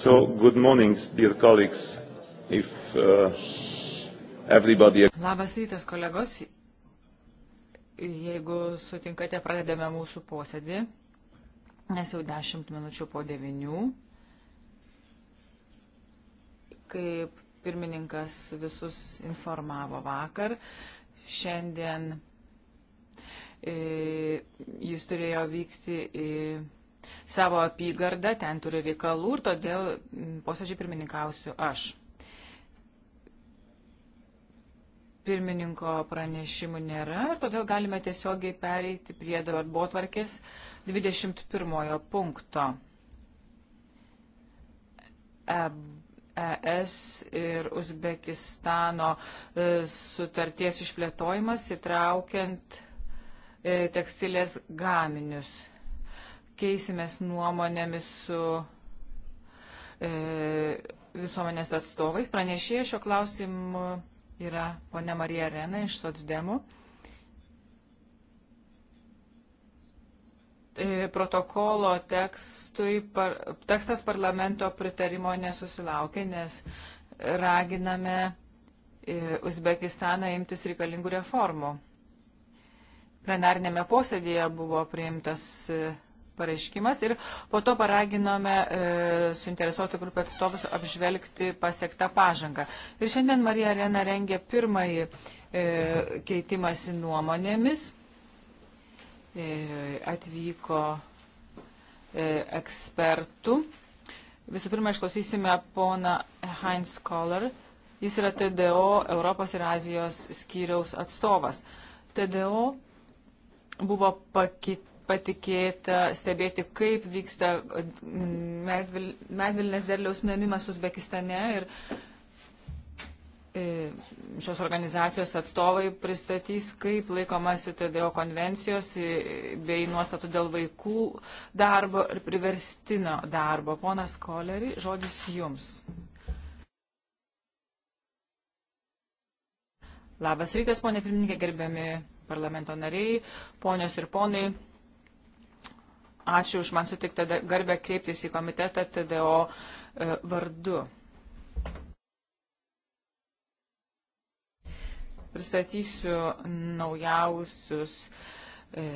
So, good morning, dear colleagues. If uh, everybody. Labas rytas, kolegos. Jeigu sutinkate, pradedame mūsų posėdį, nes jau 10 minučių po 9. Kaip pirmininkas visus informavo vakar, šiandien e, jis turėjo vykti į savo apygardą, ten turiu reikalų ir todėl mm, posėdžiai pirmininkausiu aš. Pirmininko pranešimų nėra ir todėl galime tiesiogiai pereiti prie darbo tvarkės 21 punkto. ES e ir Uzbekistano e, sutarties išplėtojimas įtraukiant e, tekstilės gaminius keisimės nuomonėmis su e, visuomenės atstovais. Pranešėja šio klausimu yra ponia Marija Rena iš Sotsdemų. E, protokolo tekstui, par, tekstas parlamento pritarimo nesusilaukė, nes raginame e, Uzbekistaną imtis reikalingų reformų. Plenarnėme posėdėje buvo priimtas e, pareiškimas ir po to paraginome e, suinteresuotų grupę atstovus apžvelgti pasiektą pažangą. Ir šiandien Marija Arena rengė pirmąjį e, keitimąsi nuomonėmis. E, atvyko e, ekspertų. Visų pirma, išklausysime poną Heinz Koller. Jis yra TDO Europos ir Azijos skyriaus atstovas. TDO buvo pakit patikėta stebėti, kaip vyksta mm, medvil, medvilnės derliaus nuėmimas Uzbekistane ir e, šios organizacijos atstovai pristatys, kaip laikomasi TDO konvencijos e, bei nuostatų dėl vaikų darbo ir priverstinio darbo. Ponas Koleri, žodis jums. Labas rytas, ponė pirmininkė, gerbiami parlamento nariai, ponios ir ponai. Ačiū už man sutiktą garbę kreiptis į komitetą TDO e, vardu. Pristatysiu naujausius e,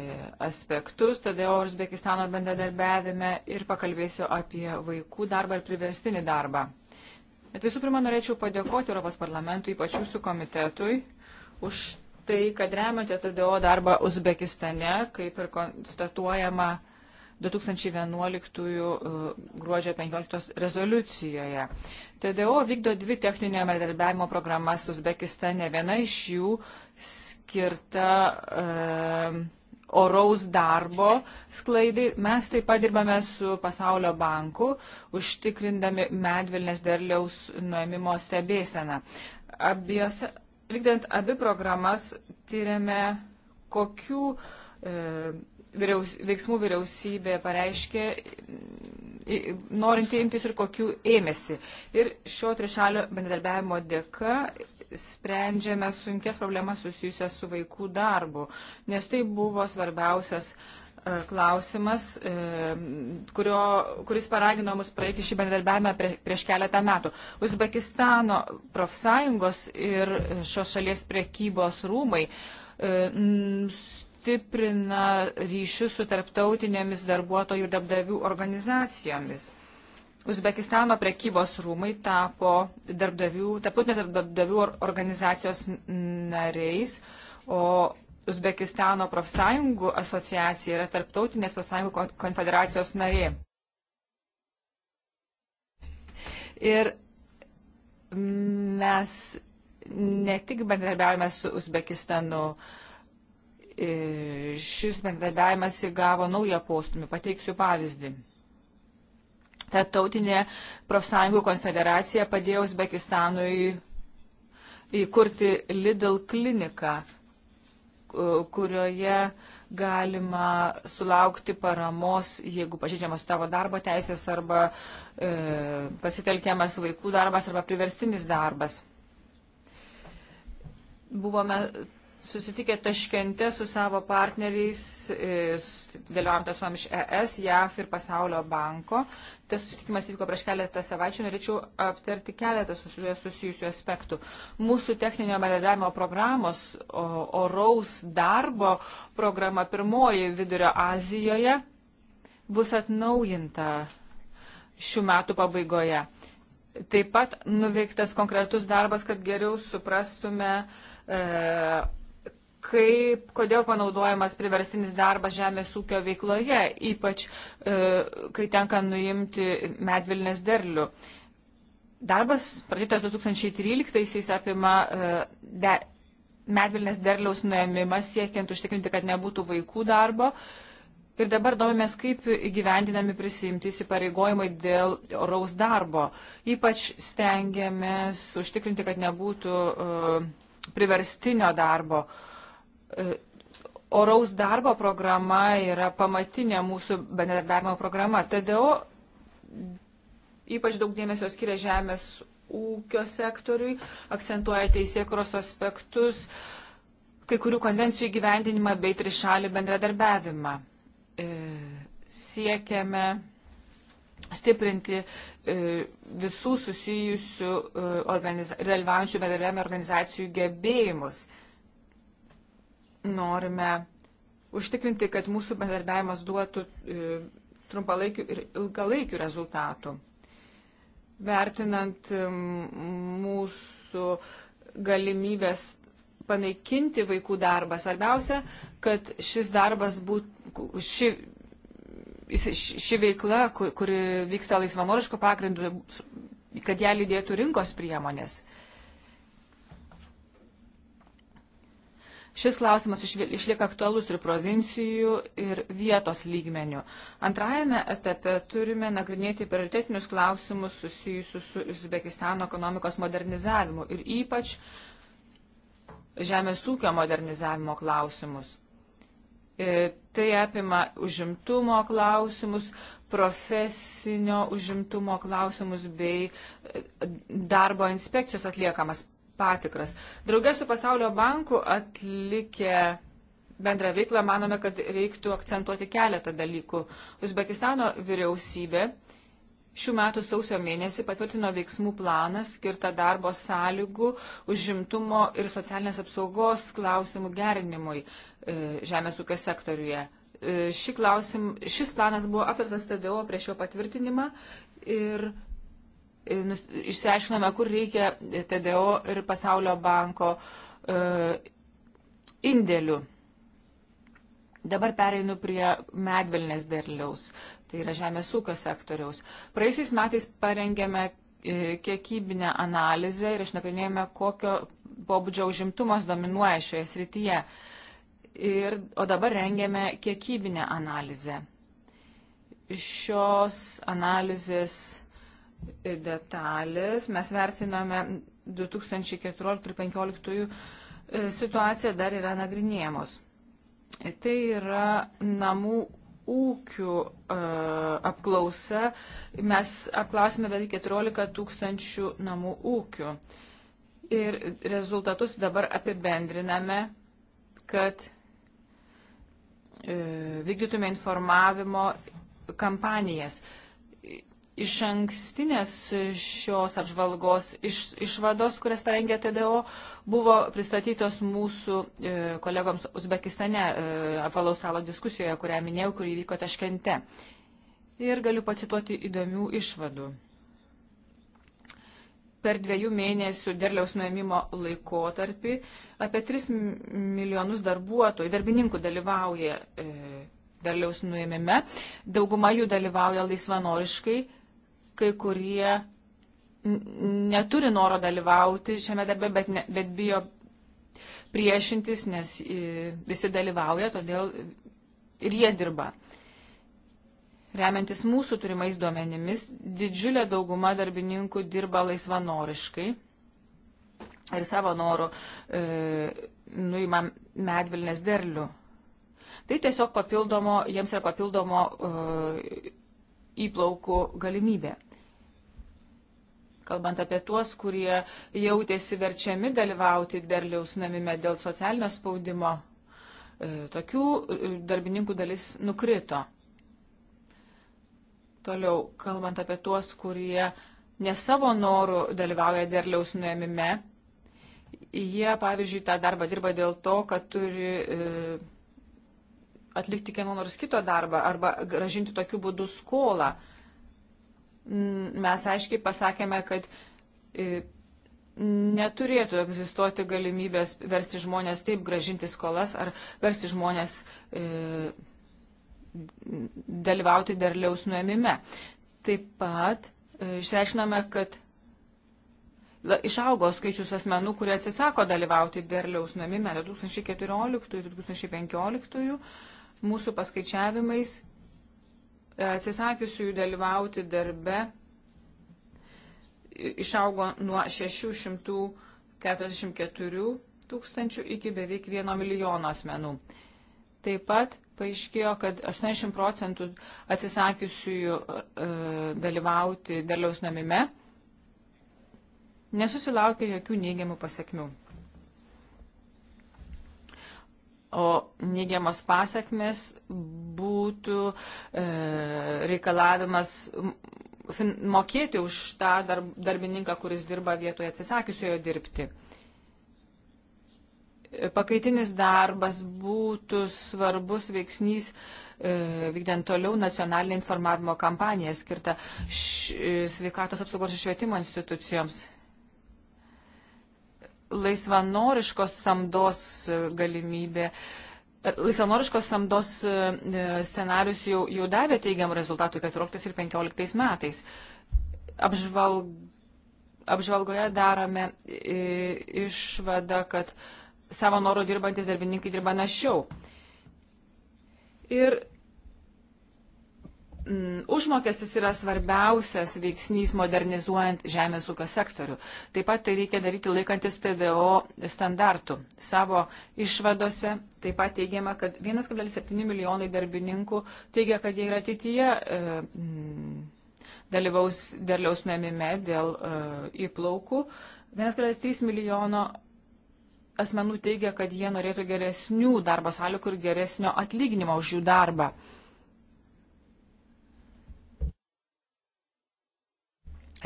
aspektus TDO Uzbekistano bendradarbiavime ir pakalbėsiu apie vaikų darbą ir priverstinį darbą. Bet visų pirma, norėčiau padėkoti Europos parlamentui, ypač jūsų komitetui, už tai, kad remiate TDO darbą Uzbekistane, kaip ir konstatuojama 2011 e, gruodžio 15 rezoliucijoje. TDO vykdo dvi techninio bendradarbiavimo programas Uzbekistane. Viena iš jų skirta e, oraus darbo sklaidai. Mes taip pat dirbame su Pasaulio banku, užtikrindami medvilnės derliaus nuėmimo stebėseną. Abiejose, vykdant abi programas, tyriame kokių e, vyriaus, veiksmų vyriausybė pareiškė, norinti imtis ir kokių ėmėsi. Ir šio trišalio bendradarbiavimo dėka sprendžiame sunkės problemas susijusias su vaikų darbu, nes tai buvo svarbiausias e, klausimas, e, kurio, kuris paragino mus praeiti šį bendradarbiavimą prieš keletą metų. Uzbekistano profsąjungos ir šios šalies priekybos rūmai e, stiprina ryšius su tarptautinėmis darbuotojų ir darbdavių organizacijomis. Uzbekistano prekybos rūmai tapo darbdavių, tarptautinės darbdavių organizacijos nariais, o Uzbekistano profsąjungų asociacija yra tarptautinės profsąjungų konfederacijos narė. Ir mes ne tik bendradarbiavame su Uzbekistanu, uh, E, šis bendradarbiavimas įgavo naują postumį. Pateiksiu pavyzdį. Ta tautinė profsąjungų konfederacija padėjo Uzbekistanui įkurti Lidl kliniką, kurioje galima sulaukti paramos, jeigu pažydžiamas tavo darbo teisės arba e, pasitelkiamas vaikų darbas arba priverstinis darbas. Buvome susitikę taškente su savo partneriais, e, dalyvavom tiesom iš ES, JAF ir Pasaulio banko. Tas susitikimas įvyko prieš keletą savaičių, norėčiau aptarti keletą susijusių aspektų. Mūsų techninio bendradarbiavimo programos, oraus darbo programa pirmoji Vidurio Azijoje bus atnaujinta šių metų pabaigoje. Taip pat nuveiktas konkretus darbas, kad geriau suprastume, e, kaip, kodėl panaudojamas priversinis darbas žemės ūkio veikloje, ypač e, kai tenka nuimti medvilnės derlių. Darbas pradėtas 2013-aisiais apima e, de, medvilnės derliaus nuėmimą, siekiant užtikrinti, kad nebūtų vaikų darbo. Ir dabar domimės, kaip įgyvendinami prisimti įsipareigojimai dėl oraus darbo. Ypač stengiamės užtikrinti, kad nebūtų uh, priverstinio darbo. Uh, E, oraus darbo programa yra pamatinė mūsų bendradarbiavimo programa. TDO ypač daug dėmesio skiria žemės ūkio sektoriui, akcentuoja teisėkros aspektus, kai kurių konvencijų įgyvendinimą bei trišalį bendradarbiavimą. E, siekiame stiprinti e, visų susijusių dalyvaujančių bendradarbiavimo organizacijų gebėjimus norime užtikrinti, kad mūsų bendarbiavimas duotų e, trumpalaikių ir ilgalaikių rezultatų. Vertinant e, mūsų galimybės panaikinti vaikų darbą, svarbiausia, kad šis darbas būtų, ši, ši veikla, kuri vyksta laisvanoriško pagrindu, kad ją lydėtų rinkos priemonės. Šis klausimas išlieka aktualus ir provincijų, ir vietos lygmenių. Antrajame etape turime nagrinėti prioritetinius klausimus susijusius su Uzbekistano ekonomikos modernizavimu ir ypač žemės ūkio modernizavimo klausimus. E, tai apima užimtumo klausimus, profesinio užimtumo klausimus bei e, darbo inspekcijos atliekamas patikras. Draugės su Pasaulio banku atlikę bendrą veiklą manome, kad reiktų akcentuoti keletą dalykų. Uzbekistano vyriausybė šių metų sausio mėnesį patvirtino veiksmų planą skirtą darbo sąlygų, užimtumo ir socialinės apsaugos klausimų gerinimui e, žemės ūkio sektoriuje. E, ši klausim, šis planas buvo aptartas TDO prieš jo patvirtinimą ir išsiaiškinome, kur reikia TDO ir Pasaulio banko e, indėlių. Dabar pereinu prie medvilnės derliaus, tai yra žemės ūkio sektoriaus. Praėjusiais metais parengėme e, kiekybinę analizę ir išnagrinėjome, kokio pobūdžio užimtumas dominuoja šioje srityje. Ir, o dabar rengėme kiekybinę analizę. Šios analizės detalės. Mes vertiname 2014-2015 e, situaciją dar yra nagrinėjamos. Tai yra namų ūkių e, apklausa. Mes apklausime beveik 14 tūkstančių namų ūkių. Ir rezultatus dabar apibendriname, kad e, vykdytume informavimo kampanijas. E, iš ankstinės šios apžvalgos iš, išvados, kurias parengė TDO, buvo pristatytos mūsų e, kolegoms Uzbekistane e, apalaus stalo diskusijoje, kurią minėjau, kurį vyko taškente. Ir galiu pacituoti įdomių išvadų. Per dviejų mėnesių derliaus nuėmimo laikotarpį apie 3 milijonus darbuotojų, darbininkų dalyvauja e, derliaus nuėmime. Dauguma jų dalyvauja laisvanoriškai kai kurie neturi noro dalyvauti šiame darbe, bet, ne, bet bijo priešintis, nes visi dalyvauja, todėl ir jie dirba. Remiantis mūsų turimais duomenimis, didžiulė dauguma darbininkų dirba laisvanoriškai ir savo norų e, nuima medvilnės derlių. Tai tiesiog papildomo, jiems yra papildomo e, įplaukų galimybė kalbant apie tuos, kurie jautėsi verčiami dalyvauti derliaus namime dėl socialinio spaudimo. E, tokių e, darbininkų dalis nukrito. Toliau, kalbant apie tuos, kurie ne savo norų dalyvauja derliaus nuėmime, jie, pavyzdžiui, tą darbą dirba dėl to, kad turi e, atlikti kieno nors kito darbą arba gražinti tokiu būdu skolą. E, mes aiškiai pasakėme, kad e, neturėtų egzistuoti galimybės versti žmonės taip gražinti skolas ar versti žmonės e, dalyvauti derliaus nuėmime. Taip pat e, išreiškiname, kad la, išaugo skaičius asmenų, kurie atsisako dalyvauti derliaus nuėmime 2014-2015 mūsų paskaičiavimais atsisakiusiųjų dalyvauti darbe išaugo nuo 644 tūkstančių iki beveik 1 milijono asmenų. Taip pat paaiškėjo, kad 80 procentų atsisakiusiųjų e, dalyvauti dalyvaus namime nesusilaukė jokių neigiamų pasiekmių. O neigiamas pasiekmes būtų e, reikalavimas fin, mokėti už tą darb, darbininką, kuris dirba vietoje atsisakiusiojo dirbti. E, pakaitinis darbas būtų svarbus veiksnys e, vykdant toliau nacionalinę informavimo kampaniją skirtą š, e, sveikatos apsaugos ir švietimo institucijoms laisvanoriškos samdos e, galimybė. E, laisvanoriškos samdos e, scenarius jau, jau davė teigiam rezultatų 14 ir 15 metais. Apžvalg, apžvalgoje darome išvadą, kad savo noro dirbantis darbininkai dirba našiau. Ir Mm, užmokestis yra svarbiausias veiksnys modernizuojant žemės ūkio sektorių. Taip pat tai reikia daryti laikantis TDO standartų. Savo išvadose taip pat teigiama, kad 1,7 milijonai darbininkų teigia, kad jie ir ateityje e, mm, dalyvaus derliaus namime dėl e, įplaukų. 1,3 milijono asmenų teigia, kad jie norėtų geresnių darbo sąlygų ir geresnio atlyginimo už jų darbą. E,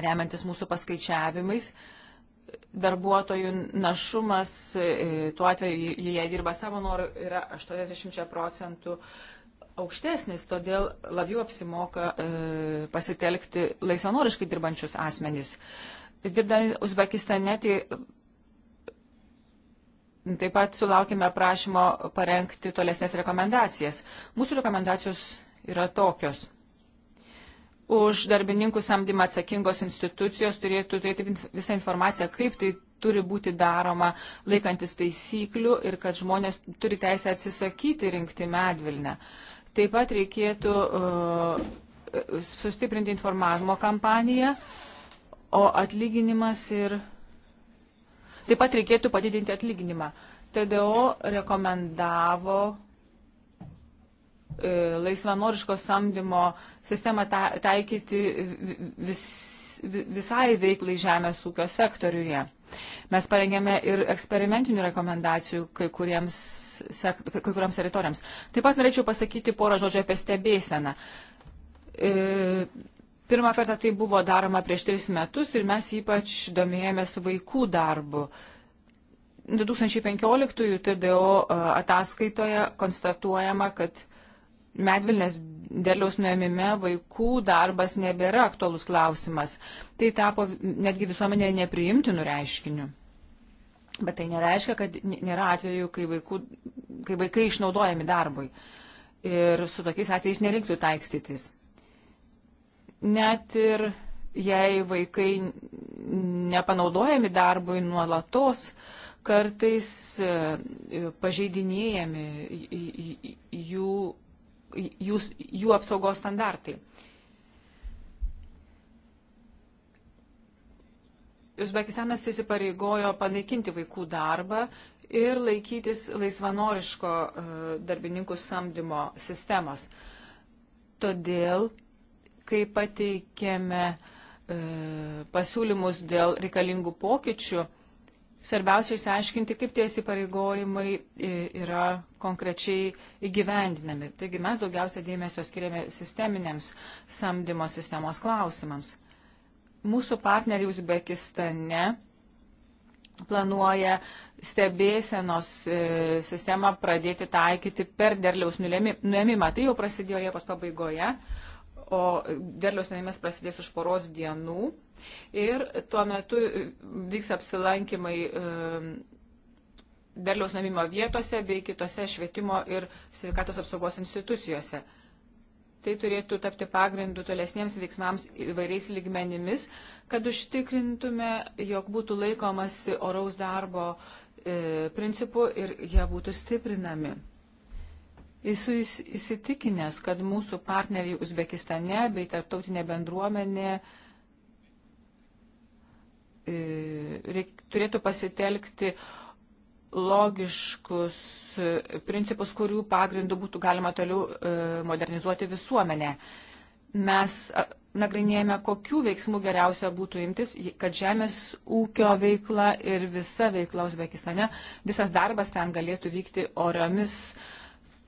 remiantis mūsų paskaičiavimais, darbuotojų našumas, e, tuo atveju, jei dirba savo norų, yra 80 procentų aukštesnis, todėl labiau apsimoka e, pasitelkti laisvanoriškai dirbančius asmenys. Dirbdami Uzbekistane, tai taip pat sulaukime prašymo parengti tolesnės rekomendacijas. Mūsų rekomendacijos yra tokios už darbininkų samdymą atsakingos institucijos turėtų turėti visą informaciją, kaip tai turi būti daroma laikantis taisyklių ir kad žmonės turi teisę atsisakyti rinkti medvilnę. Taip pat reikėtų uh, sustiprinti informavimo kampaniją, o atlyginimas ir. Taip pat reikėtų padidinti atlyginimą. TDO rekomendavo E, laisvanoriško samdymo sistemą ta, taikyti vis, visai veiklai žemės ūkio sektoriuje. Mes parengėme ir eksperimentinių rekomendacijų kai kuriems, sek, kai kuriems teritorijoms. Taip pat norėčiau pasakyti porą žodžių apie stebėseną. E, pirmą kartą tai buvo daroma prieš tris metus ir mes ypač domėjomės vaikų darbu. 2015 TDO e, ataskaitoje konstatuojama, kad medvilnės derliaus nuėmime vaikų darbas nebėra aktualus klausimas. Tai tapo netgi visuomenėje nepriimtinu reiškiniu. Bet tai nereiškia, kad nėra atveju, kai, vaikų, kai vaikai išnaudojami darbui. Ir su tokiais atvejais nereiktų taikstytis. Net ir jei vaikai nepanaudojami darbui nuolatos, kartais e, pažeidinėjami jų jūs, jų apsaugos standartai. Uzbekistanas įsipareigojo panaikinti vaikų darbą ir laikytis laisvanoriško e, darbininkų samdymo sistemos. Todėl, kai pateikėme e, pasiūlymus dėl reikalingų pokyčių, Svarbiausia išsiaiškinti, kaip tie įsipareigojimai yra konkrečiai įgyvendinami. Taigi mes daugiausia dėmesio skiriame sisteminėms samdymo sistemos klausimams. Mūsų partneriai Uzbekistane planuoja stebėsenos e, sistemą pradėti taikyti per derliaus nuėmimą. Tai jau prasidėjo Liepos pabaigoje o derliaus nėmimas prasidės už poros dienų. Ir tuo metu e, vyks apsilankimai e, derliaus namimo vietose bei kitose švietimo ir sveikatos apsaugos institucijose. Tai turėtų tapti pagrindu tolesniems veiksmams įvairiais lygmenimis, kad užtikrintume, jog būtų laikomasi oraus darbo e, principų ir jie būtų stiprinami. Esu įsitikinęs, kad mūsų partneriai Uzbekistane bei tarptautinė bendruomenė e, reik, turėtų pasitelkti logiškus e, principus, kurių pagrindų būtų galima toliau e, modernizuoti visuomenę. Mes nagrinėjame, kokių veiksmų geriausia būtų imtis, kad žemės ūkio veikla ir visa veikla Uzbekistane, visas darbas ten galėtų vykti oriomis uh,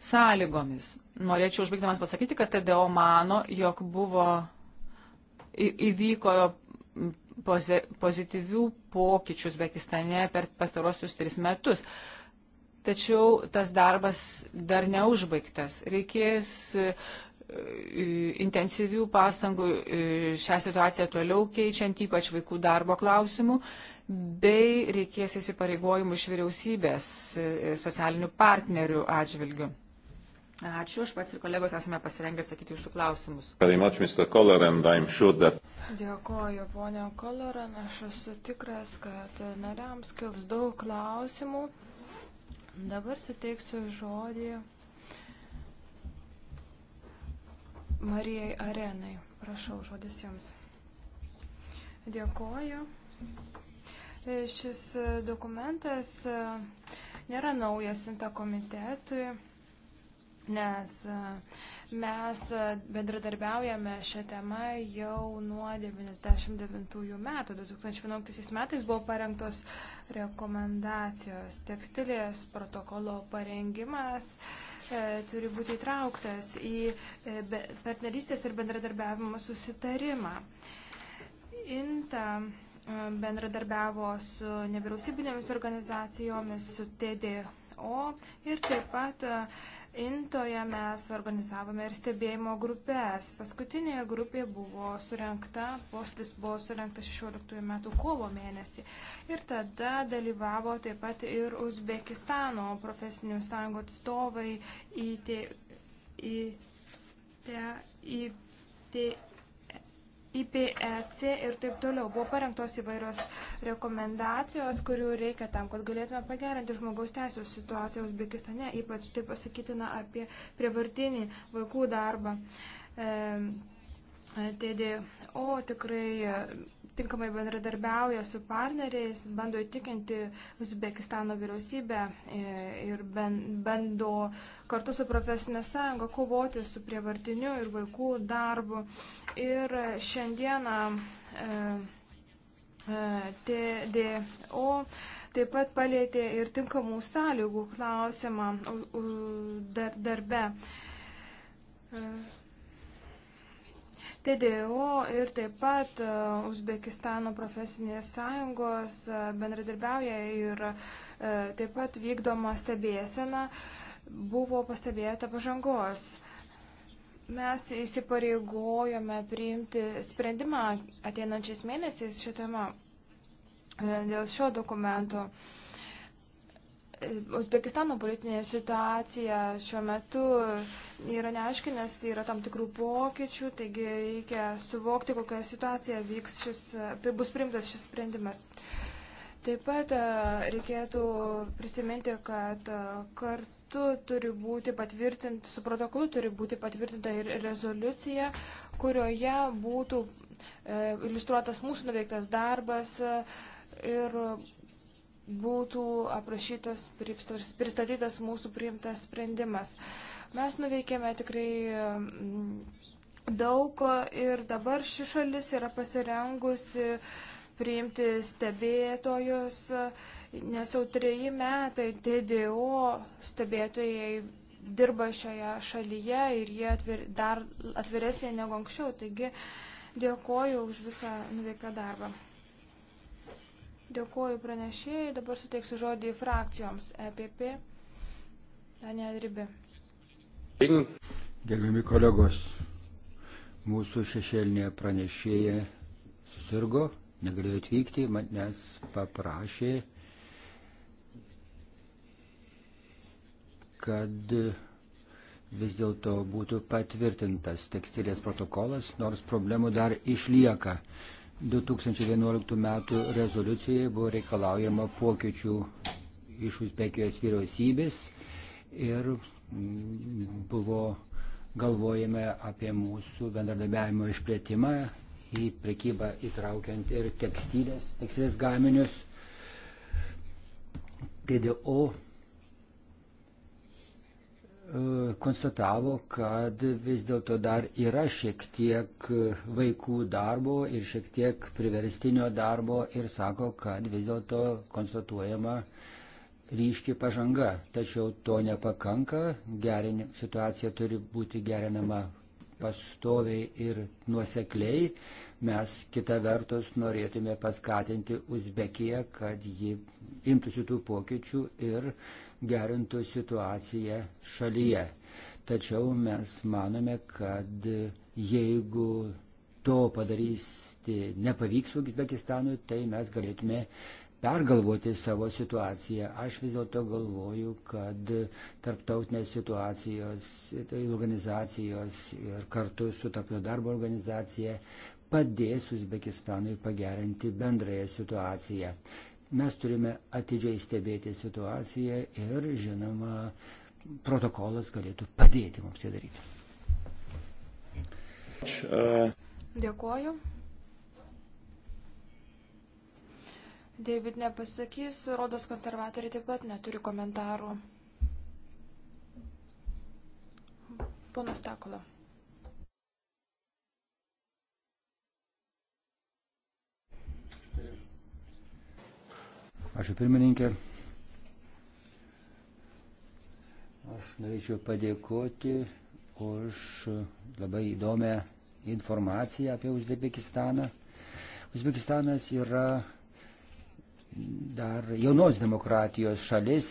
sąlygomis. Norėčiau užbaigdamas pasakyti, kad TDO mano, jog buvo įvyko pozityvių pokyčių Uzbekistane per pastarosius tris metus. Tačiau tas darbas dar neužbaigtas. Reikės e, intensyvių pastangų e, šią situaciją toliau keičiant, ypač vaikų darbo klausimų, bei reikės įsipareigojimų iš vyriausybės e, socialinių partnerių atžvilgių. Ačiū, aš pats ir kolegos esame pasirengę atsakyti jūsų klausimus. Dėkoju, ponia Koloran, aš esu tikras, kad nariams kils daug klausimų. Dabar suteiksiu žodį Marijai Arenai. Prašau, žodis jums. Dėkoju. Šis dokumentas nėra naujas inta komitetui nes e, mes e, bendradarbiaujame šią temą jau nuo 99 metų. 2011 metais buvo parengtos rekomendacijos. Tekstilės protokolo parengimas e, turi būti įtrauktas į e, partnerystės ir bendradarbiavimo susitarimą. Inta bendradarbiavo su nevyriausybinėmis organizacijomis, su TD NVO ir taip pat e, Intoje mes organizavome ir stebėjimo grupės. Paskutinė grupė buvo surinkta, postis buvo surinkta 16 metų kovo mėnesį. Ir tada dalyvavo taip pat ir Uzbekistano profesinių sąjungų atstovai į, te, į, te, į, te, IPEC ir taip toliau. Buvo parengtos įvairios rekomendacijos, kurių reikia tam, kad galėtume pagerinti žmogaus teisų situaciją Uzbekistane, ypač tai pasakytina apie prievartinį vaikų darbą. E, TDO tikrai tinkamai bendradarbiauja su partneriais, bando įtikinti Uzbekistano vyriausybę e, ir bando kartu su profesinė sąjunga kovoti su prievartiniu ir vaikų darbu. Ir šiandieną e, e, TDO taip pat palėtė ir tinkamų sąlygų klausimą darbe. Dar TDO ir taip pat e, Uzbekistano profesinės sąjungos e, bendradarbiauja ir e, taip pat vykdoma stebėsena. Buvo pastebėta pažangos mes įsipareigojome priimti sprendimą ateinančiais mėnesiais šitama dėl šio dokumento. Uh, Uzbekistano politinė situacija šiuo metu yra neaiški, nes yra tam tikrų pokyčių, taigi reikia suvokti, kokia situacija vyks šis, bus priimtas šis sprendimas. Taip pat e, reikėtų prisiminti, kad e, kartu turi būti patvirtinti, su protokolu turi būti patvirtinta ir rezoliucija, kurioje būtų e, iliustruotas mūsų nuveiktas darbas ir būtų aprašytas, pristatytas mūsų priimtas sprendimas. Mes nuveikėme tikrai mm, daug ir dabar ši šalis yra pasirengusi priimti stebėtojus, nes jau treji metai TDO stebėtojai dirba šioje šalyje ir jie atvir, dar atviresnė negu anksčiau. Taigi dėkoju už visą nuveiktą darbą. Dėkuoju pranešėjai, dabar suteiksiu žodį frakcijoms EPP. Daniel Ribi. Gerbiami kolegos, mūsų šešėlinė pranešėja susirgo, negalėjo atvykti, manęs paprašė, kad vis dėlto būtų patvirtintas tekstilės protokolas, nors problemų dar išlieka. 2011 metų rezoliucijoje buvo reikalaujama pokyčių iš Uzbekijos vyriausybės ir mm, buvo galvojame apie mūsų bendradarbiavimo išplėtimą į prekybą įtraukiant ir tekstilės, tekstilės gaminius. TDO konstatavo, kad vis dėlto dar yra šiek tiek vaikų darbo ir šiek tiek priverstinio darbo ir sako, kad vis dėlto konstatuojama ryški pažanga. Tačiau to nepakanka, gerin, situacija turi būti gerinama pastoviai ir nuosekliai. Mes kita vertus norėtume paskatinti Uzbekiją, kad ji imtųsi tų pokyčių ir uh, gerintų situaciją šalyje. Tačiau mes manome, kad jeigu to padaryti nepavyks Uzbekistanui, tai mes galėtume pergalvoti savo situaciją. Aš vis dėlto galvoju, kad tarptautinės situacijos, tai organizacijos ir kartu su tarptautinio darbo organizacija padės Uzbekistanui pagerinti bendrąją situaciją. Mes turime atidžiai stebėti situaciją ir, žinoma, protokolas galėtų padėti mums tai daryti. Dėkuoju. David nepasakys, rodos konservatoriai taip pat neturi komentarų. Ponas Takola. Ačiū pirmininkė. Aš norėčiau padėkoti už labai įdomią informaciją apie Uzbekistaną. Uzbekistanas yra dar jaunos demokratijos šalis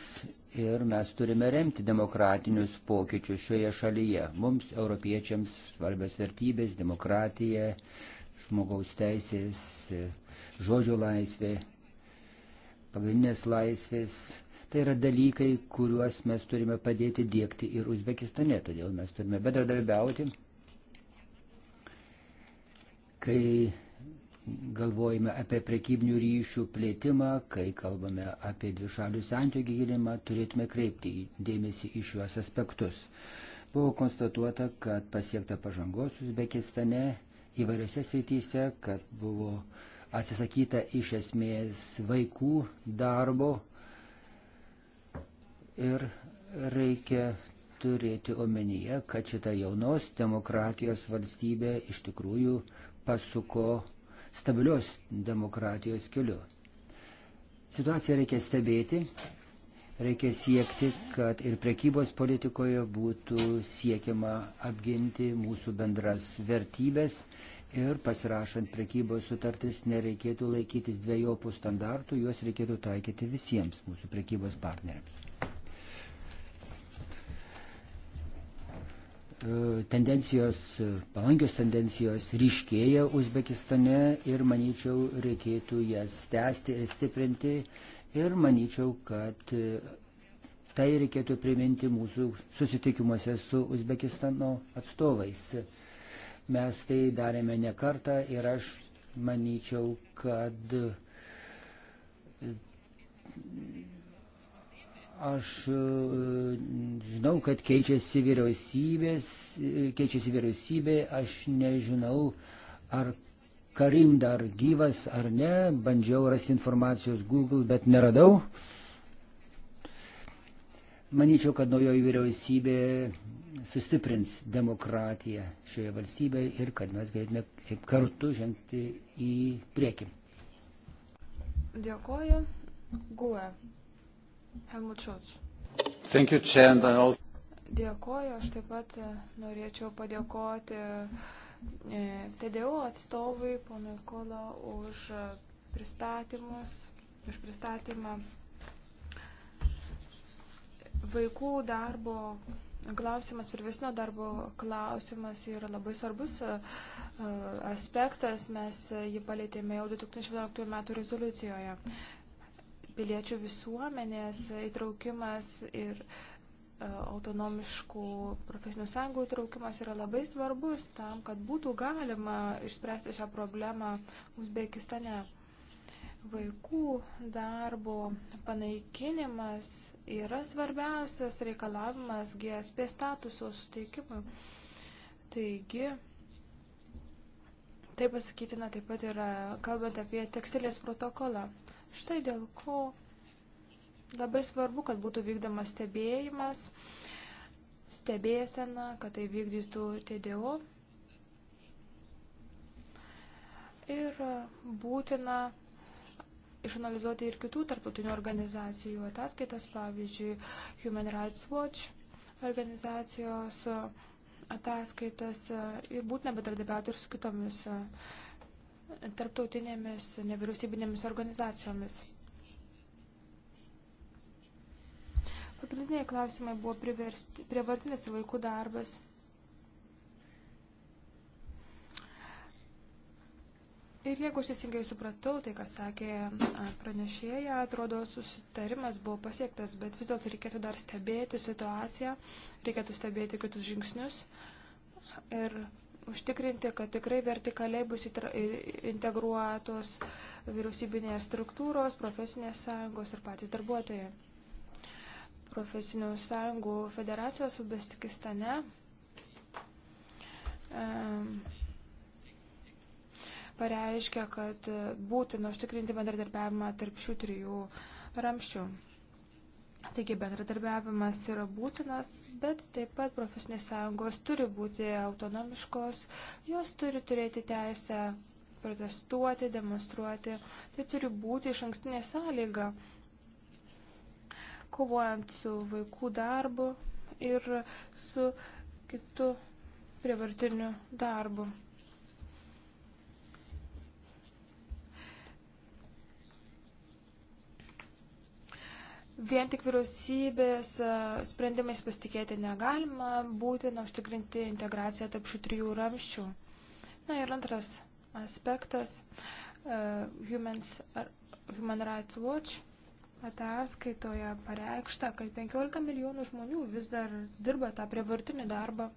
ir mes turime remti demokratinius pokyčius šioje šalyje. Mums, europiečiams, svarbios vertybės - demokratija, žmogaus teisės, žodžio laisvė, pagrindinės laisvės. Tai yra dalykai, kuriuos mes turime padėti dėkti ir Uzbekistane, todėl mes turime bedradarbiauti. Kai galvojame apie prekybinių ryšių plėtimą, kai kalbame apie dvišalių santykių gilinimą, turėtume kreipti dėmesį į šiuos aspektus. Buvo konstatuota, kad pasiekta pažangos Uzbekistane įvairiose srityse, kad buvo atsisakyta iš esmės vaikų darbo ir reikia turėti omenyje, kad šita jaunos demokratijos valstybė iš tikrųjų pasuko stabilios demokratijos keliu. Situaciją reikia stebėti, reikia siekti, kad ir prekybos politikoje būtų siekiama apginti mūsų bendras vertybės ir pasirašant prekybos sutartis nereikėtų laikytis dviejopų standartų, juos reikėtų taikyti visiems mūsų prekybos partneriams. E, tendencijos, palankios tendencijos ryškėja Uzbekistane ir manyčiau reikėtų jas tęsti ir stiprinti ir manyčiau, kad e, tai reikėtų priminti mūsų susitikimuose su Uzbekistano atstovais. Mes tai darėme ne kartą ir aš manyčiau, kad aš e, žinau, kad keičiasi vyriausybės, e, keičiasi vyriausybė, aš nežinau, ar Karim dar gyvas ar ne, bandžiau rasti informacijos Google, bet neradau. Uh, Manyčiau, kad naujoji vyriausybė sustiprins demokratiją šioje valstybėje ir kad mes galėtume kartu žengti į priekį. Dėkoju. Gue. Helmut Schultz. Thank you, Chen. Dėkoju, aš taip pat e, norėčiau padėkoti e, TDU atstovui, ponui Kola, už e, pristatymus, už pristatymą Vaikų darbo klausimas, privesinio darbo klausimas yra labai svarbus e, e, aspektas, mes jį palėtėme jau 2011 metų rezoliucijoje. Piliečių visuomenės įtraukimas ir e, autonomiškų profesinių sąjungų įtraukimas yra labai svarbus tam, kad būtų galima išspręsti šią problemą Uzbekistane. Vaikų darbo panaikinimas yra svarbiausias reikalavimas GSP statuso suteikimui. Taigi, tai pasakytina taip pat yra kalbant apie tekstilės protokolą. Štai dėl ko labai svarbu, kad būtų vykdomas stebėjimas, stebėsena, kad tai vykdytų TDO. Ir būtina išanalizuoti ir kitų tarptautinių organizacijų ataskaitas, pavyzdžiui, Human Rights Watch organizacijos ataskaitas e, ir būtina bedradarbiauti ir su kitomis e, tarptautinėmis nevyriausybinėmis organizacijomis. Pagrindiniai klausimai buvo prievartinis vaikų darbas Ir jeigu aš teisingai supratau, tai ką sakė pranešėja, atrodo, susitarimas buvo pasiektas, bet vis dėlto reikėtų dar stebėti situaciją, reikėtų stebėti kitus žingsnius ir užtikrinti, kad tikrai vertikaliai bus integruotos vyriausybinės struktūros, profesinės sąjungos ir patys darbuotojai. Profesinių sąjungų federacijos Uzbekistane. Um, e, pareiškia, kad būtina užtikrinti bendradarbiavimą tarp šių trijų ramščių. Taigi bendradarbiavimas yra būtinas, bet taip pat profesinės sąjungos turi būti autonomiškos, jos turi turėti teisę protestuoti, demonstruoti. Tai turi būti iš ankstinė sąlyga, kovojant su vaikų darbu ir su kitu prievartiniu darbu. Vien tik vyriausybės e, sprendimais pasitikėti negalima, būtina užtikrinti integraciją tarp šių trijų ramščių. Na ir antras aspektas, uh, Humans, Human Rights Watch ataskaitoje pareikšta, kad 15 milijonų žmonių vis dar dirba tą prievartinį darbą.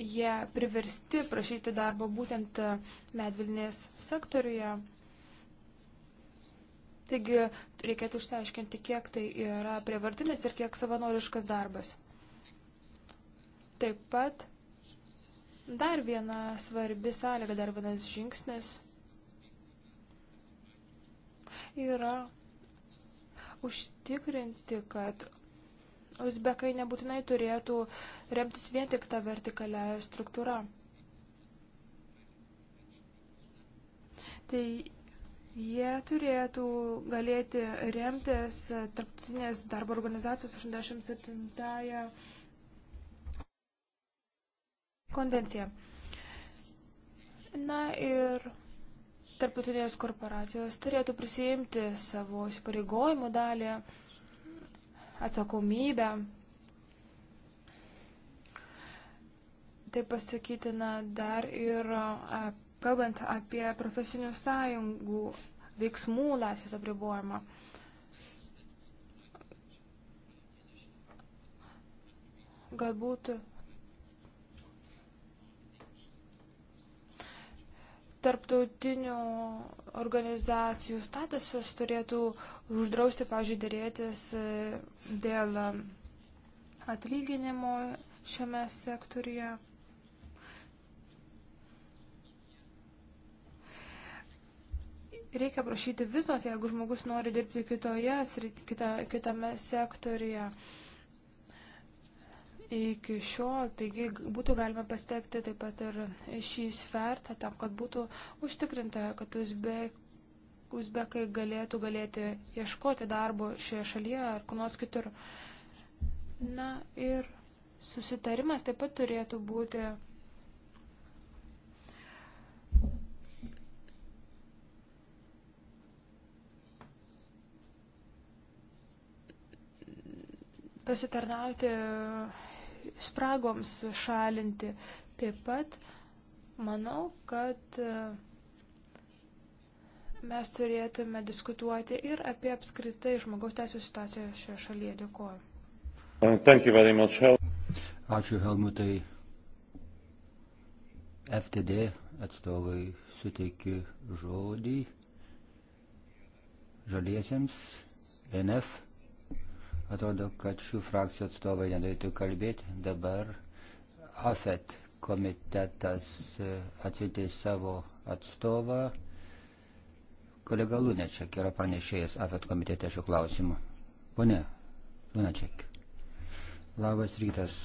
Jie priversti prašyti darbo būtent e, medvilnės sektoriuje Taigi reikėtų išsiaiškinti, kiek tai yra prievartinis ir kiek savanoriškas darbas. Taip pat dar viena svarbi sąlyga, dar vienas žingsnis yra užtikrinti, kad uzbekai nebūtinai turėtų remtis vien tik tą vertikalę struktūrą. Tai Jie turėtų galėti remtis tarptautinės darbo organizacijos 87 konvenciją. Na ir tarptautinės korporacijos turėtų prisijimti savo įsipareigojimų dalį, atsakomybę. Tai pasakytina dar ir apie kalbant apie profesinių sąjungų veiksmų laisvės apribojimą. Galbūt tarptautinių organizacijų statusas turėtų uždrausti, pavyzdžiui, dėrėtis e, dėl e, atlyginimo šiame sektorija. reikia prašyti visos, jeigu žmogus nori dirbti kitoje, kita, kitame sektorija. Iki šiol, taigi būtų galima pasitekti taip pat ir šį svertą tam, kad būtų užtikrinta, kad uzbek, uzbekai galėtų galėti ieškoti darbo šioje šalyje ar kur nors kitur. Na ir susitarimas taip pat turėtų būti pasitarnauti spragoms šalinti. Taip pat manau, kad e, mes turėtume diskutuoti ir apie apskritai žmogaus teisų situaciją šioje šalyje. Dėkuoju. Uh, Ačiū Helmutai. FTD atstovai suteikiu žodį žaliesiems NF Atrodo, kad šių frakcijų atstovai nenorėtų kalbėti. Dabar AFET komitetas e, atsiuntė savo atstovą. Kolega Lunečiak yra pranešėjas AFET komitete šiuo klausimu. Pone Lunečiak. Labas rytas.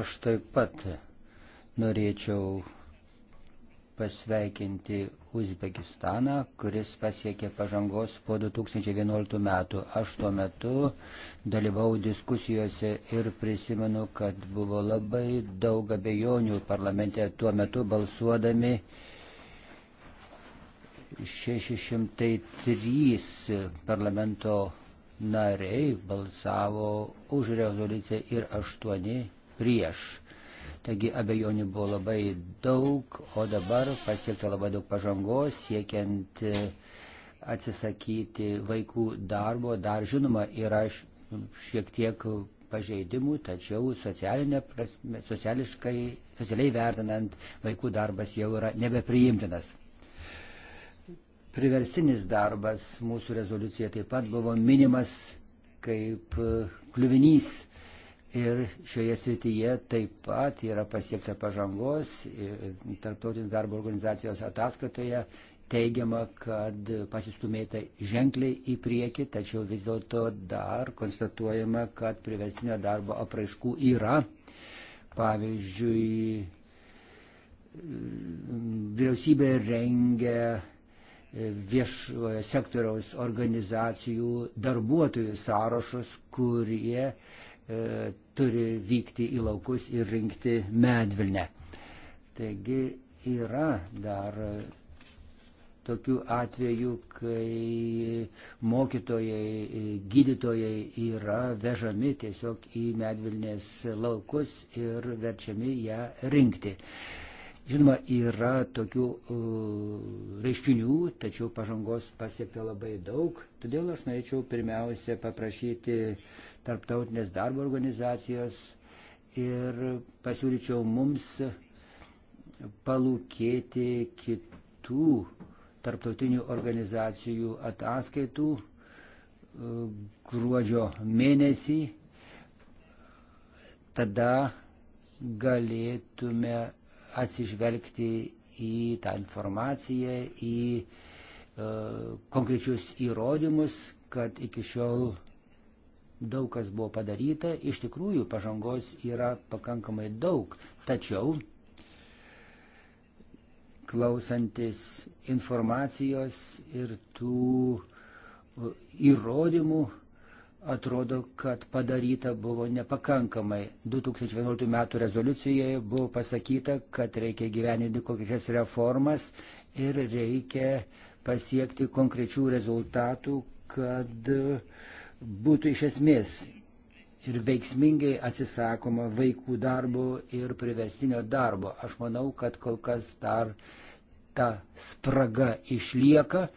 Aš taip pat norėčiau pasveikinti Uzbekistaną, kuris pasiekė pažangos po 2011 metų. Aš tuo metu dalyvau diskusijose ir prisimenu, kad buvo labai daug abejonių parlamente tuo metu balsuodami 603 parlamento nariai balsavo už rezoliuciją ir 8 prieš. Taigi abejonių buvo labai daug, o dabar pasiekta labai daug pažangos, siekiant e, atsisakyti vaikų darbo. Dar žinoma, yra šiek tiek pažeidimų, tačiau prasme, socialiai vertinant vaikų darbas jau yra nebepriimtinas. Priversinis darbas mūsų rezoliucijoje taip pat buvo minimas kaip e, kliuvinys Ir šioje srityje taip pat yra pasiekta pažangos. Tarptautinis darbo organizacijos ataskatoje teigiama, kad pasistumėta ženkliai į priekį, tačiau vis dėlto dar konstatuojama, kad priversinio darbo apraiškų yra. Pavyzdžiui, vyriausybė rengia viešojo sektoriaus organizacijų darbuotojų sąrašus, kurie uh, E, turi vykti į laukus ir rinkti medvilnę. Taigi yra dar tokių atvejų, kai mokytojai, e, gydytojai yra vežami tiesiog į medvilnės laukus ir verčiami ją rinkti. Žinoma, yra tokių uh, reiškinių, tačiau pažangos pasiekta labai daug. Todėl aš norėčiau pirmiausia paprašyti tarptautinės darbo organizacijos ir pasiūlyčiau mums palūkėti kitų tarptautinių organizacijų ataskaitų uh, gruodžio mėnesį. Tada galėtume atsižvelgti į tą informaciją, į e, konkrečius įrodymus, kad iki šiol daug kas buvo padaryta, iš tikrųjų pažangos yra pakankamai daug, tačiau klausantis informacijos ir tų e, įrodymų atrodo, kad padaryta buvo nepakankamai. 2011 metų rezoliucijoje buvo pasakyta, kad reikia gyveninti kokias reformas ir reikia pasiekti konkrečių rezultatų, kad būtų iš esmės ir veiksmingai atsisakoma vaikų darbo ir priverstinio darbo. Aš manau, kad kol kas dar ta spraga išlieka.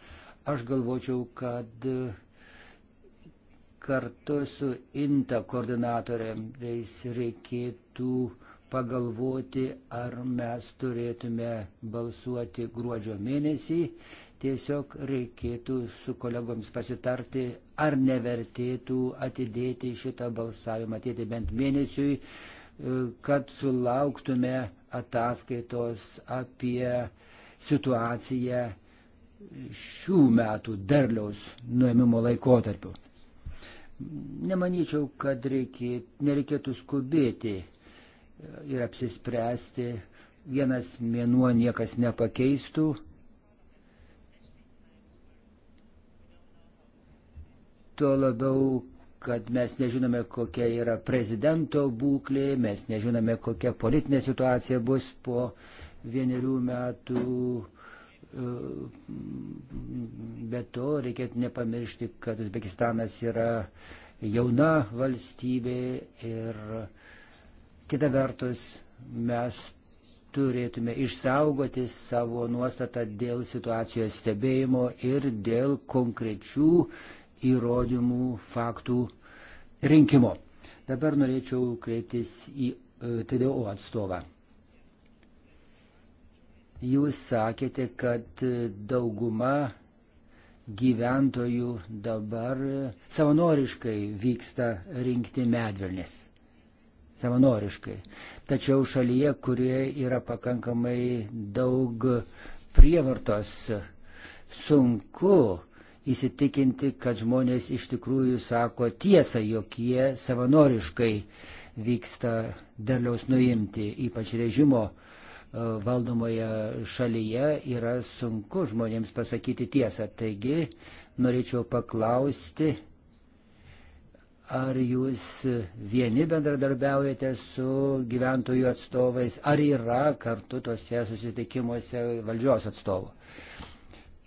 Aš galvočiau, kad kartu su INTA koordinatoriais reikėtų pagalvoti, ar mes turėtume balsuoti gruodžio mėnesį. Tiesiog reikėtų su kolegoms pasitarti, ar nevertėtų atidėti šitą balsavimą, atidėti bent mėnesiui, e, kad sulauktume ataskaitos apie situaciją šių metų derliaus nuėmimo laikotarpiu. Nemanyčiau, kad reikėt, nereikėtų skubėti ir apsispręsti. Vienas mėnuo niekas nepakeistų. Tuo labiau, kad mes nežinome, kokia yra prezidento būklė, mes nežinome, kokia politinė situacija bus po vienerių metų Bet to reikėtų nepamiršti, kad Uzbekistanas yra jauna valstybė ir kita vertus mes turėtume išsaugoti savo nuostatą dėl situacijos stebėjimo ir dėl konkrečių įrodymų faktų rinkimo. Dabar norėčiau kreiptis į e, TDO atstovą. Jūs sakėte, kad e, dauguma gyventojų dabar e, savanoriškai vyksta rinkti medvilnės. Savanoriškai. Tačiau šalyje, kurie yra pakankamai daug prievartos, sunku įsitikinti, kad žmonės iš tikrųjų sako tiesą, jog jie savanoriškai vyksta derliaus nuimti, ypač režimo uh, E, valdomoje šalyje yra sunku žmonėms pasakyti tiesą. Taigi norėčiau paklausti, ar jūs vieni bendradarbiaujate su gyventojų atstovais, ar yra kartu tose susitikimuose valdžios atstovų.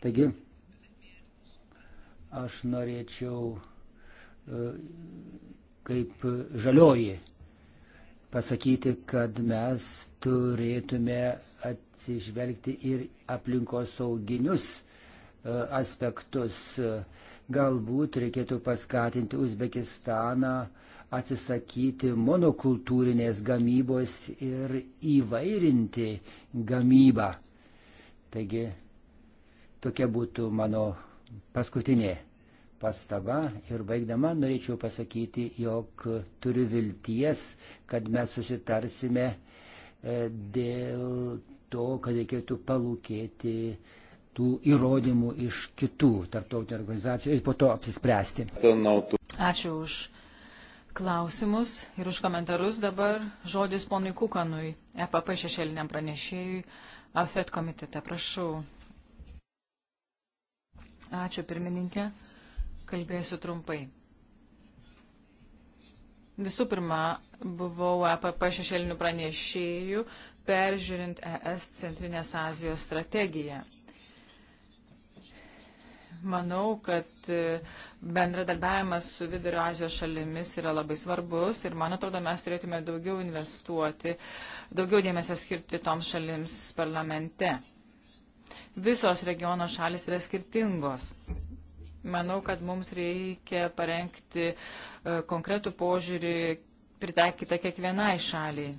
Taigi, aš norėčiau e, kaip žalioji pasakyti, kad mes turėtume atsižvelgti ir aplinkos sauginius e, aspektus. Galbūt reikėtų paskatinti Uzbekistaną atsisakyti monokultūrinės gamybos ir įvairinti gamybą. Taigi tokia būtų mano paskutinė pastaba ir baigdama norėčiau pasakyti, jog turiu vilties, kad mes susitarsime e, dėl to, kad reikėtų palūkėti tų įrodymų iš kitų tarptautinių organizacijų ir po to apsispręsti. Ačiū už klausimus ir už komentarus. Dabar žodis ponui Kukanui, EPP šešėliniam pranešėjui, AFET komitete. Prašau. Ačiū pirmininkė. Kalbėsiu trumpai. Visų pirma, buvau EPP šešėlinių pranešėjų, peržiūrint ES Centrinės Azijos strategiją. Manau, kad e, bendradarbiavimas su Vidurio Azijos šalimis yra labai svarbus ir, man atrodo, mes turėtume daugiau investuoti, daugiau dėmesio skirti toms šalims parlamente. Visos regiono šalis yra skirtingos. Manau, kad mums reikia parengti e, konkretų požiūrį pritaikytą kiekvienai šaliai.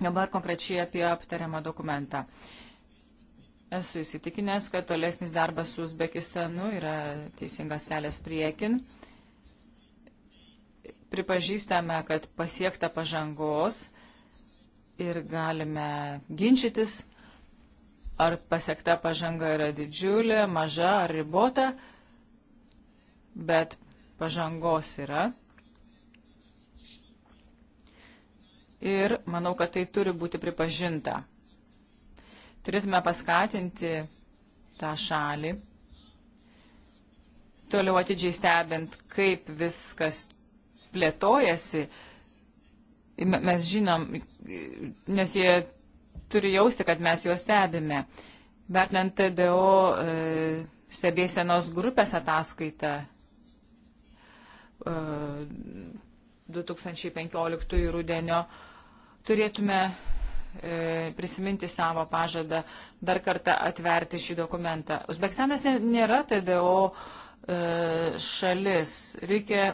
Dabar konkrečiai apie aptariamą dokumentą. Esu įsitikinęs, kad tolesnis darbas su Uzbekistanu yra teisingas kelias priekin. Pripažįstame, kad pasiekta pažangos ir galime ginčytis ar pasiekta pažanga yra didžiulė, maža ar ribota, bet pažangos yra. Ir manau, kad tai turi būti pripažinta. Turėtume paskatinti tą šalį, toliau atidžiai stebint, kaip viskas plėtojasi. Mes žinom, nes jie turi jausti, kad mes juos stebime. Vertinant TDO e, stebėsenos grupės ataskaitą e, 2015 rudenio, turėtume e, prisiminti savo pažadą dar kartą atverti šį dokumentą. Uzbekistanas nėra TDO e, šalis. Reikia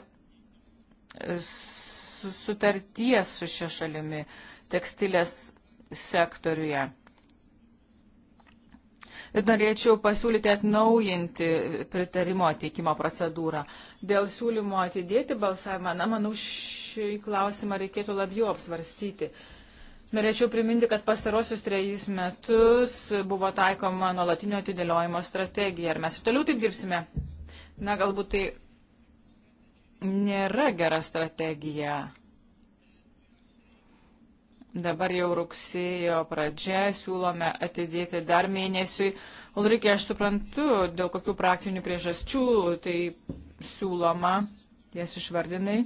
e, sutarties su šia šalimi tekstilės sektoriuje. Ir norėčiau pasiūlyti atnaujinti pritarimo teikimo procedūrą. Dėl siūlymo atidėti balsavimą, na, manau, šį klausimą reikėtų labiau apsvarstyti. Norėčiau priminti, kad pastarosius trejus metus buvo taikoma nuolatinio atidėliojimo strategija. Ar mes ir toliau taip dirbsime? Na, galbūt tai nėra gera strategija. Dabar jau rugsėjo pradžia, siūlome atidėti dar mėnesiui. Ulrike, aš suprantu, dėl kokių praktinių priežasčių tai siūloma, jas išvardinai.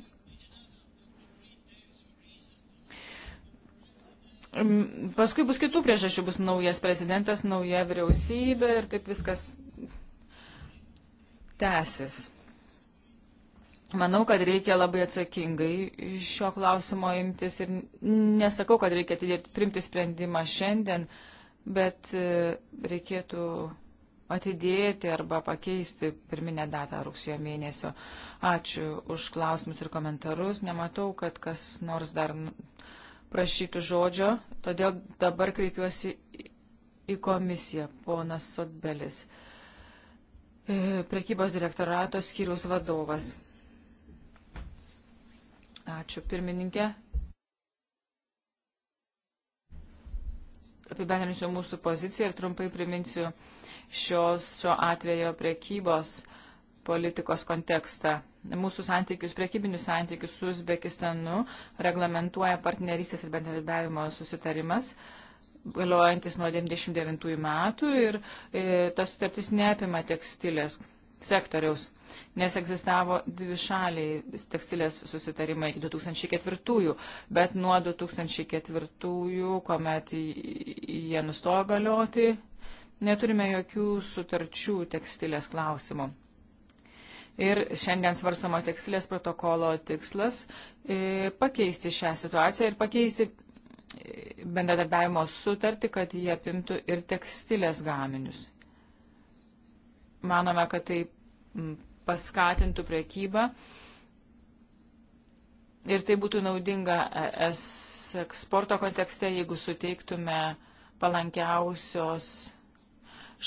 Mm, paskui bus kitų priežasčių, bus naujas prezidentas, nauja vyriausybė ir taip viskas tęsis. Manau, kad reikia labai atsakingai šio klausimo imtis ir nesakau, kad reikia atidėti, primti sprendimą šiandien, bet e, reikėtų atidėti arba pakeisti pirminę datą rugsėjo mėnesio. Ačiū už klausimus ir komentarus. Nematau, kad kas nors dar prašytų žodžio, todėl dabar kreipiuosi į komisiją, ponas Sotbelis, e, prekybos direktorato skyriaus vadovas. Ačiū, pirmininkė. Apibendrinsiu mūsų poziciją ir trumpai priminsiu šios, šio atvejo prekybos politikos kontekstą. Mūsų santykius, prekybinius santykius su Uzbekistanu reglamentuoja partnerystės ir bendradarbiavimo susitarimas galiojantis nuo 99 metų ir e, tas sutartis neapima tekstilės sektoriaus, nes egzistavo dvi šaliai tekstilės susitarimai iki 2004, bet nuo 2004, kuomet jie nustojo galioti, neturime jokių sutarčių tekstilės klausimų. Ir šiandien svarstamo tekstilės protokolo tikslas e, pakeisti šią situaciją ir pakeisti e, bendradarbiavimo sutartį, kad jie apimtų ir tekstilės gaminius. Manome, kad tai paskatintų priekybą ir tai būtų naudinga es eksporto kontekste, jeigu suteiktume palankiausios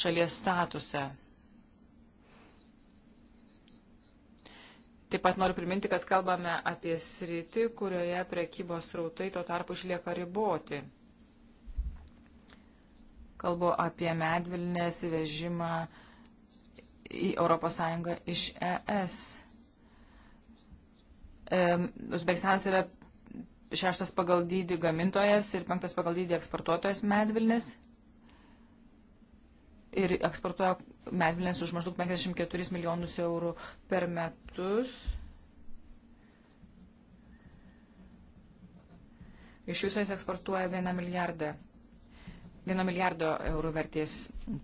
šalies statusą. Taip pat noriu priminti, kad kalbame apie sritį, kurioje prekybos rautai tuo tarpu išlieka riboti. Kalbu apie medvilnės vežimą į ES iš ES. Uzbekistanas yra šeštas pagal dydį gamintojas ir penktas pagal dydį eksportuotojas medvilnės. Ir eksportuoja medvilnės už maždaug 54 milijonus eurų per metus. Iš viso jis eksportuoja 1 milijardą. 1 milijardo eurų vertės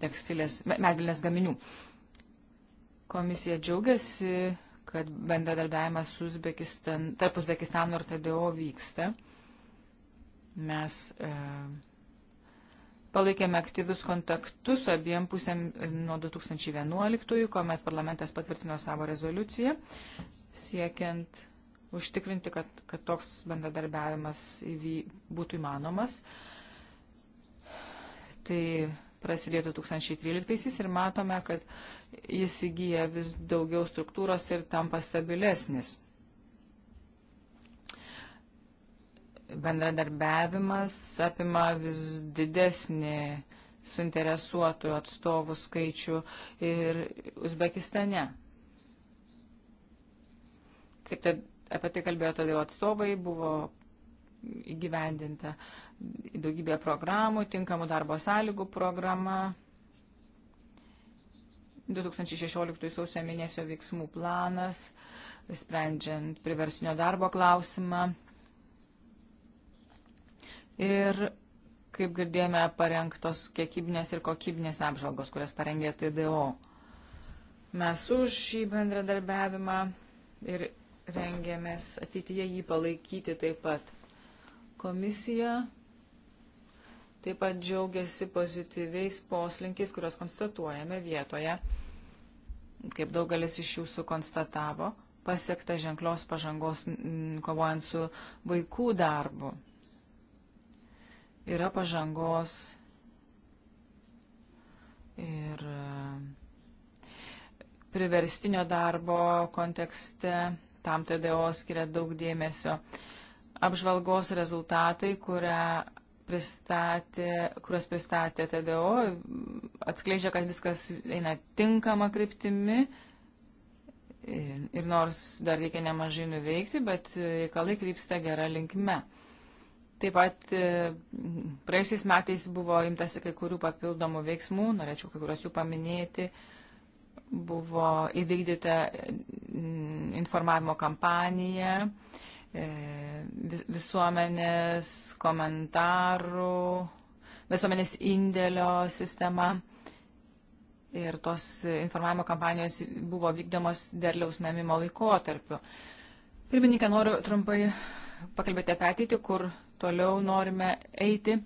tekstilės, medvilnės gaminių. Uh, Komisija džiaugiasi, kad bendradarbiavimas Uzbekistan, tarp Uzbekistano ir TDO vyksta. Mes e, palaikėme aktyvius kontaktus abiem pusėm nuo 2011, kuomet parlamentas patvirtino savo rezoliuciją, siekiant užtikrinti, kad, kad toks bendradarbiavimas įvy, būtų įmanomas. Tai prasidėjo 2013 ir matome, kad jis įgyja vis daugiau struktūros ir tampa stabilesnis. Bendradarbiavimas apima vis didesnį suinteresuotų atstovų skaičių ir Uzbekistane. Kaip tad, apie tai kalbėjo todėl atstovai, buvo įgyvendinta uh, daugybė programų, tinkamų darbo sąlygų programa, 2016 sausio mėnesio veiksmų planas, sprendžiant priversinio darbo klausimą. Ir, kaip girdėjome, parengtos kiekybinės ir kokybinės apžvalgos, kurias parengė TDO. Mes už šį bendradarbiavimą ir rengiamės ateityje jį palaikyti taip pat. Komisija taip pat džiaugiasi pozityviais poslinkiais, kuriuos konstatuojame vietoje. Kaip daugelis iš jūsų konstatavo, pasiekta ženklios pažangos kovojant su vaikų darbu. Yra pažangos ir e, priverstinio darbo kontekste, tam TDO skiria daug dėmesio. Apžvalgos rezultatai, kurią pristatė, kuriuos pristatė TDO, atskleidžia, kad viskas eina tinkama kryptimi. Ir nors dar reikia nemažai nuveikti, bet reikalai krypsta gerą linkme. Taip pat e, praėjusiais metais buvo imtasi kai kurių papildomų veiksmų, norėčiau kai kurios jų paminėti. Buvo įvykdyta informavimo kampanija, E, visuomenės komentarų, visuomenės indėlio sistema. Ir tos informavimo kampanijos buvo vykdomos derliaus namimo laikotarpiu. Pirmininkė, noriu trumpai pakalbėti apie ateitį, kur toliau norime eiti.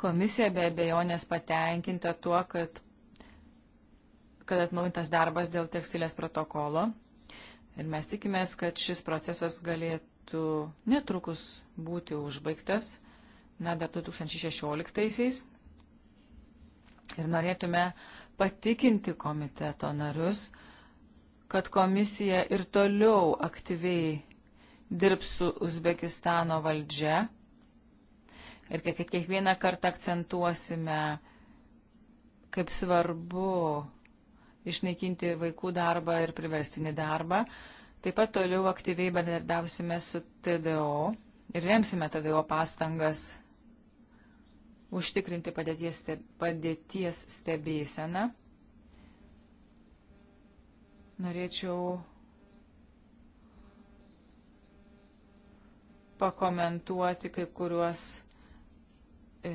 Komisija be abejonės patenkinta tuo, kad, kad atnaujintas darbas dėl tekstilės protokolo Ir mes tikimės, kad šis procesas galėtų netrukus būti užbaigtas, na, dar 2016-aisiais. Ir norėtume patikinti komiteto narius, kad komisija ir toliau aktyviai dirbs su Uzbekistano valdžia. Ir kiekvieną kartą akcentuosime, kaip svarbu išnaikinti vaikų darbą ir priverstinį darbą. Taip pat toliau aktyviai bendradarbiausime su TDO ir remsime TDO pastangas užtikrinti padėties, padėties stebėseną. Norėčiau pakomentuoti kai kuriuos e,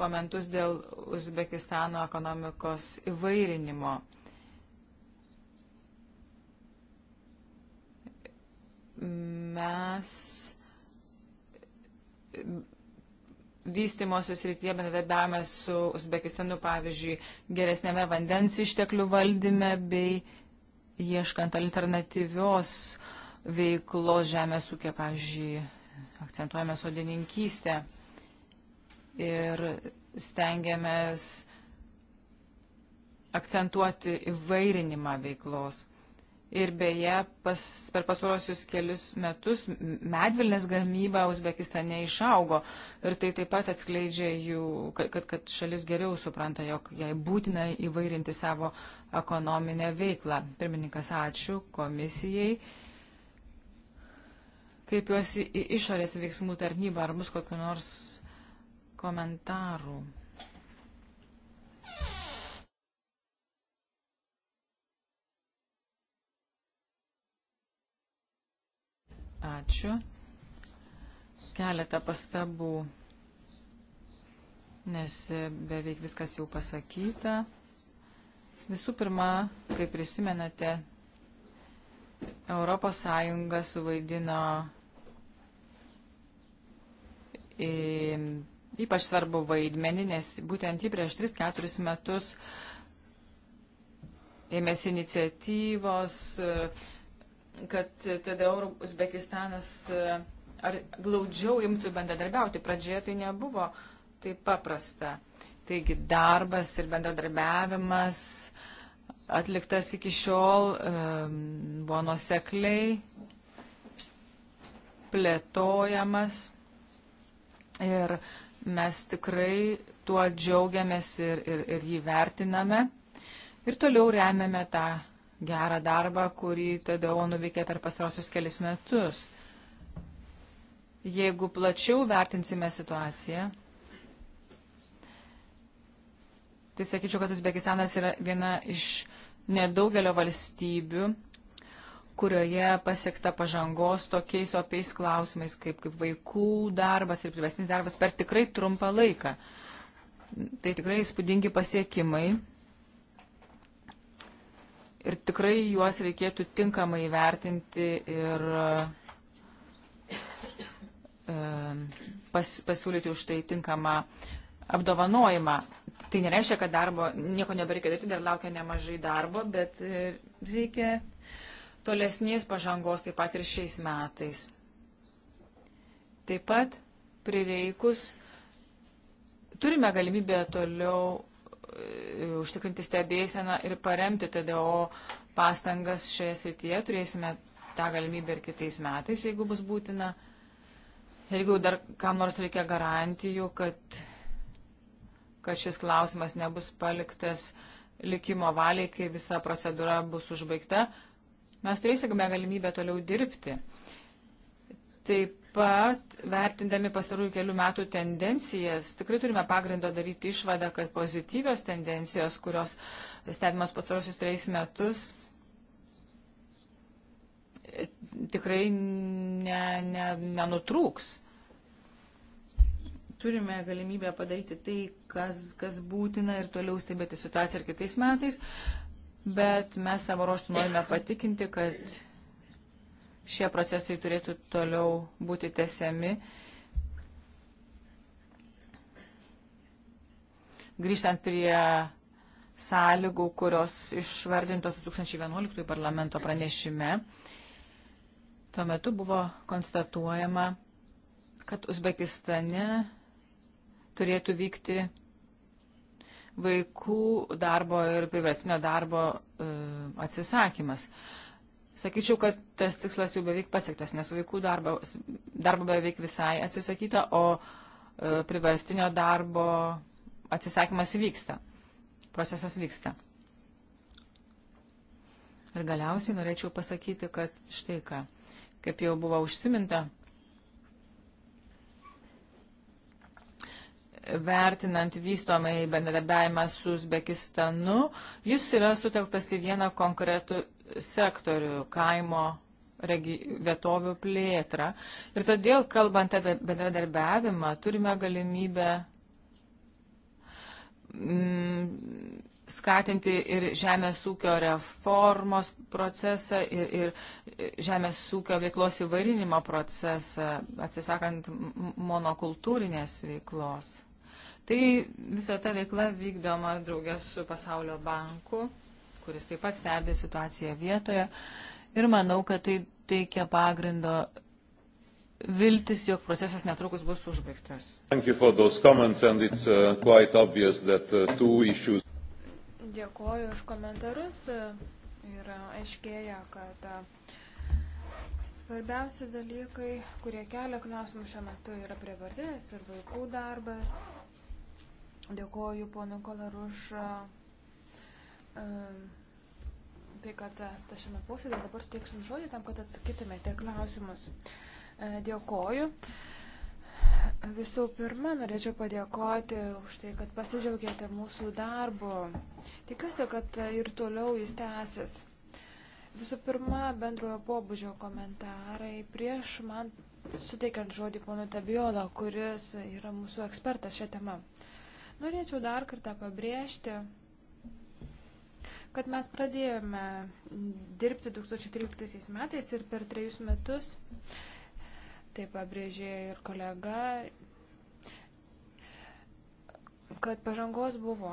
komentus dėl Uzbekistano ekonomikos įvairinimo. Mes vystimosios rytyje bendradarbiavame su Uzbekistanu, pavyzdžiui, geresnėme vandens išteklių valdyme bei ieškant alternatyvios veiklos žemės ūkė, pavyzdžiui, akcentuojame sodininkystę ir stengiamės akcentuoti įvairinimą veiklos. Ir beje, pas, per pastarosius kelius metus medvilnės gamyba Uzbekistane išaugo. Ir tai taip pat atskleidžia jų, kad, kad, kad šalis geriau supranta, jog jai būtina įvairinti savo ekonominę veiklą. Pirmininkas, ačiū komisijai. Kaip juos į išorės veiksmų tarnybą, ar bus kokiu nors komentarų. Ačiū. Keletą pastabų, nes beveik viskas jau pasakyta. Visų pirma, kaip prisimenate, Europos Sąjunga suvaidino e, ypač svarbu vaidmenį, nes būtent jį prieš 3-4 metus ėmėsi iniciatyvos, e, kad tada Uzbekistanas e, ar glaudžiau imtų bendradarbiauti. Pradžioje tai nebuvo taip paprasta. Taigi darbas ir bendradarbiavimas atliktas iki šiol e, buvo nusekliai plėtojamas ir uh, Mes tikrai tuo džiaugiamės ir, ir, ir jį vertiname. Ir toliau remiame tą gerą darbą, kurį TDO nuveikė per pastarosius kelis metus. Jeigu plačiau vertinsime situaciją, tai sakyčiau, kad Uzbekistanas yra viena iš nedaugelio valstybių, kurioje pasiekta pažangos tokiais opiais klausimais, kaip, kaip vaikų darbas ir privesnis darbas per tikrai trumpą laiką. Tai tikrai įspūdingi pasiekimai ir tikrai juos reikėtų tinkamai vertinti ir pas, pasiūlyti už tai tinkamą apdovanojimą. Tai nereiškia, kad darbo nieko nebereikia daryti, dar laukia nemažai darbo, bet e, reikia tolesnės pažangos taip pat ir šiais metais. Taip pat prireikus turime galimybę toliau e, užtikrinti stebėseną ir paremti TDO pastangas šioje srityje. Turėsime tą galimybę ir kitais metais, jeigu bus būtina. Jeigu dar kam nors reikia garantijų, kad, kad šis klausimas nebus paliktas likimo valiai, kai visa procedūra bus užbaigta, Mes turėsime galimybę toliau dirbti. Taip pat, vertindami pastarųjų kelių metų tendencijas, tikrai turime pagrindo daryti išvadą, kad pozityvios tendencijos, kurios stebimas pastarosius trejus metus, tikrai ne, ne, nenutrūks. Turime galimybę padaryti tai, kas, kas būtina ir toliau stebėti situaciją ir kitais metais bet mes savo ruoštų norime patikinti, kad šie procesai turėtų toliau būti tesiami. Grįžtant prie sąlygų, kurios išvardintos 2011 parlamento pranešime, tuo metu buvo konstatuojama, kad Uzbekistane turėtų vykti vaikų darbo ir priversinio darbo e, atsisakymas. Sakyčiau, kad tas tikslas jau beveik pasiektas, nes vaikų darbo, darbo beveik visai atsisakyta, o e, priverstinio darbo atsisakymas vyksta. Procesas vyksta. Ir galiausiai norėčiau pasakyti, kad štai ką, kaip jau buvo užsiminta, vertinant vystomai bendradarbiavimą su Uzbekistanu, jis yra sutelktas į vieną konkretų sektorių - kaimo regi, vietovių plėtrą. Ir todėl, kalbant apie bendradarbiavimą, turime galimybę mm, skatinti ir žemės ūkio reformos procesą, ir, ir žemės ūkio veiklos įvairinimo procesą, atsisakant monokultūrinės veiklos. Tai visa ta veikla vykdoma draugės su Pasaulio banku, kuris taip pat stebi situaciją vietoje. Ir manau, kad tai teikia pagrindo viltis, jog procesas netrukus bus užbaigtas. Uh, uh, Dėkuoju už komentarus. Ir aiškėja, kad uh, svarbiausi dalykai, kurie kelia klausimų šiuo metu, yra prievartinės ir vaikų darbas, Dėkoju ponu Kolar už tai, kad esate šiame posėdėje. Dabar suteiksiu žodį tam, kad atsakytumėte klausimus. Dėkoju. Visų pirma, norėčiau padėkoti už tai, kad pasidžiaugėte mūsų darbu. Tikiuosi, kad ir toliau jis tęsis. Visų pirma, bendrojo pobūdžio komentarai prieš man suteikiant žodį ponui Tabiola, kuris yra mūsų ekspertas šią temą. Norėčiau dar kartą pabrėžti, kad mes pradėjome dirbti 2013 metais ir per trejus metus, tai pabrėžė ir kolega, kad pažangos buvo.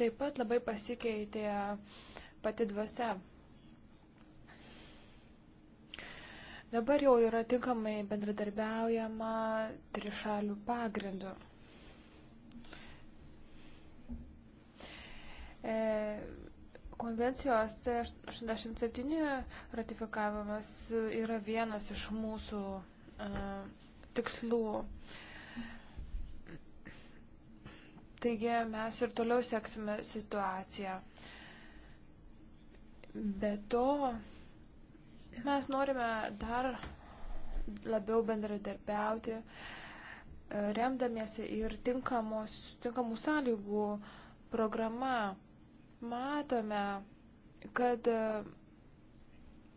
Taip pat labai pasikeitė pati dvasia Dabar jau yra tinkamai bendradarbiaujama trišalių pagrindų. Konvencijos 87 ratifikavimas yra vienas iš mūsų uh, tikslų. Taigi mes ir toliau seksime situaciją. Be to, mes norime dar labiau bendradarbiauti, e, remdamiesi ir tinkamos, tinkamų sąlygų programa matome, kad e,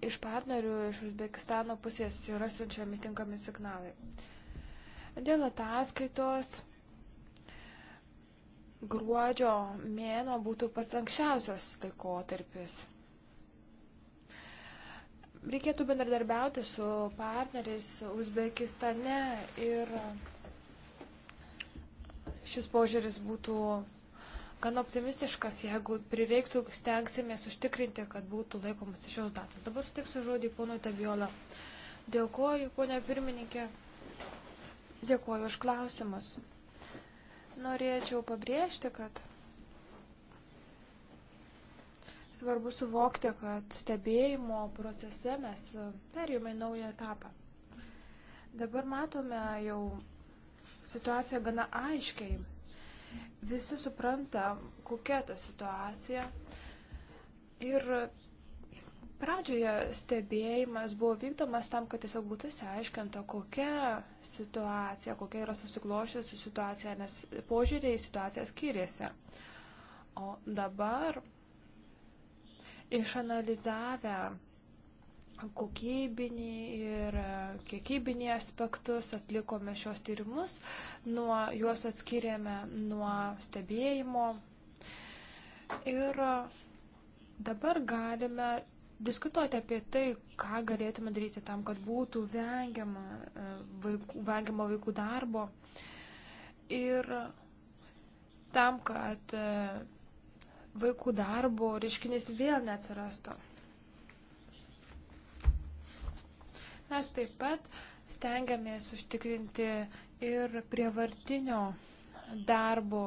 iš partnerių iš Uzbekistano pusės yra siunčiami tinkami signalai. Dėl ataskaitos gruodžio mėno būtų pats anksčiausias laikotarpis. Reikėtų bendradarbiauti su partneriais Uzbekistane ir šis požiūris būtų gan optimistiškas, jeigu prireiktų, stengsimės užtikrinti, kad būtų laikomas šios datos. Dabar sutiksiu žodį ponui Tabiola. Dėkuoju, ponia pirmininkė. Dėkuoju už klausimus. Norėčiau pabrėžti, kad svarbu suvokti, kad stebėjimo procese mes perėjome į naują etapą. Dabar matome jau situaciją gana aiškiai Visi supranta, kokia ta situacija. Ir pradžioje stebėjimas buvo vykdomas tam, kad tiesiog būtų įsiaiškinta, kokia situacija, kokia yra susiklošiusi situacija, nes požiūriai į situaciją skiriasi. O dabar išanalizavę kokybinį ir e, kiekybinį aspektus, atlikome šios tyrimus, nuo, juos atskiriame nuo stebėjimo ir e, dabar galime diskutuoti apie tai, ką galėtume daryti tam, kad būtų vengiama e, vaikų, vengiama vaikų darbo ir tam, kad vaikų darbo reiškinys vėl neatsirastų. Mes taip pat stengiamės užtikrinti ir prievartinio darbo,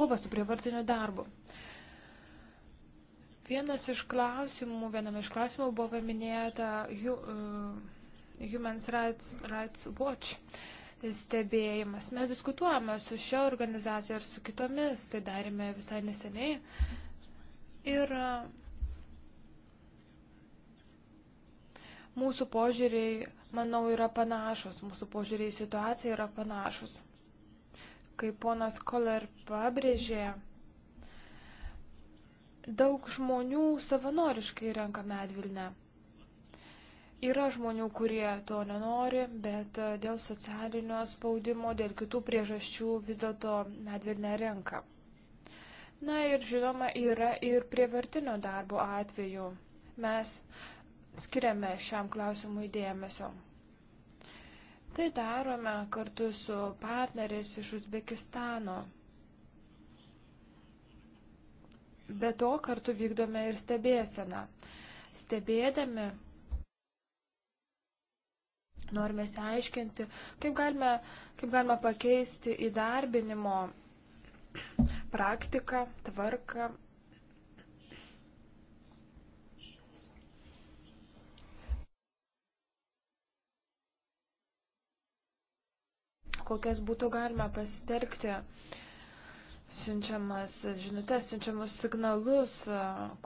kovą su prievartiniu darbu. Vienas iš klausimų, viename iš klausimų buvo paminėta uh, Human Rights, Rights Watch stebėjimas. Mes diskutuojame su šia organizacija ir su kitomis, tai darėme visai neseniai. Ir uh, Mūsų požiūriai, manau, yra panašus, mūsų požiūriai į situaciją yra panašus. Kaip ponas Koller pabrėžė, daug žmonių savanoriškai renka medvilnę. Yra žmonių, kurie to nenori, bet e, dėl socialinio spaudimo, dėl kitų priežasčių vis dėlto medvilnę renka. Na ir žinoma, yra ir prievartinio darbo atveju. Mes skiriame šiam klausimui dėmesio. Tai darome kartu su partneriais iš Uzbekistano. Be to kartu vykdome ir stebėseną. Stebėdami norime įsiaiškinti, kaip galime, kaip galima pakeisti įdarbinimo praktiką, tvarką kokias būtų galima pasitelkti siunčiamas žinutės, siunčiamus signalus,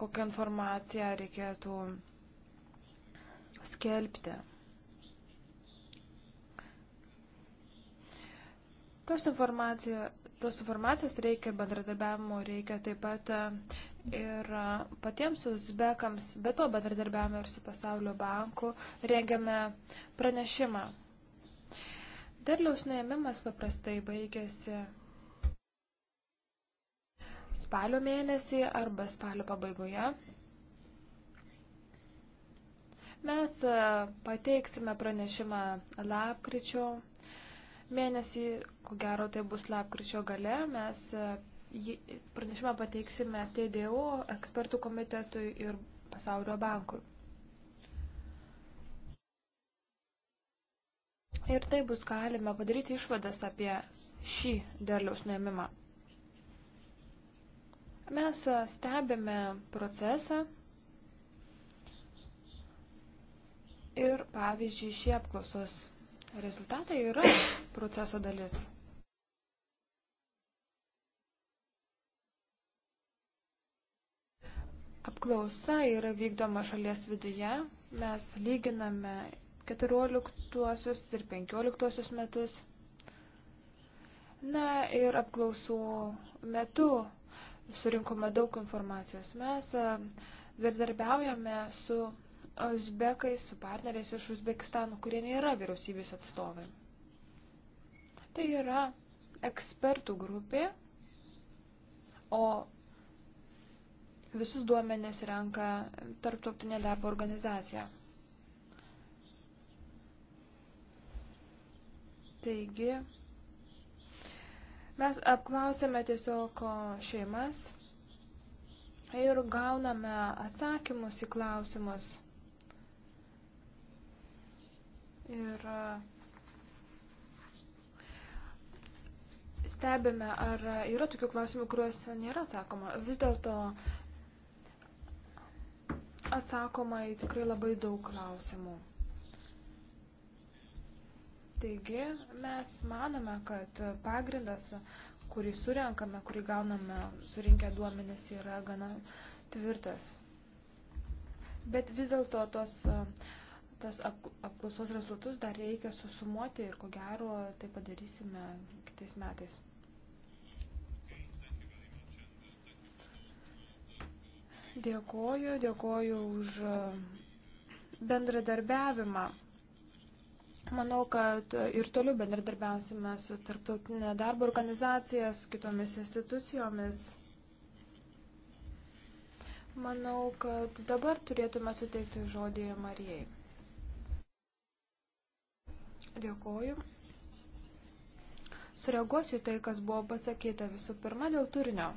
kokią informaciją reikėtų skelbti. Tos informacijos, tos informacijos reikia, bendradarbiavimo reikia taip pat ir patiems uzbekams, be to bendradarbiavimo ir su pasaulio banku rengiame pranešimą Derliaus nuėmimas paprastai baigėsi spalio mėnesį arba spalio pabaigoje. Mes e, pateiksime pranešimą lapkričio mėnesį, ko gero tai bus lapkričio gale, mes e, pranešimą pateiksime TDO ekspertų komitetui ir Pasaulio bankui. Ir tai bus galima padaryti išvadas apie šį derliaus nuėmimą. Mes stebime procesą ir, pavyzdžiui, šie apklausos rezultatai yra proceso dalis. Apklausa yra vykdoma šalies viduje, mes lyginame 14 ir 15 metus. Na ir apklausų metu surinkome daug informacijos. Mes e, bendarbiaujame su uzbekais, su partneriais iš Uzbekistano, kurie nėra vyriausybės atstovai. Tai yra ekspertų grupė, o visus duomenis renka tarptautinė darbo organizacija. Taigi, mes apklausėme tiesiog šeimas ir gauname atsakymus į klausimus. Ir stebime, ar yra tokių klausimų, kuriuos nėra atsakoma. Vis dėlto atsakoma į tikrai labai daug klausimų. Taigi mes manome, kad pagrindas, kurį surenkame, kurį gauname surinkę duomenis, yra gana tvirtas. Bet vis dėlto tos, tos apklausos rezultatus dar reikia susumuoti ir ko gero tai padarysime kitais metais. Dėkoju, dėkoju už bendradarbiavimą. Manau, kad ir toliau bendradarbiausime su tarptautinė darbo organizacija, su kitomis institucijomis. Manau, kad dabar turėtume suteikti žodį Marijai. Dėkoju. Sureaguosiu tai, kas buvo pasakyta visų pirma dėl turinio.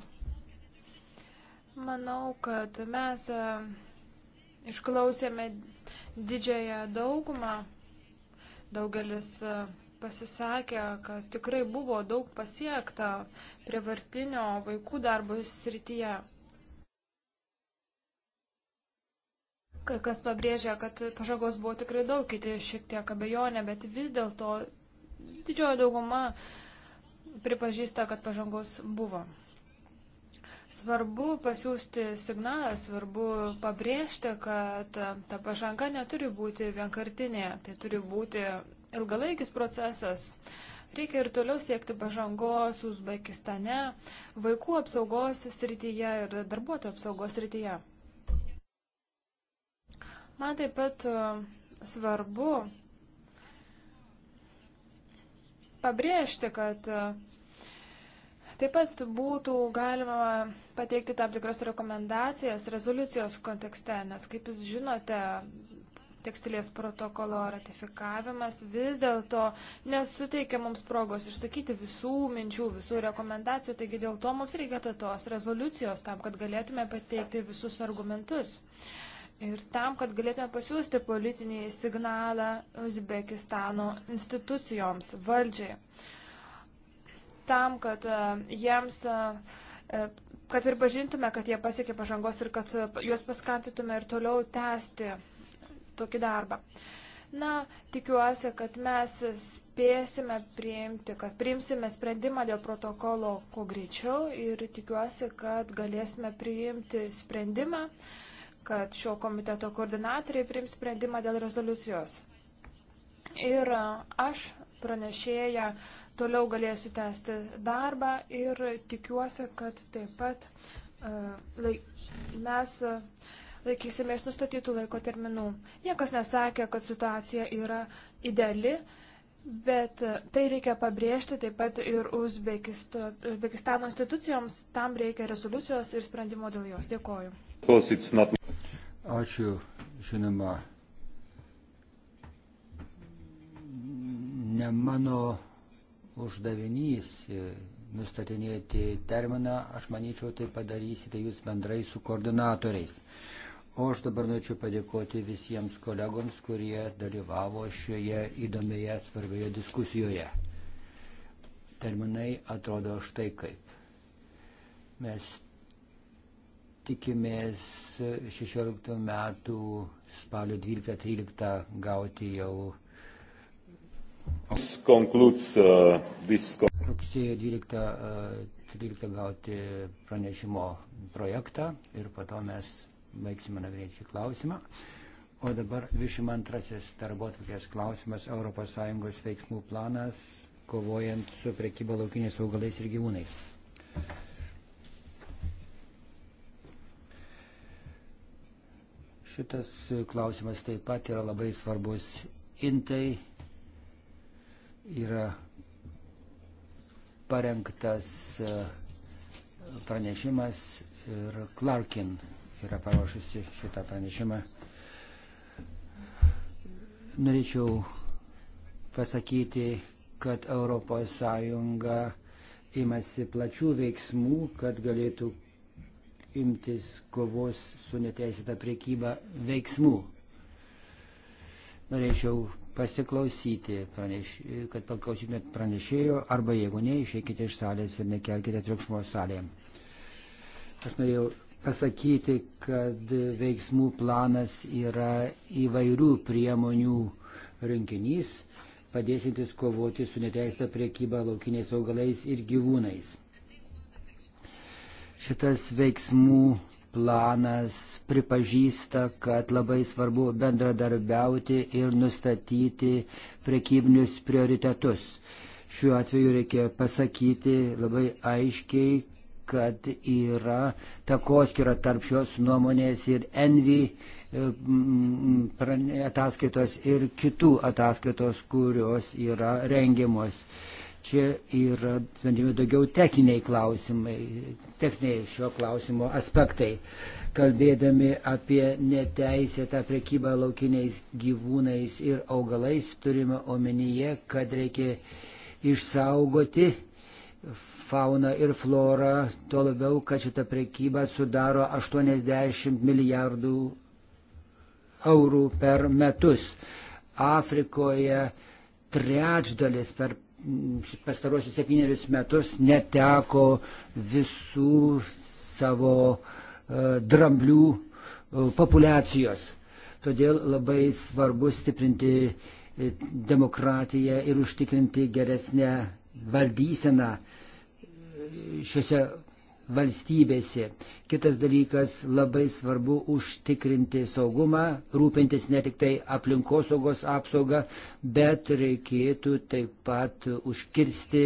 Manau, kad mes e, išklausėme didžiąją daugumą Daugelis e, pasisakė, kad tikrai buvo daug pasiekta prievartinio vaikų darbo srityje. Kai kas pabrėžia, kad pažagos buvo tikrai daug, kiti šiek tiek abejonė, bet vis dėlto didžioji dauguma pripažįsta, kad pažangos buvo. Svarbu pasiūsti signalą, svarbu pabrėžti, kad ta pažanga neturi būti vienkartinė, tai turi būti ilgalaikis procesas. Reikia ir toliau siekti pažangos Uzbekistane, vaikų apsaugos srityje ir darbuotojų apsaugos srityje. Man taip pat e, svarbu pabrėžti, kad e, Taip pat būtų galima pateikti tam tikras rekomendacijas rezoliucijos kontekste, nes kaip jūs žinote, tekstilės protokolo ratifikavimas vis dėlto nesuteikia mums progos išsakyti visų minčių, visų rekomendacijų, taigi dėl to mums reikėtų tos rezoliucijos tam, kad galėtume pateikti visus argumentus. Ir tam, kad galėtume pasiūsti politinį signalą Uzbekistano institucijoms, valdžiai tam, kad e, jiems, e, e, kad pripažintume, kad jie pasiekė pažangos ir kad juos paskantytume ir toliau tęsti tokį darbą. Na, tikiuosi, kad mes spėsime priimti, kad priimsime sprendimą dėl protokolo kuo greičiau ir tikiuosi, kad galėsime priimti sprendimą, kad šio komiteto koordinatoriai priims sprendimą dėl rezoliucijos. Ir aš pranešėja toliau galėsiu tęsti darbą ir tikiuosi, kad taip pat e, laik, mes e, laikysimės nustatytų laiko terminų. Niekas nesakė, kad situacija yra ideali, bet e, tai reikia pabrėžti taip pat ir Uzbekistano institucijoms, tam reikia rezoliucijos ir sprendimo dėl jos. Dėkoju. Ačiū, žinoma, ne mano uždavinys nustatinėti terminą, aš manyčiau, tai padarysite jūs bendrai su koordinatoriais. O aš dabar norėčiau padėkoti visiems kolegoms, kurie dalyvavo šioje įdomioje, svarbioje diskusijoje. Terminai atrodo štai kaip. Mes tikimės 16 metų spalio 12-13 gauti jau Uh, Rugsėjo 12-13 uh, gauti pranešimo projektą ir po to mes baigsime nagrėti klausimą. O dabar 22 darbo atvokės klausimas ES veiksmų planas kovojant su prekyba laukiniais augalais ir gyvūnais. Šitas klausimas taip pat yra labai svarbus intai yra parengtas e, pranešimas ir Clarkin yra paruošusi šitą pranešimą. Norėčiau pasakyti, kad ES imasi plačių veiksmų, kad galėtų imtis kovos su neteisėta priekyba veiksmų. Norėčiau pasiklausyti, praneš, kad paklausytumėt pranešėjo, arba jeigu ne, išeikite iš salės ir nekelkite triukšmo salėje. Aš norėjau pasakyti, kad veiksmų planas yra įvairių priemonių rinkinys, padėsintis kovoti su neteista priekyba laukiniais augalais ir gyvūnais. Šitas veiksmų planas pripažįsta, kad labai svarbu bendradarbiauti ir nustatyti prekybinius prioritetus. Šiuo atveju reikia pasakyti labai aiškiai, kad yra takoskira tarp šios nuomonės ir Envy e, ataskaitos ir kitų ataskaitos, kurios yra rengiamos. Čia yra sprendžiami daugiau techniniai klausimai, techniniai šio klausimo aspektai. Kalbėdami apie neteisėtą prekybą laukiniais gyvūnais ir augalais, turime omenyje, kad reikia išsaugoti fauna ir flora, tuo labiau, kad šita prekyba sudaro 80 milijardų eurų per metus. Afrikoje trečdalis per pastarosius septynerius metus neteko visų savo e, dramblių e, populacijos. Todėl labai svarbu stiprinti e, demokratiją ir užtikrinti geresnę valdyseną šiuose valstybėse. Kitas dalykas - labai svarbu užtikrinti saugumą, rūpintis ne tik tai aplinkosaugos apsaugą, bet reikėtų taip pat užkirsti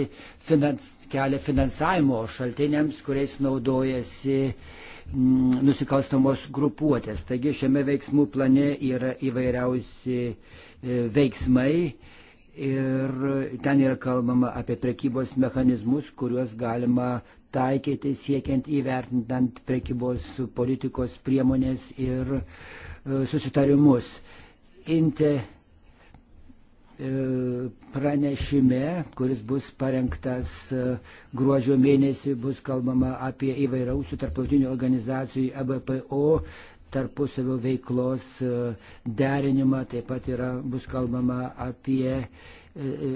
finans, kelią finansavimo šaltiniams, kuriais naudojasi m, mm, nusikalstamos grupuotės. Taigi šiame veiksmų plane yra įvairiausi e, veiksmai. Ir ten yra kalbama apie prekybos mechanizmus, kuriuos galima taikyti siekiant įvertintant prekybos politikos priemonės ir e, susitarimus. Inte e, pranešime, kuris bus parengtas e, gruodžio mėnesį, bus kalbama apie įvairiausių tarptautinių organizacijų ABPO tarpusavio veiklos e, derinimą, taip pat yra, bus kalbama apie e, e,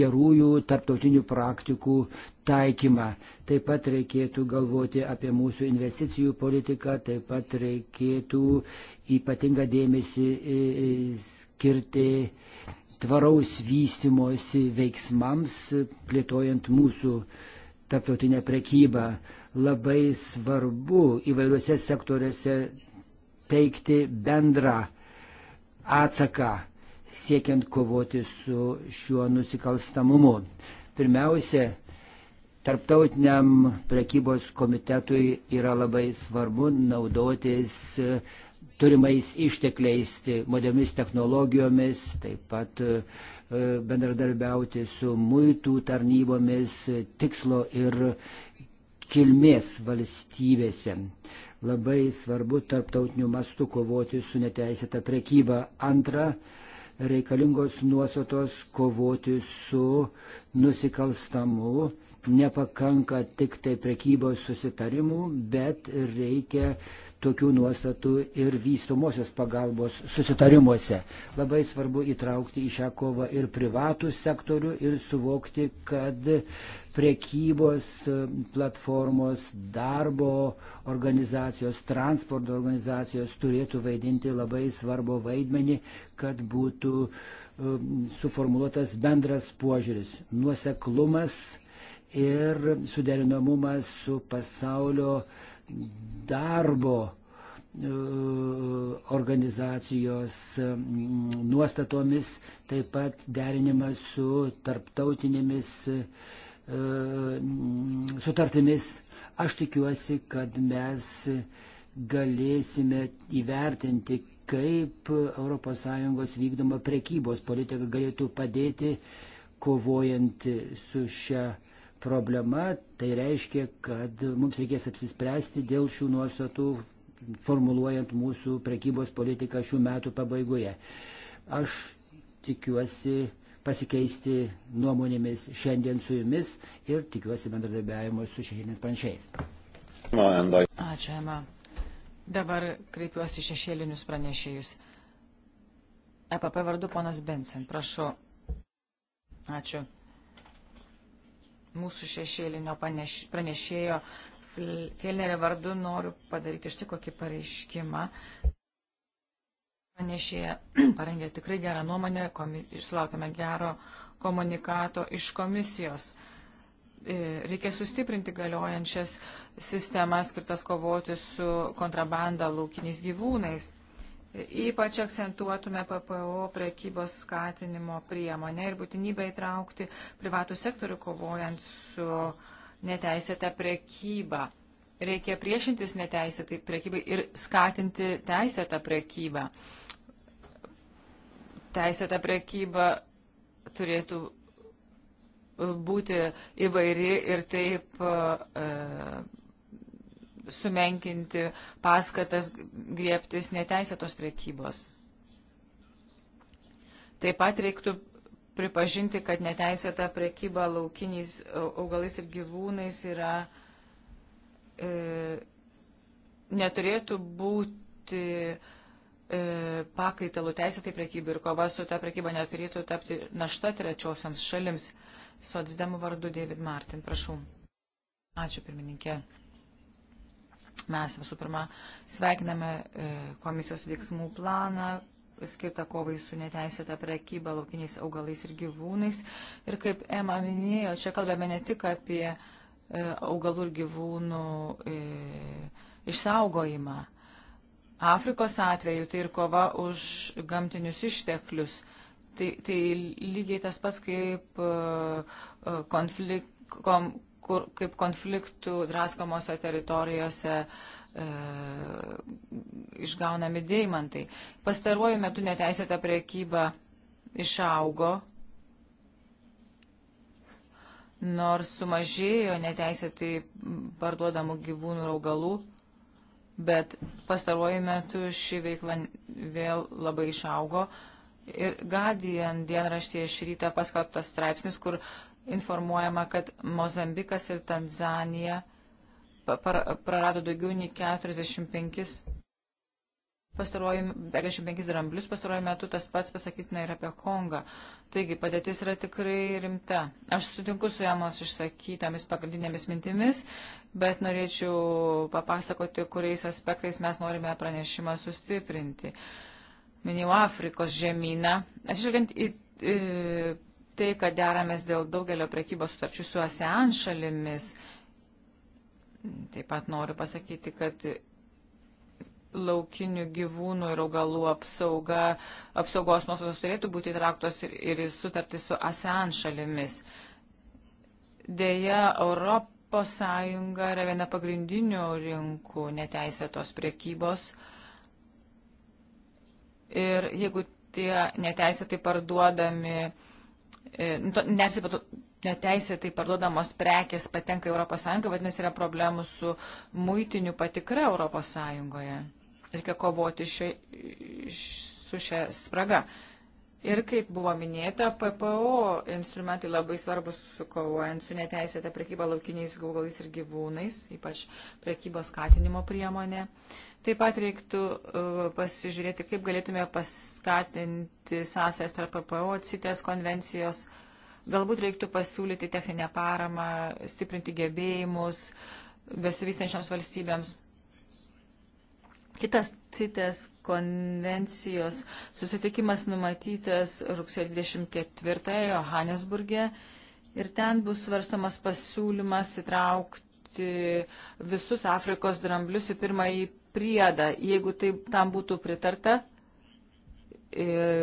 gerųjų tarptautinių praktikų taikymą. Taip pat reikėtų galvoti apie mūsų investicijų politiką, taip pat reikėtų ypatingą dėmesį skirti tvaraus vystimosi veiksmams, plėtojant mūsų tarptautinę prekybą labai svarbu įvairiuose sektoriuose teikti bendrą atsaką siekiant kovoti su šiuo nusikalstamumu. Pirmiausia, tarptautiniam prekybos komitetui yra labai svarbu naudotis e, turimais ištekliais, tai moderniomis technologijomis, taip pat e, bendradarbiauti su muitų tarnybomis tikslo ir kilmės valstybėse. Labai svarbu tarptautiniu mastu kovoti su neteisėta prekyba. Antra, reikalingos nuostatos kovoti su nusikalstamu. Nepakanka tik tai prekybos susitarimų, bet reikia tokių nuostatų ir vystomosios pagalbos susitarimuose. Labai svarbu įtraukti į šią kovą ir privatų sektorių ir suvokti, kad priekybos e, platformos, darbo organizacijos, transporto organizacijos turėtų vaidinti labai svarbu vaidmenį, kad būtų e, suformuoluotas bendras požiūris, nuoseklumas ir suderinamumas su pasaulio uh, darbo e, organizacijos e, nuostatomis, taip pat derinimas su tarptautinėmis e, sutartimis. Aš tikiuosi, kad mes galėsime įvertinti, kaip ES vykdoma prekybos politika galėtų padėti kovojant su šia problema, tai reiškia, kad mums reikės apsispręsti dėl šių nuostatų, formuluojant mūsų prekybos politiką šių metų pabaigoje. Aš tikiuosi pasikeisti nuomonėmis šiandien su jumis ir tikiuosi bendradarbiavimo su šešėlinis pranšiais. Ačiū, Ema. Dabar kreipiuosi šešėlinius pranešėjus. EPP vardu ponas Bensin, prašau. Ačiū mūsų šešėlinio pranešėjo Fielnerio vardu noriu padaryti štai kokį pareiškimą. Pranešėja parengė tikrai gerą nuomonę, išlaukėme gero komunikato iš komisijos. E, reikia sustiprinti galiojančias sistemas skirtas kovoti su kontrabanda laukiniais gyvūnais. Ypač akcentuotume PPO prekybos skatinimo priemonę ir būtinybę įtraukti privatų sektorių kovojant su neteisėta prekyba. Reikia priešintis neteisėtai prekybai ir skatinti teisėtą prekybą. Teisėta prekyba turėtų e, būti įvairi ir taip. Uh, sumenkinti paskatas griebtis neteisėtos priekybos. Taip pat reiktų pripažinti, kad neteisėta priekyba laukiniais augalais ir gyvūnais yra e, neturėtų būti e, pakaitalų teisėtai priekybai ir kova su ta priekyba neturėtų tapti našta trečiosiams šalims. Sotsdemų vardu David Martin, prašau. Ačiū pirmininkė. Mes visų pirma sveikiname e, komisijos veiksmų planą skirtą kovai su neteisėta prekyba laukiniais augalais ir gyvūnais. Ir kaip Ema minėjo, čia kalbame ne tik apie e, augalų ir gyvūnų e, išsaugojimą. Afrikos atveju tai ir kova už gamtinius išteklius. Tai, tai lygiai tas pats kaip konflikt, kom, kur, kaip konfliktų draskomose teritorijose e, išgaunami deimantai. Pastaruoju metu neteisėta priekyba išaugo, nors sumažėjo neteisėtai parduodamų gyvūnų ir augalų, bet pastaruoju metu ši veikla vėl labai išaugo. Ir Guardian dienraštyje šį rytą paskelbtas straipsnis, kur uh, informuojama, kad Mozambikas ir Tanzanija prarado daugiau nei 45 55 dramblius pastaruoju metu, tas pats pasakytina ir apie Kongą. Taigi padėtis yra tikrai rimta. Aš sutinku su jamos išsakytomis pagrindinėmis mintimis, bet norėčiau papasakoti, kuriais aspektais mes norime pranešimą sustiprinti. Minėjau Afrikos žemyną. Atsižvelgiant į, į tai, kad deramės dėl daugelio prekybos sutarčių su ASEAN šalimis. Taip pat noriu pasakyti, kad laukinių gyvūnų ir augalų apsauga, apsaugos nuostatos turėtų būti įtrauktos ir, ir sutartis su ASEAN šalimis. Deja, Europos Sąjunga yra viena pagrindinių rinkų neteisėtos priekybos. Ir jeigu tie neteisėtai parduodami uh, E, nu, neteisėtai parduodamos prekės patenka ES, vadinasi, yra problemų su muitiniu patikra ES. Reikia kovoti šio, su šia spraga. Ir kaip buvo minėta, PPO instrumentai labai svarbus kovojant su neteisėta prekyba laukiniais gaugalais ir gyvūnais, ypač prekybos skatinimo priemonė. Uh, Taip pat reiktų uh, pasižiūrėti, kaip galėtume paskatinti sąsęs tarp PPO, CITES konvencijos. Galbūt reiktų pasiūlyti techninę paramą, stiprinti gebėjimus besivystančioms valstybėms. Kitas CITES konvencijos susitikimas numatytas rugsėjo 24 Johannesburgė ir ten bus svarstomas pasiūlymas įtraukti visus Afrikos dramblius į pirmąjį priedą, jeigu tai tam būtų pritarta į, e,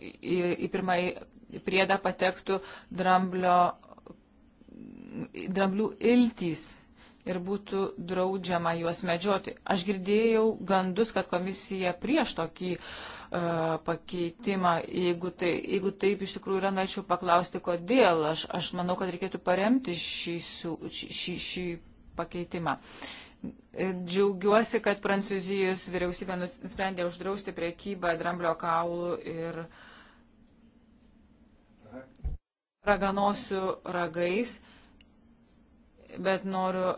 į, į pirmąjį priedą patektų dramblio, dramblių iltys ir būtų draudžiama juos medžioti. Aš girdėjau gandus, kad komisija prieš tokį uh, pakeitimą, jeigu, tai, jeigu taip iš tikrųjų yra, norėčiau paklausti, kodėl. Aš, aš manau, kad reikėtų paremti šį, šį, šį pakeitimą. Uh, Džiaugiuosi, kad Prancūzijos vyriausybė nusprendė uždrausti priekybą dramblio kaulų ir raganosių ragais, bet noriu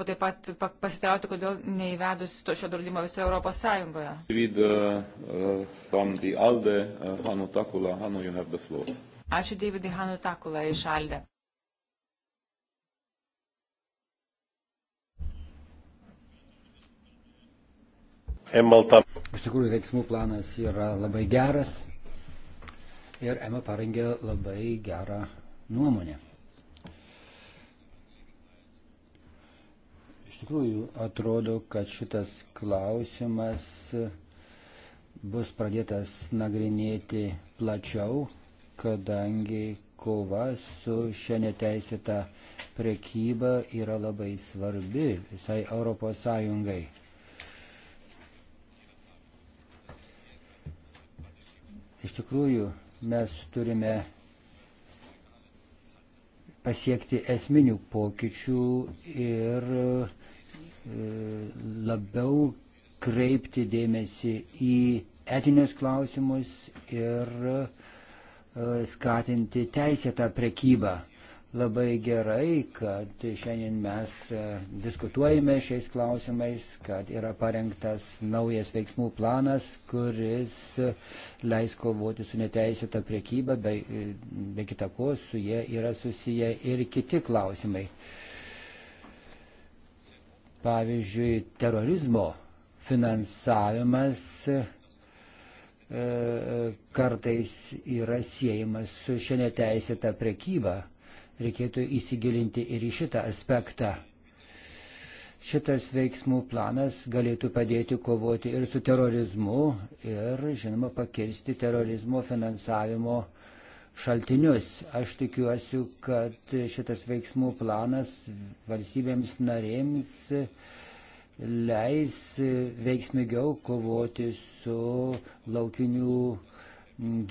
taip pat pasitrauti, kodėl neįvedus to šio draudimo visoje Europos Sąjungoje. David, uh, uh, from the ALDE, uh, Hanu Takula, Hanu, you have the floor. Ačiū Davidai Hanu Takula iš Alde. Emalta. Iš tikrųjų, veiksmų planas yra labai geras ir Ema parengė labai gerą nuomonę. Iš tikrųjų, atrodo, kad šitas klausimas bus pradėtas nagrinėti plačiau, kadangi kova su šia neteisėta prekyba yra labai svarbi visai Europos Sąjungai. Iš tikrųjų, mes turime pasiekti esminių pokyčių ir e, labiau kreipti dėmesį į etinius klausimus ir e, skatinti teisėtą prekybą labai gerai, kad šiandien mes e, diskutuojame šiais klausimais, kad yra parengtas naujas veiksmų planas, kuris e, leis kovoti su neteisėta priekyba, be, e, be kitako su jie yra susiję ir kiti klausimai. Pavyzdžiui, terorizmo finansavimas kartais yra siejamas su šią neteisėtą prekybą reikėtų įsigilinti ir į šitą aspektą. Šitas veiksmų planas galėtų padėti kovoti ir su terorizmu ir, žinoma, pakirsti terorizmo finansavimo šaltinius. Aš tikiuosi, kad šitas veiksmų planas valstybėms narėms leis veiksmigiau kovoti su laukinių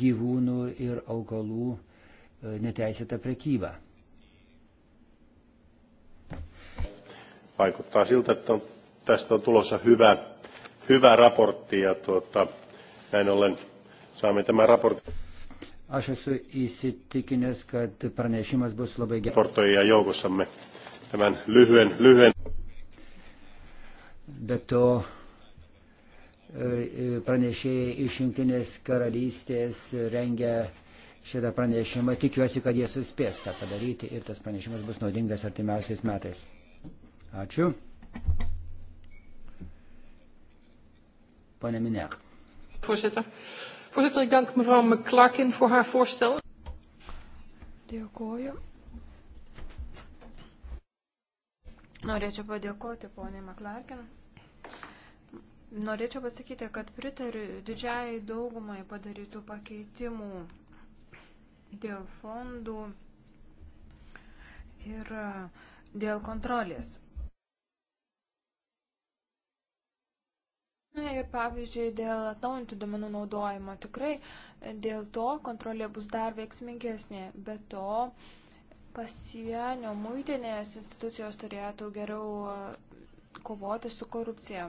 gyvūnų ir augalų neteisėta prekyba. Vaikuttaa siltä, että on, tästä on tulossa hyvä, hyvä raportti ja tuota, näin ollen saamme tämän raportin. Aš esu įsitikinęs, kad pranešimas bus labai geras. Raportoijia joukossamme tämän lyhyen, lyhyen. Be to e, e, pranešėjai iš Junktinės karalystės rengia šitą pranešimą. Tikiuosi, kad jie suspės tą padaryti ir tas pranešimas bus naudingas artimiausiais metais. Ačiū. Pane Miner. Voorzitter. Voorzitter, ik dank mevrouw McClarkin voor haar voorstel. Dėkuoju. Norėčiau padėkoti poniai McClarkin. Norėčiau pasakyti, kad pritariu didžiai daugumai padarytų pakeitimų dėl fondų ir e, dėl kontrolės. Na ir pavyzdžiui, dėl atnaujintų duomenų naudojimo tikrai dėl to kontrolė bus dar veiksmingesnė. Be to, pasienio muitinės institucijos turėtų geriau e, kovoti su korupcija.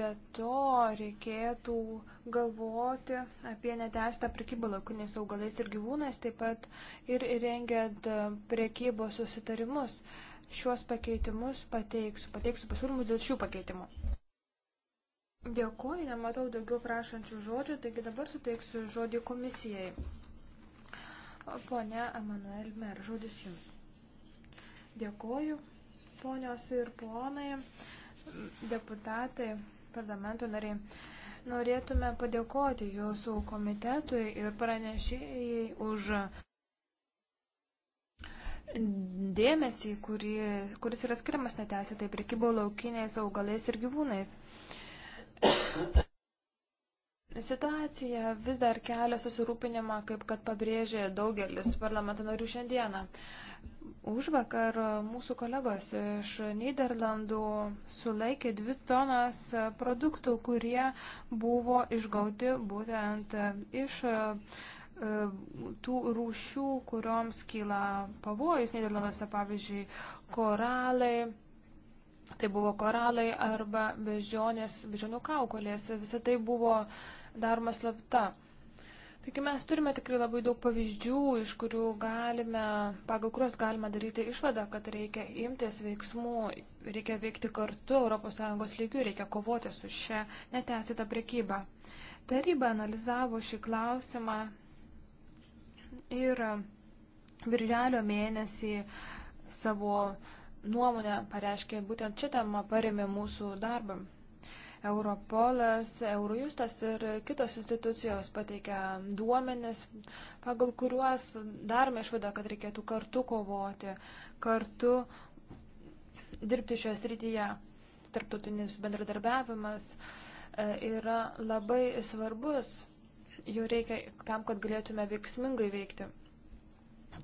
Be to, reikėtų galvoti apie netestą prekybą laukiniais augalais ir gyvūnais, taip pat ir rengiant e, prekybos susitarimus. Šiuos pakeitimus pateiksiu, pateiksiu pasiūlymus dėl šių pakeitimų. Dėkuoju, nematau daugiau prašančių žodžių, taigi dabar suteiksiu žodį komisijai. Pone Emanuel Mer, žodis jums. Dėkuoju, ponios ir ponai, deputatai, parlamento nariai. Norėtume padėkoti jūsų komitetui ir pranešėjai už dėmesį, kuri, kuris yra skiriamas neteisėtai prekybo laukiniais augalais ir gyvūnais. Situacija vis dar kelia susirūpinimą, kaip kad pabrėžė daugelis parlamento narių šiandieną. Už vakar mūsų kolegos iš Niderlandų sulaikė dvi tonas produktų, kurie buvo išgauti būtent iš e, tų rūšių, kurioms kyla pavojus Niderlanduose, pavyzdžiui, koralai Tai buvo koralai arba bežionės, bežionių kaukolės. Visą tai buvo daroma slapta. Taigi mes turime tikrai labai daug pavyzdžių, iš kurių galime, pagal kurias galime daryti išvadą, kad reikia imtis veiksmų, reikia veikti kartu ES lygių, reikia kovoti su šia neteisėta priekyba. Taryba analizavo šį klausimą ir virželio mėnesį savo uh, nuomonę pareiškė būtent šitą temą paremė mūsų darbą. Europolas, Eurojustas ir kitos institucijos pateikia duomenis, pagal kuriuos darome išvadą, kad reikėtų kartu kovoti, kartu dirbti šioje srityje. Tarptautinis bendradarbiavimas e, yra labai svarbus, jo reikia tam, kad galėtume veiksmingai veikti.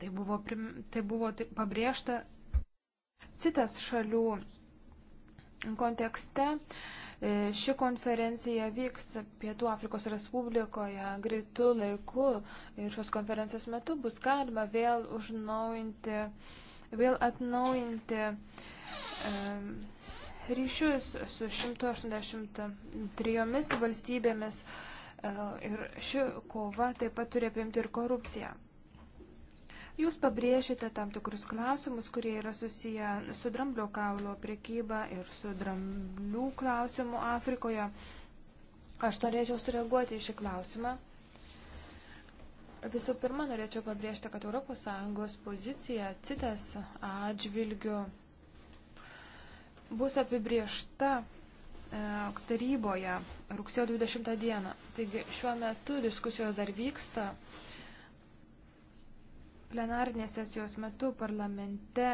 Tai buvo, prim, tai buvo pabrėžta Citas šalių kontekste e, ši konferencija vyks Pietų Afrikos Respublikoje greitų laikų ir šios konferencijos metu bus galima vėl užnaujinti, vėl atnaujinti um, ryšius su 183 valstybėmis e, ir ši kova taip pat turi apimti ir korupciją. Jūs pabrėžite tam tikrus klausimus, kurie yra susiję su dramblio kaulo priekyba ir su dramblių klausimu Afrikoje. Aš norėčiau sureaguoti į šį klausimą. Visų pirma, norėčiau pabrėžti, kad ES pozicija CITES atžvilgiu bus apibriešta e, taryboje rugsėjo 20 dieną. Taigi šiuo metu diskusijos dar vyksta. E, plenarinės sesijos metu parlamente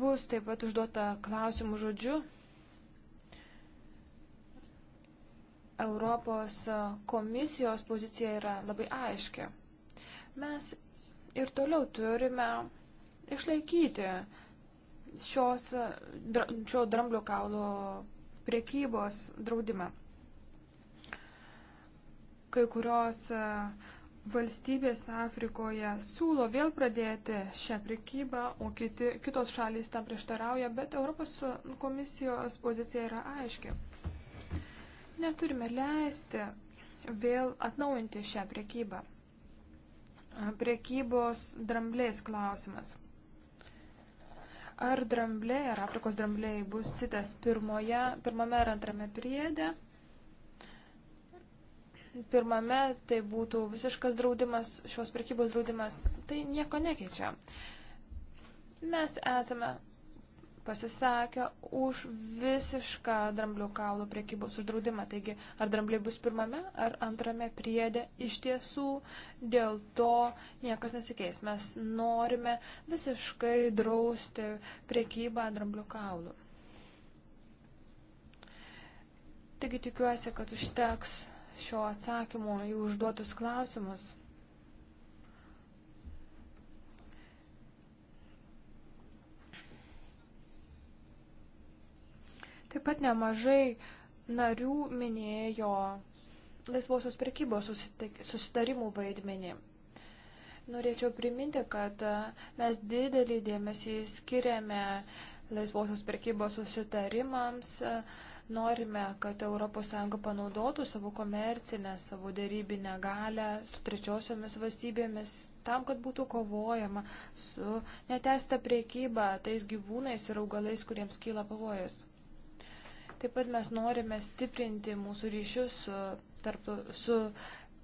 bus taip pat užduota klausimų žodžiu Europos komisijos pozicija yra labai aiškia. Mes ir toliau turime išlaikyti šios, šio dramblio kaulo priekybos draudimą. Kai kurios uh, valstybės Afrikoje siūlo vėl pradėti šią prekybą, o kiti, kitos šalys tam prieštarauja, bet Europos komisijos pozicija yra aiški. Neturime leisti vėl atnaujinti šią prekybą. Prekybos dramblės klausimas. Ar dramblė, ar Afrikos dramblėjai bus citas pirmoje, pirmame ar antrame priedė? pirmame tai būtų visiškas draudimas, šios prekybos draudimas, tai nieko nekeičia. Mes esame pasisakę už visišką dramblių kaulų priekybos uždraudimą. Taigi, ar drambliai bus pirmame ar antrame priedė, iš tiesų dėl to niekas nesikeis. Mes norime visiškai drausti priekybą dramblių kaulų. Taigi tikiuosi, kad užteks šio atsakymo jų užduotus klausimus. Taip pat nemažai narių minėjo laisvosios prekybos susitarimų vaidmenį. Norėčiau priminti, kad e, mes didelį dėmesį skiriame laisvosios prekybos susitarimams, uh, Norime, kad ES panaudotų savo komercinę, savo dėrybinę galę su trečiosiomis valstybėmis tam, kad būtų kovojama su netesta priekyba tais gyvūnais ir augalais, kuriems kyla pavojus. Taip pat mes norime stiprinti mūsų ryšius su, tarp, su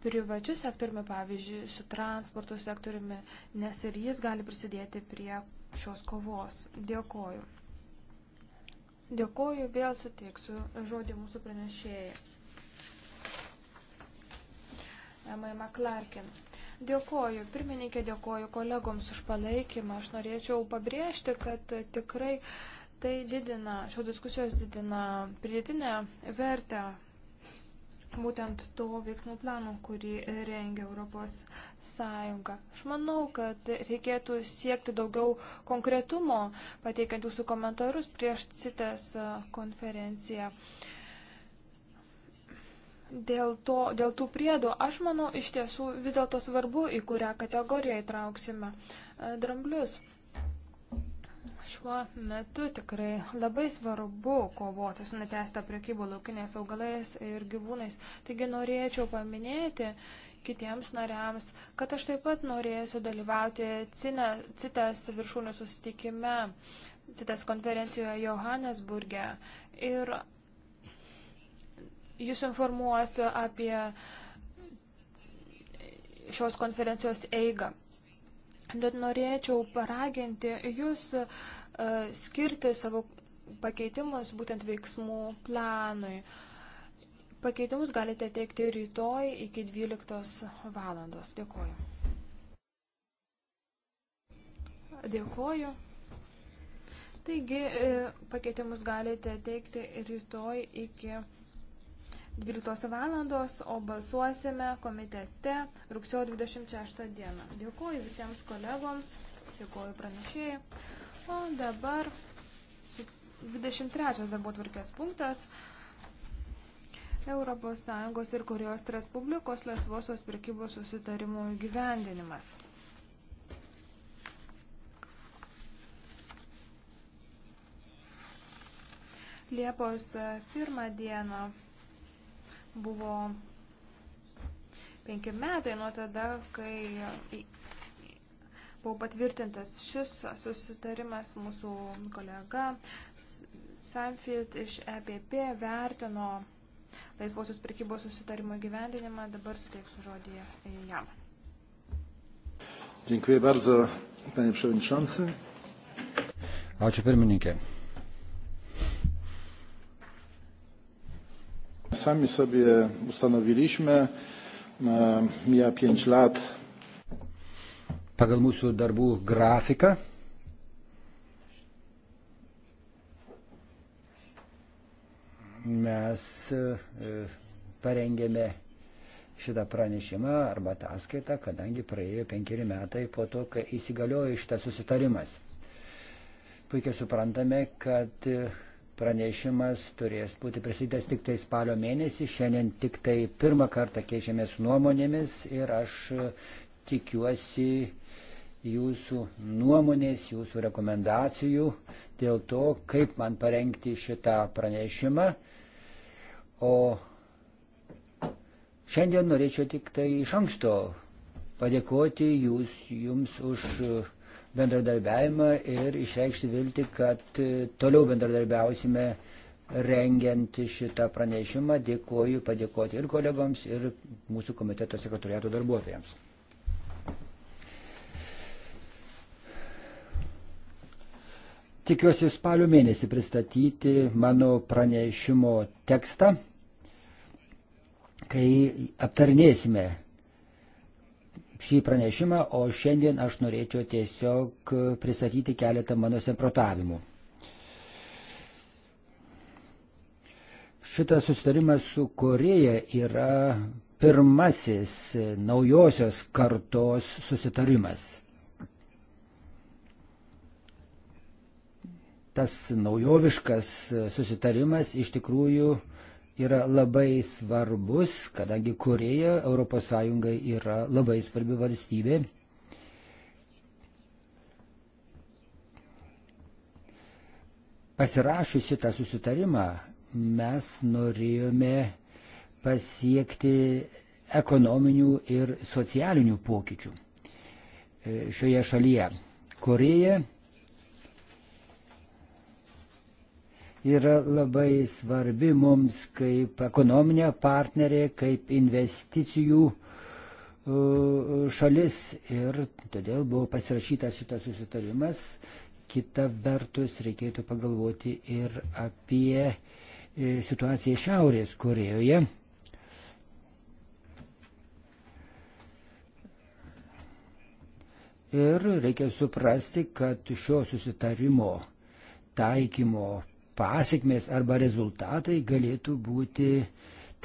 privačiu sektoriumi, pavyzdžiui, su transporto sektoriumi, nes ir jis gali prisidėti prie šios kovos. Dėkoju. Dėkoju, vėl suteiksiu žodį mūsų pranešėjai. Emma McClarkin. Dėkoju, pirmininkė, dėkoju kolegoms už palaikymą. Aš norėčiau pabrėžti, kad tikrai tai didina, šios diskusijos didina pridėtinę vertę būtent to veiksmų plano, kurį rengia Europos Sąjunga. Aš manau, kad reikėtų siekti daugiau konkretumo, pateikiant jūsų komentarus prieš CITES konferenciją. Dėl, to, dėl tų priedų, aš manau, iš tiesų vis dėlto svarbu, į kurią kategoriją įtrauksime dramblius. Šiuo metu tikrai labai svarbu kovoti su netesta priekybo laukiniais augalais ir gyvūnais. Taigi norėčiau paminėti kitiems nariams, kad aš taip pat norėsiu dalyvauti cine, CITES viršūnių susitikime, CITES konferencijoje Johannesburge. Ir jūs informuosiu apie šios konferencijos eigą. Bet norėčiau paraginti jūs e, skirti savo pakeitimus būtent veiksmų planui. Pakeitimus galite teikti rytoj iki 12 valandos. Dėkuoju. Dėkuoju. Taigi, e, pakeitimus galite teikti rytoj iki 12 valandos. 12 valandos, o balsuosime komitete rugsėjo 26 dieną. Dėkuoju visiems kolegoms, dėkuoju pranešėjai. O dabar 23 darbo tvarkės punktas. ES ir Korejos Respublikos laisvosios prekybos susitarimo įgyvendinimas. Liepos 1 dieną Buvo penki metai nuo tada, kai buvo patvirtintas šis susitarimas mūsų kolega Sanfield iš EPP vertino laisvosios prekybos susitarimo gyvendinimą. Dabar suteiksiu žodį jam. Dziękuję bardzo, panie przewodniczący. Ačiū pirmininkė. Sami sobie ustanowiliśmy. E, mija 5 lat. Pagal mūsų darbų grafiką. Mes e, parengėme šitą pranešimą arba ataskaitą, kadangi praėjo penkeri metai po to, kai įsigaliojo šitas susitarimas. Puikiai suprantame, kad pranešimas turės būti pristatytas tik tai spalio mėnesį. Šiandien tik tai pirmą kartą keičiamės nuomonėmis ir aš tikiuosi jūsų nuomonės, jūsų rekomendacijų dėl to, kaip man parengti šitą pranešimą. O šiandien norėčiau tik tai iš anksto padėkoti jūs, jums už bendradarbiavimą ir išreikšti vilti, kad e, toliau bendradarbiausime rengiant šitą pranešimą. Dėkuoju padėkoti ir kolegoms, ir mūsų komiteto sekretoriato darbuotojams. Tikiuosi spalio mėnesį pristatyti mano pranešimo tekstą, kai aptarnėsime šį pranešimą, o šiandien aš norėčiau tiesiog pristatyti keletą mano samprotavimų. Šitas sustarimas su Koreja yra pirmasis naujosios kartos susitarimas. Tas naujoviškas susitarimas iš tikrųjų yra labai svarbus, kadangi Koreja ES yra labai svarbi valstybė. Pasirašus šitą susitarimą mes norėjome pasiekti ekonominių ir socialinių pokyčių e, šioje šalyje. Koreja yra labai svarbi mums kaip ekonominė partnerė, kaip investicijų šalis ir todėl buvo pasirašytas šitas susitarimas. Kita vertus reikėtų pagalvoti ir apie e, situaciją Šiaurės Korejoje. Ir reikia suprasti, kad šio susitarimo taikymo pasiekmės arba rezultatai galėtų būti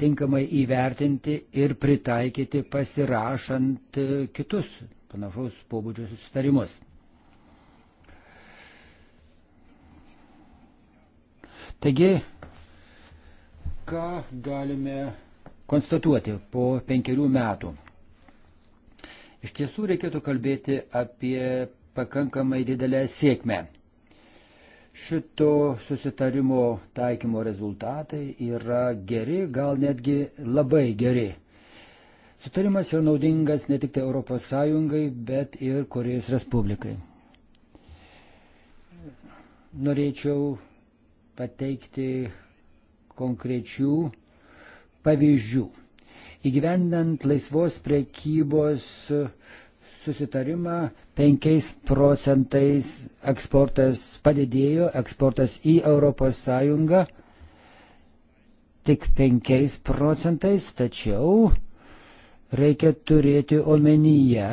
tinkamai įvertinti ir pritaikyti pasirašant e, kitus panašaus pobūdžio susitarimus. Taigi, ką galime konstatuoti po penkerių metų? Iš tiesų reikėtų kalbėti apie pakankamai didelę sėkmę. Šito susitarimo taikymo rezultatai yra geri, gal netgi labai geri. Sutarimas yra naudingas ne tik tai ES, bet ir Korejos Respublikai. Norėčiau pateikti konkrečių pavyzdžių. Įgyvendant laisvos prekybos uh, susitarimą 5 procentais eksportas padidėjo, eksportas į ES tik 5 procentais, tačiau reikia turėti omenyje,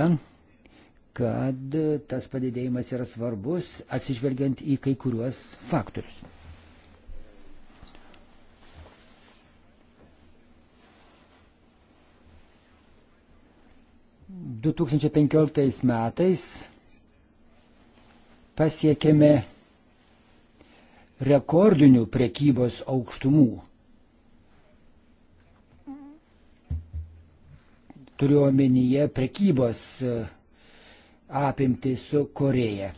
kad tas padidėjimas yra svarbus atsižvelgiant į kai kuriuos faktorius. 2015 metais pasiekėme rekordinių prekybos aukštumų. Turiu omenyje prekybos e, apimti su Koreja.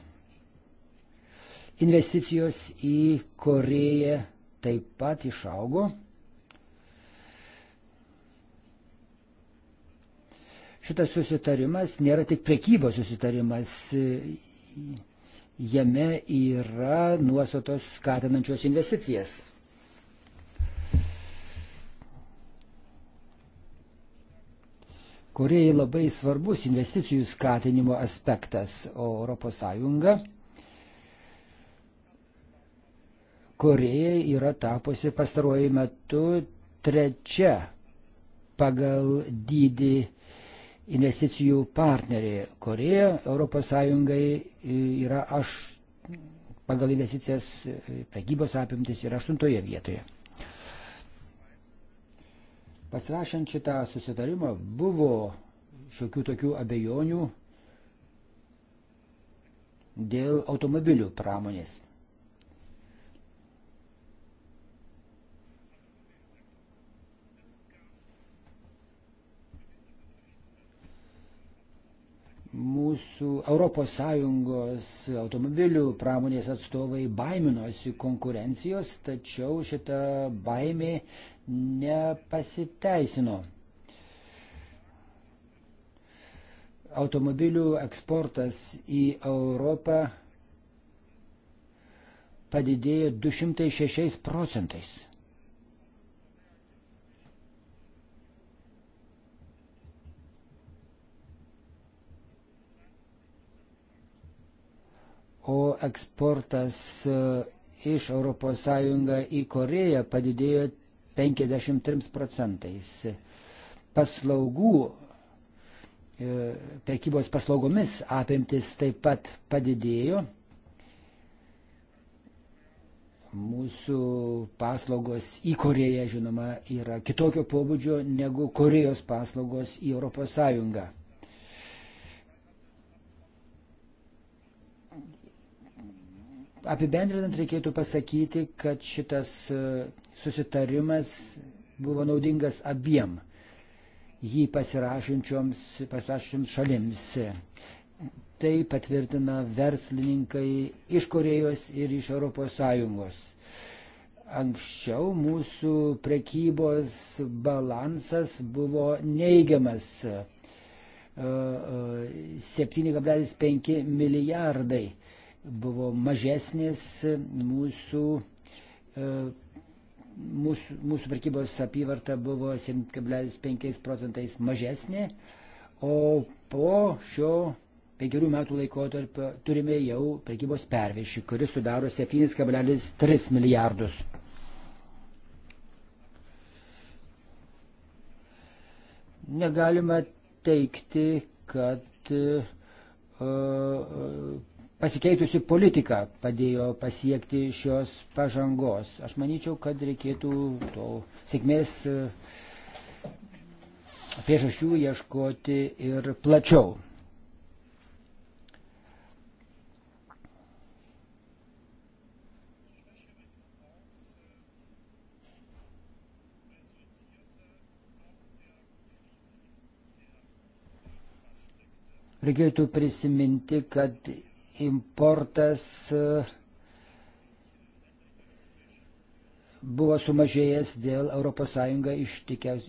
Investicijos į Koreją taip pat išaugo Šitas susitarimas nėra tik prekybos susitarimas, jame yra nuostatos skatinančios investicijas. Korejai labai svarbus investicijų skatinimo aspektas, o ES Koreja yra tapusi pastaruoju metu trečia pagal dydį investicijų partnerė. Koreja ES yra aš pagal investicijas prekybos apimtis yra aštuntoje vietoje. Pasirašant šitą susitarimą buvo šiokių tokių abejonių dėl automobilių pramonės. mūsų ES automobilių pramonės atstovai baiminosi konkurencijos, tačiau šita baimė nepasiteisino. Automobilių eksportas į Europą padidėjo 206 procentais. o eksportas e, iš ES į Koreją padidėjo 53 procentais. Paslaugų, e, prekybos paslaugomis apimtis taip pat padidėjo. Mūsų paslaugos į Koreją, žinoma, yra kitokio pobūdžio negu Korejos paslaugos į ES. Apibendrinant reikėtų pasakyti, kad šitas e, susitarimas buvo naudingas abiem jį pasirašančioms, pasirašančioms šalims. Tai patvirtina verslininkai iš Korejos ir iš ES. Anksčiau mūsų prekybos balansas buvo neigiamas 7,5 e, e, milijardai buvo mažesnis mūsų, e, mūsų, mūsų prekybos apyvarta buvo 7,5 procentais mažesnė, o po šio penkerių metų laikotarpio turime jau prekybos pervešį, kuris sudaro 7,3 milijardus. Negalima teikti, kad uh, uh, pasikeitusi politika padėjo pasiekti šios pažangos. Aš manyčiau, kad reikėtų to sėkmės e, priežasčių ieškoti ir plačiau. Reikėtų prisiminti, kad importas e, buvo sumažėjęs dėl ES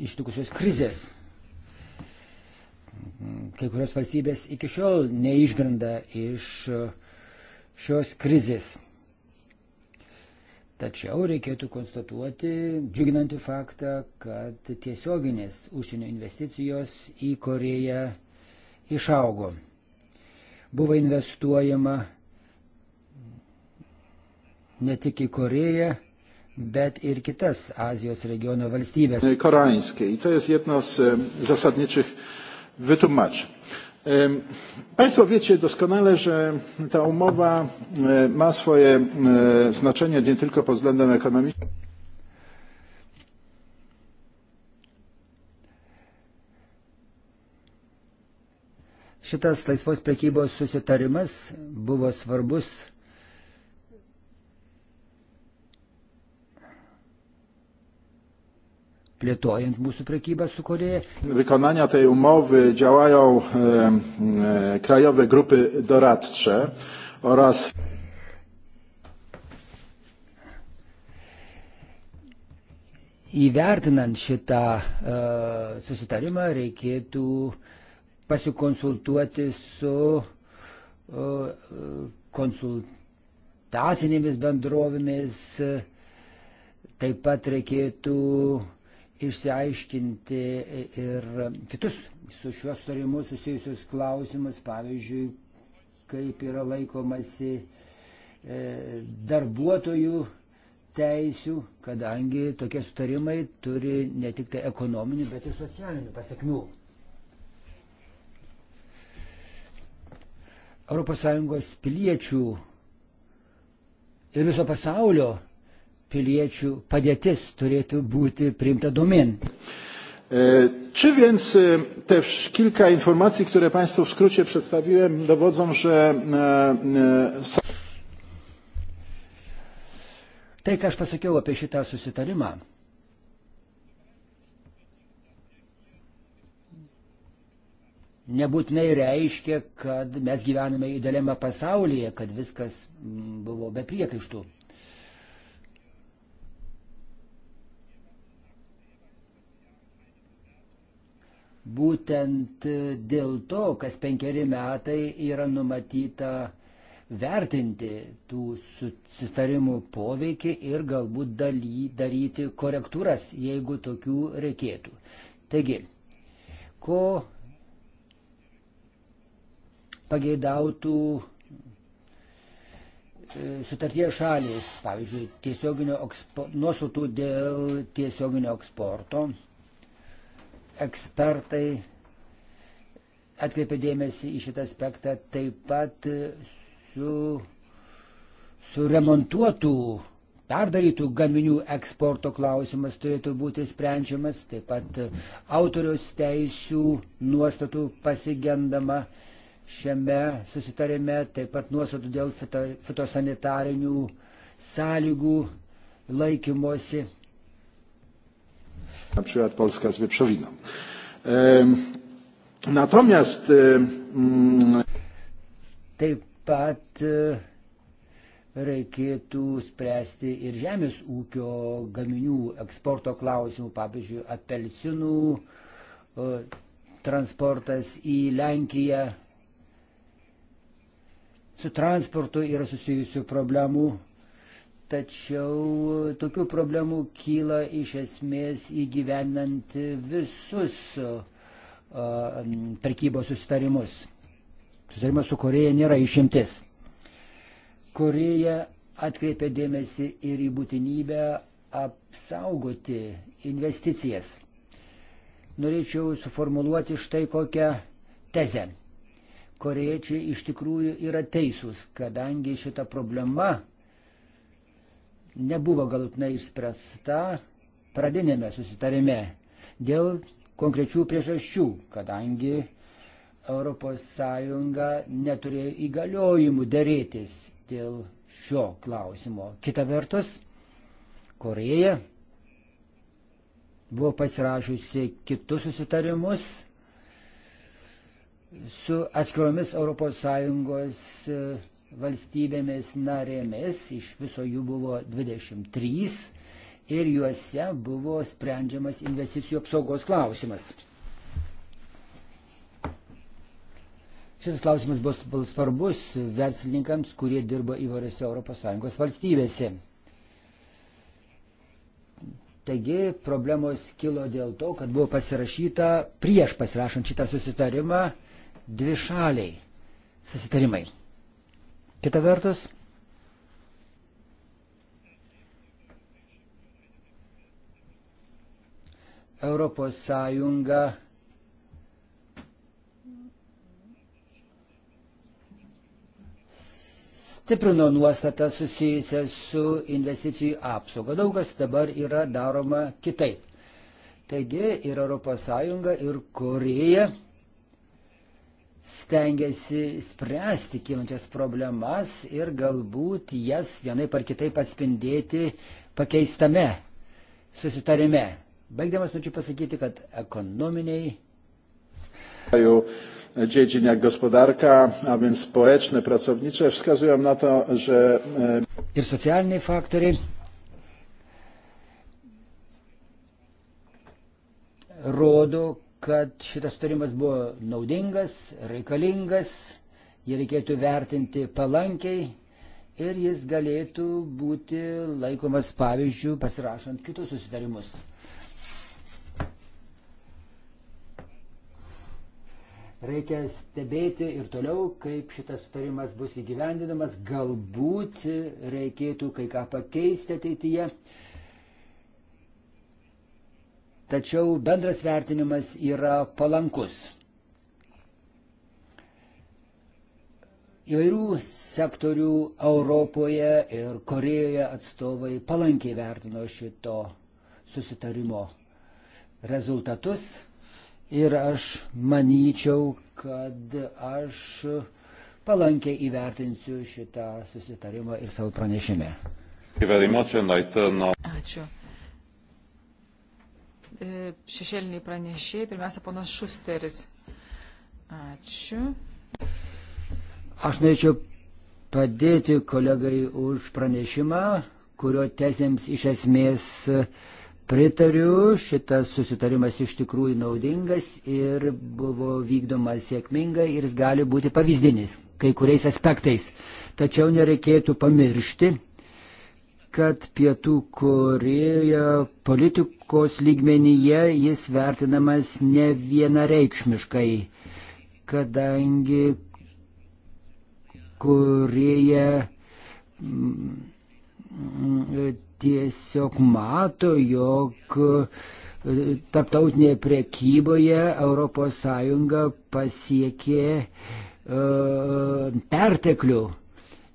ištikusios krizės. Kai kurios valstybės iki šiol neišbrenda iš e, šios krizės. Tačiau reikėtų konstatuoti džiuginantį faktą, kad tiesioginės užsienio investicijos į Koreją išaugo. Buvo investuojama ne tik į Koreją, bet ir kitas Azijos regiono valstybės. E, Koreańskiej. To jest jedno z e, zasadniczych wytłumaczeń. E, państwo wiecie doskonale, że ta umowa ma swoje znaczenie nie tylko pod względem ekonomicznym. Šitas laisvos prekybos susitarimas buvo svarbus plėtojant mūsų prekybę su Koreja. Wykonania tej umowy działają e, e, krajowe grupy doradcze oraz Įvertinant šitą e, susitarimą reikėtų e, pasikonsultuoti su konsultacinėmis bendrovėmis, taip pat reikėtų išsiaiškinti ir kitus su šiuo sutarimu susijusius klausimus, pavyzdžiui, kaip yra laikomasi e, darbuotojų teisių, kadangi tokie sutarimai turi ne tik tai ekonominių, bet ir socialinių pasiekmių. ES piliečių ir viso pasaulio piliečių padėtis turėtų būti priimta domin. E, czy więc e, te kilka informacji, które Państwu w skrócie przedstawiłem, dowodzą, że. E, tai, ką aš pasakiau apie šitą susitarimą, nebūtinai reiškia, kad mes gyvename įdėliame pasaulyje, kad viskas mm, buvo be priekaištų. Būtent dėl to, kas penkeri metai yra numatyta vertinti tų susitarimų poveikį ir galbūt daly, daryti korektūras, jeigu tokių reikėtų. Taigi, ko pageidautų e, sutarties šalis, pavyzdžiui, tiesioginio nuostatų dėl tiesioginio eksporto. Ekspertai atkreipė dėmesį į šitą aspektą taip pat su, su remontuotų, perdarytų gaminių eksporto klausimas turėtų būti sprendžiamas, taip pat autoriaus teisių nuostatų pasigendama Šiame susitarime taip pat nuostatų dėl fitosanitarinių sąlygų laikymosi. Na przykład Polska z wieprzowiną. Natomiast mm, taip pat e, reikėtų spręsti ir žemės ūkio gaminių eksporto klausimų, pavyzdžiui, apelsinų e, transportas į Lenkiją su transportu yra susijusių problemų, tačiau tokių problemų kyla iš esmės įgyvendant visus uh, prekybos susitarimus. Susitarimas su Koreja nėra išimtis. Koreja atkreipia dėmesį ir į būtinybę apsaugoti investicijas. Norėčiau suformuluoti štai kokią tezę koriečiai iš tikrųjų yra teisūs, kadangi šita problema nebuvo galutinai išspręsta pradinėme susitarime dėl konkrečių priežasčių, kadangi ES neturėjo įgaliojimų dėrėtis dėl šio klausimo. Kita vertus, Koreja buvo pasirašusi kitus susitarimus su atskiromis ES e, valstybėmis narėmis, iš viso jų buvo 23 ir juose buvo sprendžiamas investicijų apsaugos klausimas. Šis klausimas buvo svarbus verslininkams, kurie dirba įvairiose ES valstybėse. Taigi problemos kilo dėl to, kad buvo pasirašyta prieš pasirašant šitą susitarimą dvi šaliai susitarimai. Kita vertus, Europos Sąjunga stiprino nuostatą susijusią su investicijų apsauga. Daugas dabar yra daroma kitaip. Taigi ir ES, ir Koreja stengiasi spręsti kylančias problemas ir galbūt jas vienai par kitaip atspindėti pakeistame susitarime. Baigdamas norėčiau pasakyti, kad ekonominiai. E, dziedzin jak gospodarka, a więc społeczne, pracownicze wskazują na to, że... E, ir socjalni faktory rodo, kad šitas sutarimas buvo naudingas, reikalingas, jį reikėtų vertinti palankiai ir jis galėtų būti laikomas pavyzdžių pasirašant kitus susitarimus. Reikia stebėti ir toliau, kaip šitas sutarimas bus įgyvendinamas. Galbūt reikėtų kai ką pakeisti ateityje tačiau bendras vertinimas yra palankus. Įvairių sektorių Europoje ir Korejoje atstovai palankiai vertino šito susitarimo rezultatus ir aš manyčiau, kad aš palankiai įvertinsiu šitą susitarimą ir savo pranešime. Ačiū. E, šešėliniai pranešėjai. Pirmiausia, ponas Šusteris. Ačiū. Aš norėčiau padėti kolegai už pranešimą, kurio tezėms iš esmės pritariu. Šitas susitarimas iš tikrųjų naudingas ir buvo vykdomas sėkmingai ir jis gali būti pavyzdinis kai kuriais aspektais. Tačiau nereikėtų pamiršti, kad Pietų Korejoje politikos lygmenyje jis vertinamas ne vienareikšmiškai, kadangi Koreja mm, tiesiog mato, jog e, taptautinėje prekyboje ES pasiekė e, perteklių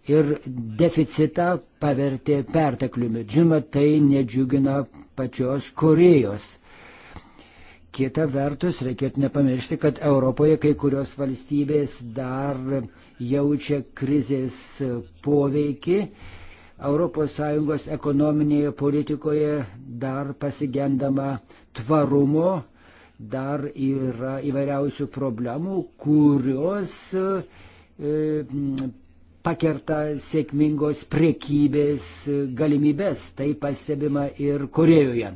ir deficitą pavertė pertekliumi. Žinoma, tai nedžiugina pačios Korejos. Kita vertus, reikėtų nepamiršti, kad Europoje kai kurios valstybės dar jaučia krizės poveikį. ES ekonominėje politikoje dar pasigendama tvarumo, dar yra įvairiausių problemų, kurios e, pakerta sėkmingos priekybės galimybės, tai pastebima ir Korejoje.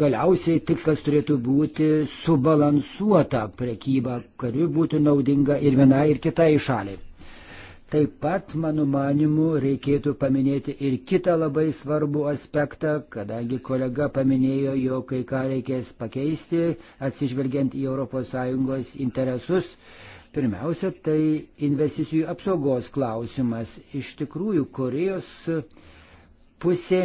Galiausiai tikslas turėtų būti subalansuota priekyba, kuri būtų naudinga ir vienai, ir kitai šaliai. Taip pat, mano manimu, reikėtų paminėti ir kitą labai svarbų aspektą, kadangi kolega paminėjo, jog kai ką reikės pakeisti, atsižvelgiant į ES interesus. Pirmiausia, tai investicijų apsaugos klausimas. Iš tikrųjų, Korejos pusė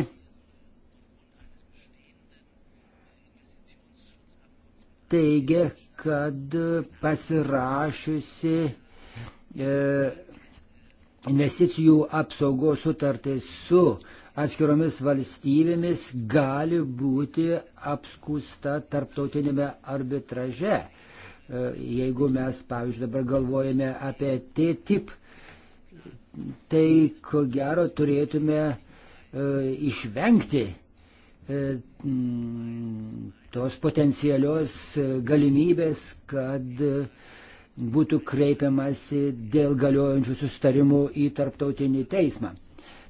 teigia, kad pasirašiusi e, investicijų apsaugos sutartai su atskiromis valstybėmis gali būti apskusta tarptautinėme arbitraže jeigu mes, pavyzdžiui, dabar galvojame apie T-tip, tai ko gero turėtume e, išvengti e, tos potencialios galimybės, kad būtų kreipiamasi dėl galiojančių sustarimų į tarptautinį teismą.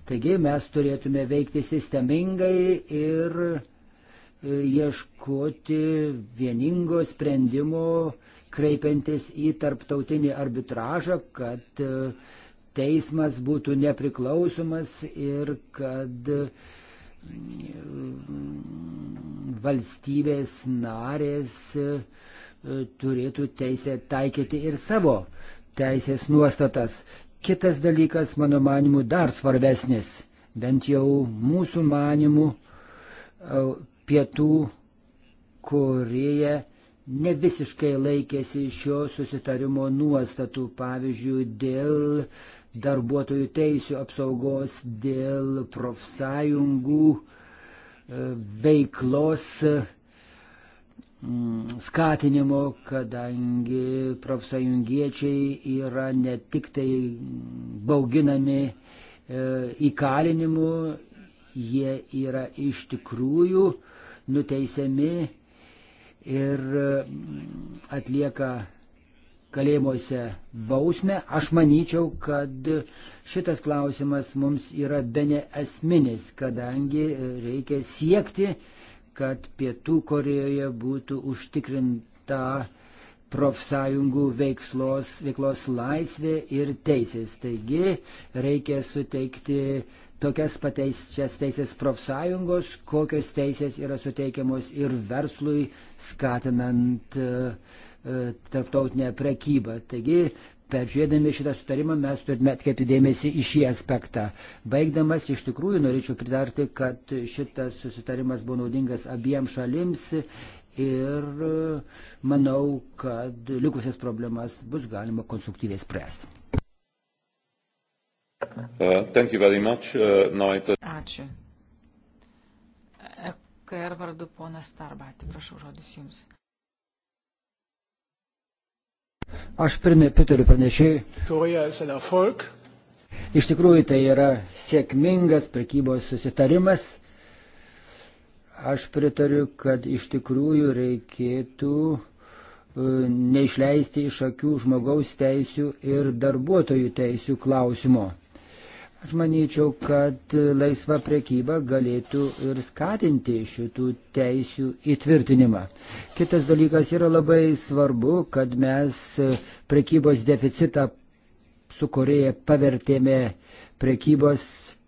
Taigi mes turėtume veikti sistemingai ir ieškoti vieningo sprendimo, kreipiantis į tarptautinį arbitražą, kad e, teismas būtų nepriklausomas ir kad e, valstybės narės e, turėtų teisę taikyti ir savo teisės nuostatas. Kitas dalykas, mano manimu, dar svarbesnis, bent jau mūsų manimu, Pietų Koreja ne visiškai laikėsi šio susitarimo nuostatų, pavyzdžiui, dėl darbuotojų teisų apsaugos, dėl profsąjungų e, veiklos mm, skatinimo, kadangi profsąjungiečiai yra ne tik tai bauginami e, įkalinimu, jie yra iš tikrųjų nuteisiami ir mm, atlieka kalėjimuose bausmę. Aš manyčiau, kad šitas klausimas mums yra bene esminis, kadangi reikia siekti, kad Pietų Korejoje būtų užtikrinta profsąjungų veiklos, veiklos laisvė ir teisės. Taigi reikia suteikti tokias pateisčias teisės profsąjungos, kokios teisės yra suteikiamos ir verslui, skatinant uh, uh, tarptautinę prekybą. Taigi, peržiūrėdami šitą sutarimą, mes turime atkreipti dėmesį į šį aspektą. Baigdamas, iš tikrųjų norėčiau pritarti, kad šitas susitarimas buvo naudingas abiems šalims. Ir e, manau, kad likusias problemas bus galima konstruktyviai spręsti. Uh, uh it... Ačiū. EKR vardu ponas Starbatį, prašau žodis jums. Aš pritariu pranešėjui. Iš tikrųjų tai yra sėkmingas prekybos susitarimas. Aš pritariu, kad iš tikrųjų reikėtų e, neišleisti iš akių žmogaus teisių ir darbuotojų teisių klausimo. Aš manyčiau, kad laisva priekyba galėtų ir skatinti šitų teisių įtvirtinimą. Kitas dalykas yra labai svarbu, kad mes priekybos deficitą su Koreja pavertėme priekybos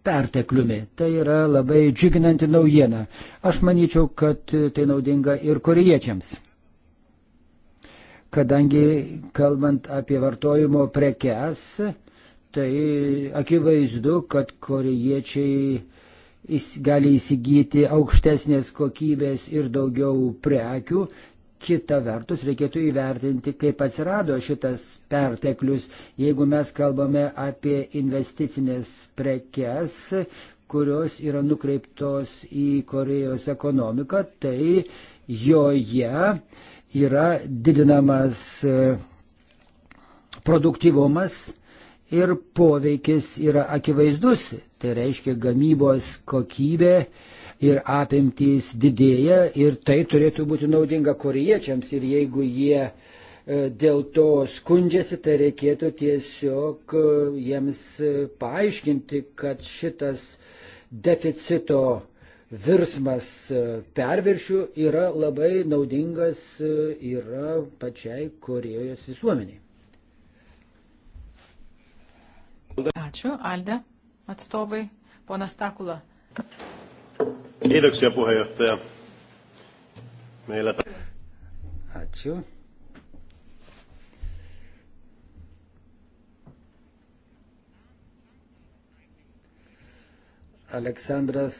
pertekliumi. Tai yra labai džiuginanti naujiena. Aš manyčiau, kad tai naudinga ir koriečiams. Kadangi kalbant apie vartojimo prekes, tai akivaizdu, kad korejiečiai gali įsigyti aukštesnės kokybės ir daugiau prekių. Kita vertus, reikėtų įvertinti, kaip atsirado šitas perteklius. Jeigu mes kalbame apie investicinės prekes, kurios yra nukreiptos į Korejos ekonomiką, tai joje yra didinamas e, produktyvumas ir poveikis yra akivaizdus. Tai reiškia gamybos kokybė ir apimtys didėja ir tai turėtų būti naudinga koriečiams ir jeigu jie e, dėl to skundžiasi, tai reikėtų tiesiog e, jiems e, paaiškinti, kad šitas deficito virsmas perviršių yra labai naudingas yra pačiai Korejos visuomeniai. Ačiū, Alde atstovai, ponas Takula. Kiitoksia puheenjohtaja. Meillä Ačiū. Aleksandras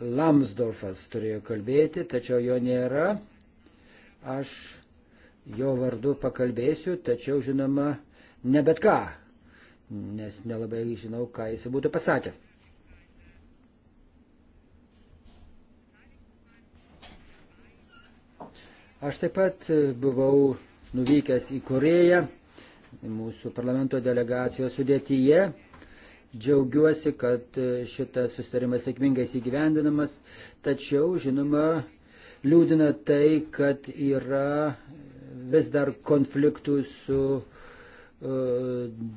Lamsdorfas turėjo kalbėti, tačiau jo nėra. Aš jo vardu pakalbėsiu, tačiau žinoma, ne bet ką nes nelabai žinau, ką jis būtų pasakęs. Aš taip pat buvau nuvykęs į Koreją, mūsų parlamento delegacijos sudėtyje. Džiaugiuosi, kad šitas sustarimas sėkmingai įgyvendinamas, tačiau, žinoma, liūdina tai, kad yra vis dar konfliktų su uh, E,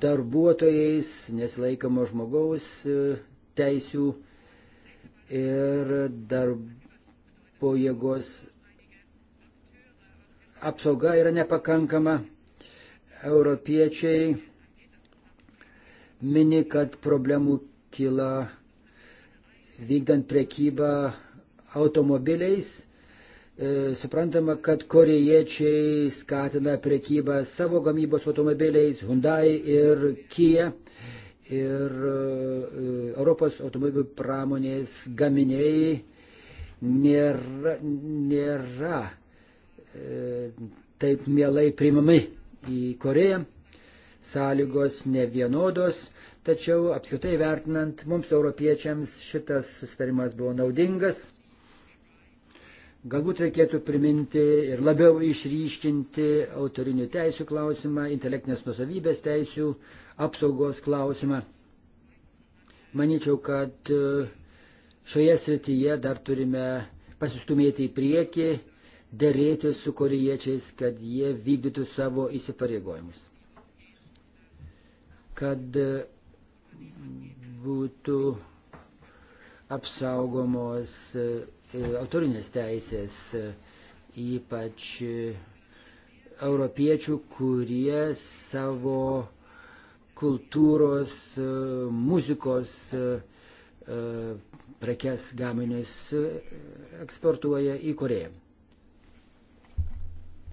darbuotojais, nesilaikoma žmogaus e, teisių ir darbo jėgos apsauga yra nepakankama. Europiečiai mini, kad problemų kyla vykdant prekybą automobiliais E, suprantama, kad korejiečiai skatina prekybą savo gamybos automobiliais Hyundai ir Kia. Ir e, Europos automobilių pramonės gaminiai nėra, nėra e, taip mielai priimami į Koreją. Sąlygos nevienodos, tačiau apskritai vertinant, mums europiečiams šitas susitarimas buvo naudingas Galbūt reikėtų priminti ir labiau išryškinti autorinių teisų klausimą, intelektinės nusavybės teisų, apsaugos klausimą. Maničiau, kad e, šioje srityje dar turime pasistumėti į priekį, dėrėti su koriečiais, kad jie vykdytų savo įsipareigojimus. Kad e, būtų apsaugomos e, E, autorinės teisės, e, ypač e, europiečių, kurie savo kultūros, muzikos prekes gaminius eksportuoja į Koreją.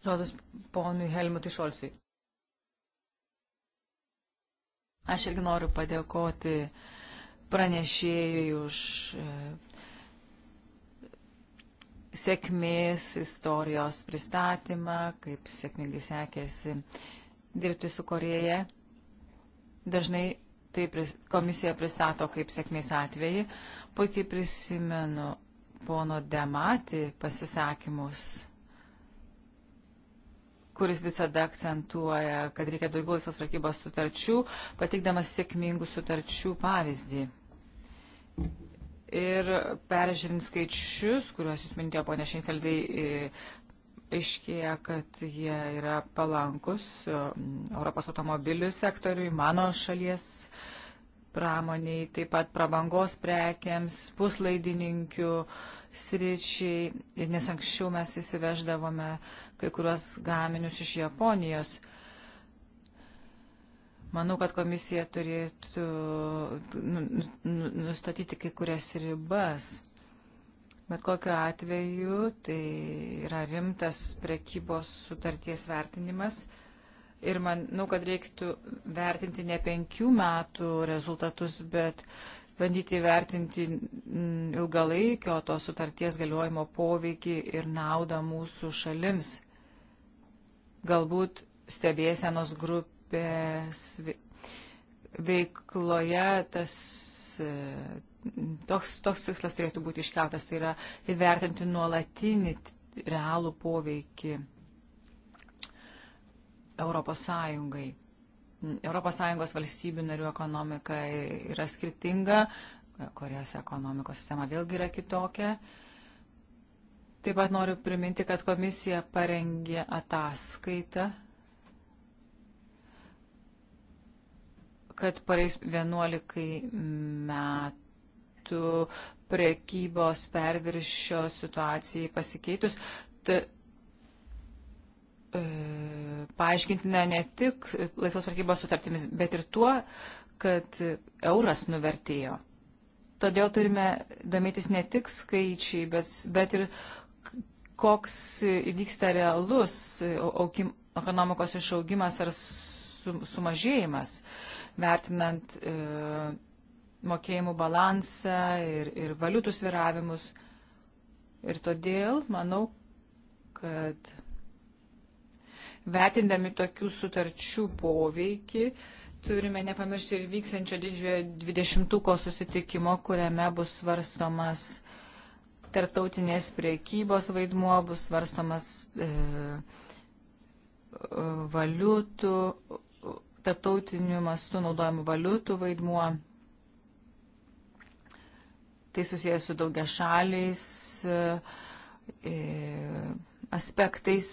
Žodas ponui Helmutui Šolsui. Aš irgi noriu padėkoti pranešėjui už sėkmės istorijos pristatymą, kaip sėkmingai sekėsi dirbti su Koreje. Dažnai tai komisija pristato kaip sėkmės atvejį. Puikiai prisimenu pono Demati pasisakymus kuris visada akcentuoja, kad reikia daugiau laisvos prekybos sutarčių, patikdamas sėkmingų sutarčių pavyzdį ir peržiūrint skaičius, kuriuos jūs mintėjo, ponė Šeinfeldai, aiškėja, kad jie yra palankus e, Europos automobilių sektoriui, mano šalies pramoniai, taip pat prabangos prekiams, puslaidininkių sričiai, nes anksčiau mes įsiveždavome kai kuriuos gaminius iš Japonijos. Manau, kad komisija turėtų nu, nu, nu, nustatyti kai kurias ribas. Bet kokiu atveju tai yra rimtas prekybos sutarties vertinimas. Ir manau, kad reiktų vertinti ne penkių metų rezultatus, bet bandyti vertinti mm, ilgalaikio to sutarties galiojimo poveikį ir naudą mūsų šalims. Galbūt stebėsenos grup, grupės veikloje tas, e, toks, toks tikslas turėtų būti iškeltas, tai yra įvertinti nuolatinį realų poveikį Europos Sąjungai. Europos Sąjungos valstybių narių ekonomika yra skirtinga, Korejos ekonomikos sistema vėlgi yra kitokia. Taip pat noriu priminti, kad komisija parengė ataskaitą kad pareis 11 metų prekybos perviršio situacijai pasikeitus, t, e, paaiškintina ne tik laisvos prekybos sutartimis, bet ir tuo, kad euras nuvertėjo. Todėl turime domėtis ne tik skaičiai, bet, bet ir koks vyksta realus aukim, ekonomikos išaugimas ar sumažėjimas vertinant e, mokėjimų balansą ir, ir valiutų sviravimus. Ir todėl manau, kad vertindami tokių sutarčių poveikį, turime nepamiršti ir vyksančio didžiojo 20-ko susitikimo, kuriame bus svarstomas tarptautinės priekybos vaidmuo, bus svarstomas e, valiutų, tarptautiniu mastu naudojamų valiutų vaidmuo. Tai susijęs su daugia šaliais e, aspektais.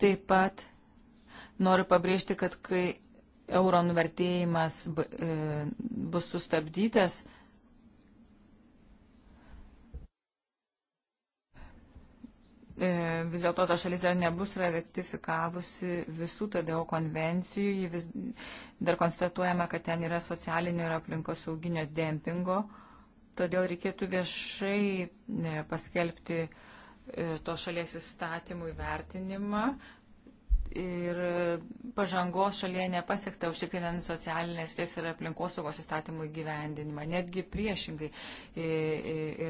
Taip pat noriu pabrėžti, kad kai euro nuvertėjimas e, bus sustabdytas, E, vis dėlto ta šalis dar nebus ratifikavusi visų TDO konvencijų, Jį vis, dar konstatuojama, kad ten yra socialinio ir aplinkos sauginio dempingo, todėl reikėtų viešai e, paskelbti e, tos šalies įstatymų įvertinimą ir pažangos šalyje nepasiekta užtikrinant socialinės teisės ir aplinkosaugos įstatymų įgyvendinimą. Netgi priešingai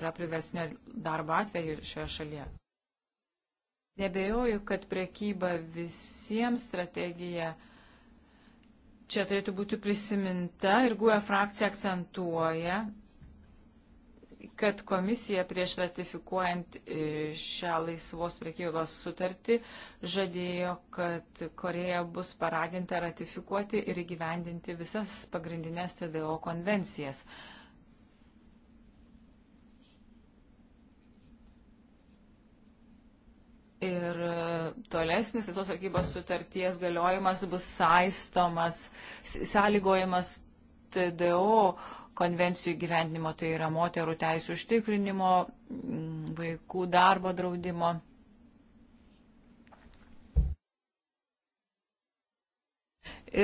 yra priversnio darbo atveju šioje šalyje. Nebejoju, kad priekyba visiems strategija čia turėtų būti prisiminta ir GUE frakcija akcentuoja, kad komisija prieš ratifikuojant e, šią laisvos priekybos sutartį žadėjo, kad Koreja bus paraginta ratifikuoti ir įgyvendinti visas pagrindinės TDO konvencijas. ir e, tolesnis Lietuvos varkybos sutarties galiojimas bus saistomas, sąlygojimas TDO konvencijų gyvendinimo, tai yra moterų teisų užtikrinimo, vaikų darbo draudimo.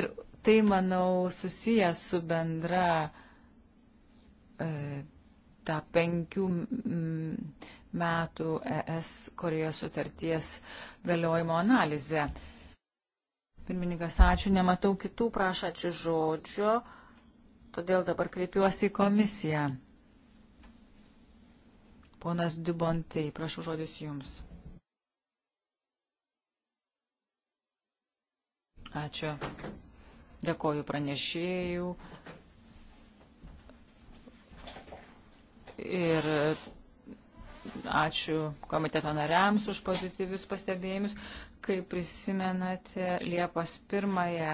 Ir tai, manau, susijęs su bendra e, ta penkių. Mm, metų ES Korejos sutarties galiojimo analizę. Pirmininkas, ačiū, nematau kitų prašančių žodžio, todėl dabar kreipiuosi į komisiją. Ponas Dubontai, prašau žodis jums. Ačiū. Dėkoju pranešėjų. Ir Ačiū komiteto nariams už pozityvius pastebėjimus. Kaip prisimenate, Liepos pirmąją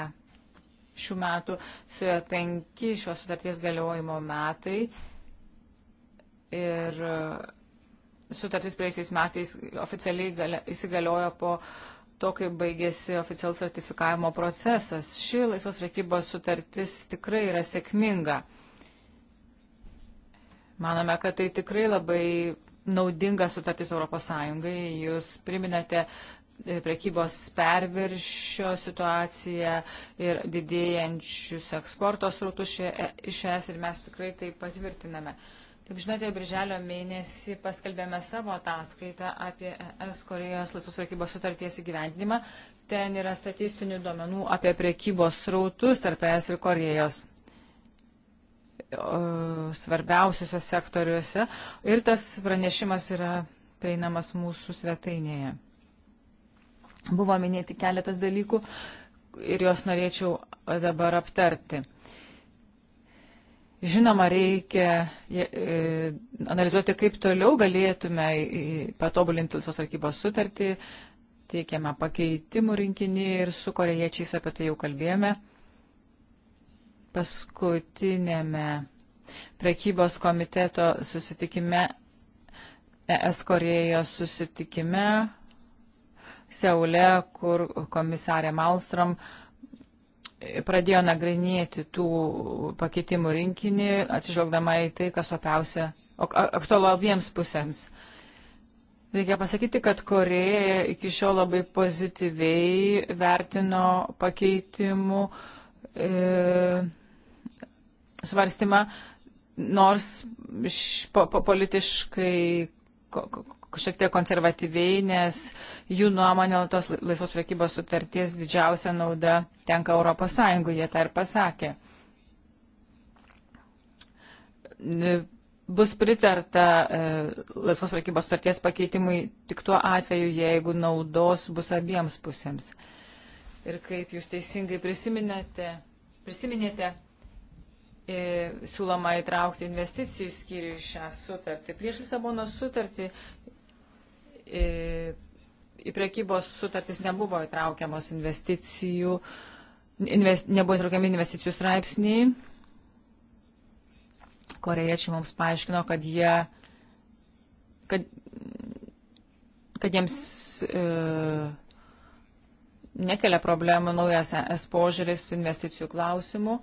šių metų suėjo penki šios sutarties galiojimo metai. Ir sutartis praėjusiais metais oficialiai galia, įsigaliojo po to, kai baigėsi oficialus ratifikavimo procesas. Ši laisvos prekybos sutartis tikrai yra sėkminga. Manome, kad tai tikrai labai naudinga sutartis Europos Sąjungai. Jūs priminate e, prekybos perviršio situaciją ir didėjančius eksporto srautus e, iš es ir mes tikrai tai patvirtiname. Kaip žinote, birželio mėnesį paskelbėme savo ataskaitą apie ES Korejos laisvos prekybos sutarties įgyvendinimą. Ten yra statistinių duomenų apie prekybos srautus tarp ES ir Korejos svarbiausiuose sektoriuose ir tas pranešimas yra prieinamas mūsų svetainėje. Buvo minėti keletas dalykų ir juos norėčiau dabar aptarti. Žinoma, reikia e, analizuoti, kaip toliau galėtume patobulinti visos arkybos sutartį, teikiamą pakeitimų rinkinį ir su korejiečiais apie tai jau kalbėjome paskutinėme prekybos komiteto susitikime, ES Korejos susitikime Seule, kur komisarė Malstrom pradėjo nagrinėti tų pakeitimų rinkinį, atsižvelgdama į tai, kas opiausia, aktualu abiems pusėms. Reikia pasakyti, kad Koreja iki šiol labai pozityviai vertino pakeitimų e, svarstymą, nors po, po, politiškai ko, ko, šiek tiek konservatyviai, nes jų nuomonė tos laisvos priekybos sutarties didžiausia nauda tenka Europos Sąjungui, jie tą ir pasakė. Bus pritarta e, laisvos priekybos sutarties pakeitimui tik tuo atveju, jeigu naudos bus abiems pusėms. Ir kaip jūs teisingai prisiminėte, prisiminėte siūloma įtraukti investicijų skyrių į šią sutartį. Prieš Lisabono sutartį į prekybos sutartis nebuvo įtraukiamos investicijų, invest, nebuvo įtraukiami investicijų straipsniai. Korejiečiai mums paaiškino, kad jie, kad, kad jiems e, nekelia problemų naujas es požiūris investicijų klausimų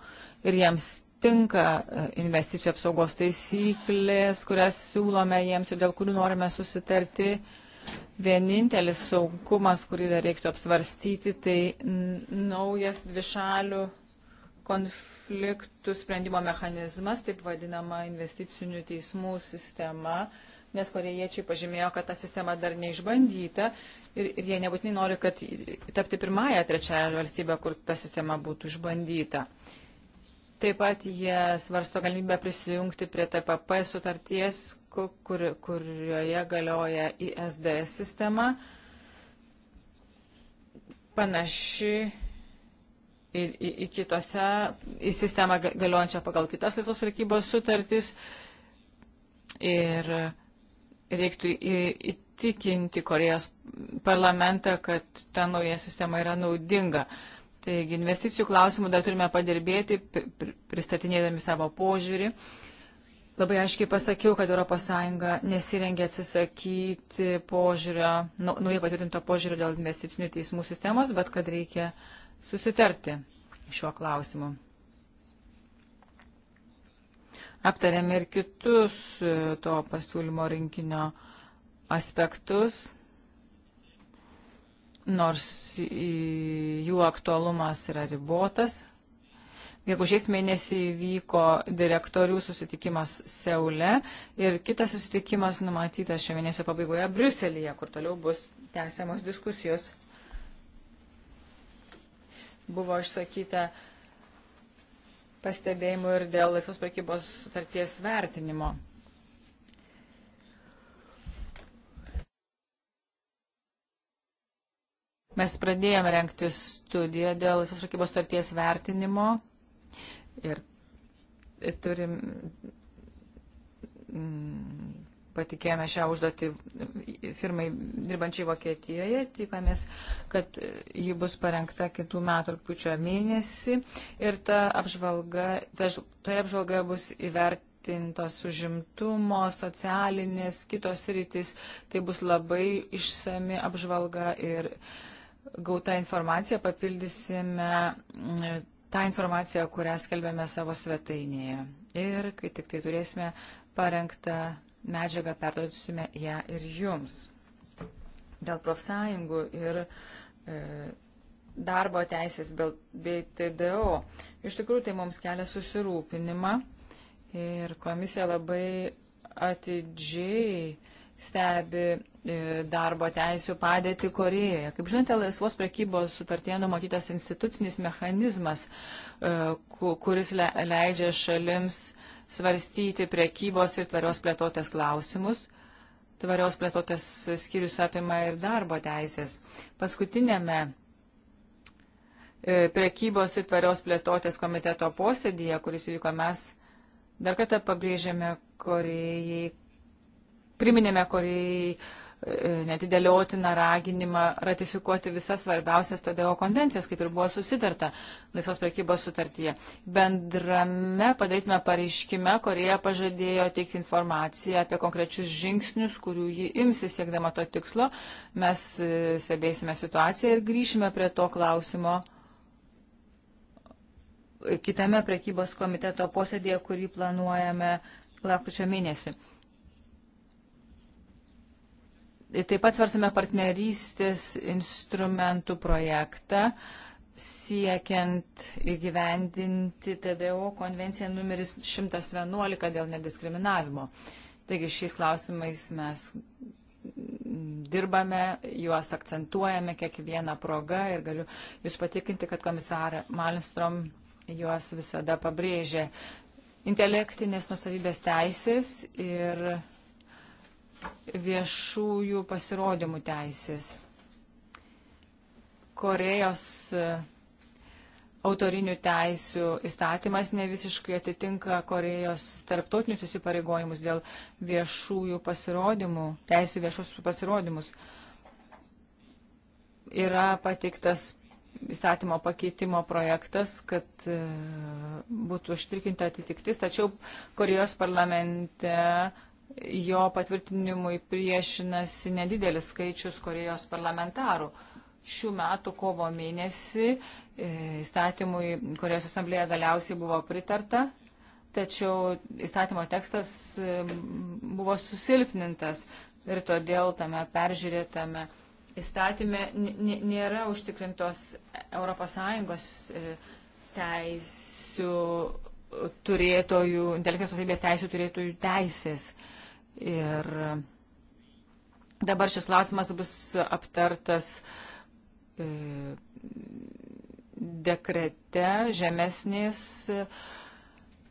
ir jiems netinka e, investicijų apsaugos taisyklės, kurias siūlome jiems ir dėl kurių norime susitarti. Vienintelis saugumas, kurį dar reiktų apsvarstyti, tai naujas dvišalių konfliktų sprendimo mechanizmas, taip vadinama investicinių teismų sistema, nes korejiečiai pažymėjo, kad ta sistema dar neišbandyta ir, ir jie nebūtinai nori, kad tapti pirmąją trečiąją valstybę, kur ta sistema būtų išbandyta. Taip pat jie svarsto galimybę prisijungti prie TPP sutarties, kur, kurioje galioja ISDS sistema. Panaši ir į, į kitose, į sistemą galiojančią pagal kitas laisvos prekybos sutartys. Ir reiktų įtikinti Korejos parlamentą, kad ta nauja sistema yra naudinga. Uh, Taigi investicijų klausimų dar turime padirbėti, pristatinėdami savo požiūrį. Labai aiškiai pasakiau, kad ES nesirengia atsisakyti požiūrio, nu, naujai patvirtinto požiūrio dėl investicinių teismų sistemos, bet kad reikia susitarti šiuo klausimu. Aptarėme ir kitus e, to pasiūlymo rinkinio aspektus nors jų aktualumas yra ribotas. Gegužės mėnesį vyko direktorių susitikimas Seule ir kitas susitikimas numatytas šio mėnesio pabaigoje Briuselėje, kur toliau bus tęsiamos diskusijos. Buvo išsakyta pastebėjimų ir dėl laisvos prekybos sutarties vertinimo. Mes pradėjome renkti studiją dėl visos rakybos starties vertinimo ir turim mm, patikėjome šią užduotį firmai dirbančiai Vokietijoje. Tikomės, kad ji bus parengta kitų metų rūpiučio mėnesį ir ta apžvalga, ta, toje apžvalgoje bus įvertintos užimtumo, socialinės, kitos rytis. Tai bus labai išsami apžvalga ir gautą informaciją papildysime mm, tą informaciją, kurią skelbėme savo svetainėje. Ir kai tik tai turėsime parengtą medžiagą, perduosime ją ir jums. Dėl profsąjungų ir e, darbo teisės bei TDO. Iš tikrųjų, tai mums kelia susirūpinimą ir komisija labai atidžiai stebi E, darbo teisų padėti Korejoje. Kaip žinote, laisvos prekybos sutartėje numatytas institucinis mechanizmas, e, kuris leidžia šalims svarstyti prekybos ir tvarios plėtotės klausimus. Tvarios plėtotės skyrius apima ir darbo teisės. Paskutinėme e, prekybos ir tvarios plėtotės komiteto posėdėje, kuris įvyko mes, dar kartą pabrėžėme Korejai, priminėme Korejai, netidėliotiną raginimą ratifikuoti visas svarbiausias TDO konvencijas, kaip ir buvo susitarta laisvos prekybos sutartyje. Bendrame padarytume pareiškime, Korėja pažadėjo teikti informaciją apie konkrečius žingsnius, kurių ji imsi siekdama to tikslo. Mes e, stebėsime situaciją ir grįšime prie to klausimo kitame prekybos komiteto posėdėje, kurį planuojame lapkričio mėnesį. Taip pat svarsime partnerystės instrumentų projektą siekiant įgyvendinti TDO konvenciją numeris 111 dėl nediskriminavimo. Taigi šiais klausimais mes dirbame, juos akcentuojame kiekvieną progą ir galiu Jūs patikinti, kad komisarė Malmstrom juos visada pabrėžė. Intelektinės nusavybės teisės ir viešųjų pasirodymų teisės. Korejos e, autorinių teisių įstatymas ne visiškai atitinka Korejos tarptautinius įsipareigojimus dėl viešųjų pasirodymų, teisų viešus pasirodymus. Yra pateiktas įstatymo pakeitimo projektas, kad e, būtų užtikrinta atitiktis, tačiau Korejos parlamente jo patvirtinimui priešinasi nedidelis skaičius Korejos parlamentarų. Šių metų kovo mėnesį e, įstatymui Korejos asamblėje galiausiai buvo pritarta, tačiau įstatymo tekstas e, buvo susilpnintas ir todėl tame peržiūrėtame įstatymė nėra užtikrintos ES e, teisių turėtojų, intelektinės nusavybės teisių turėtojų teisės. Uh, Ir dabar šis klausimas bus aptartas e, dekrete, žemesnės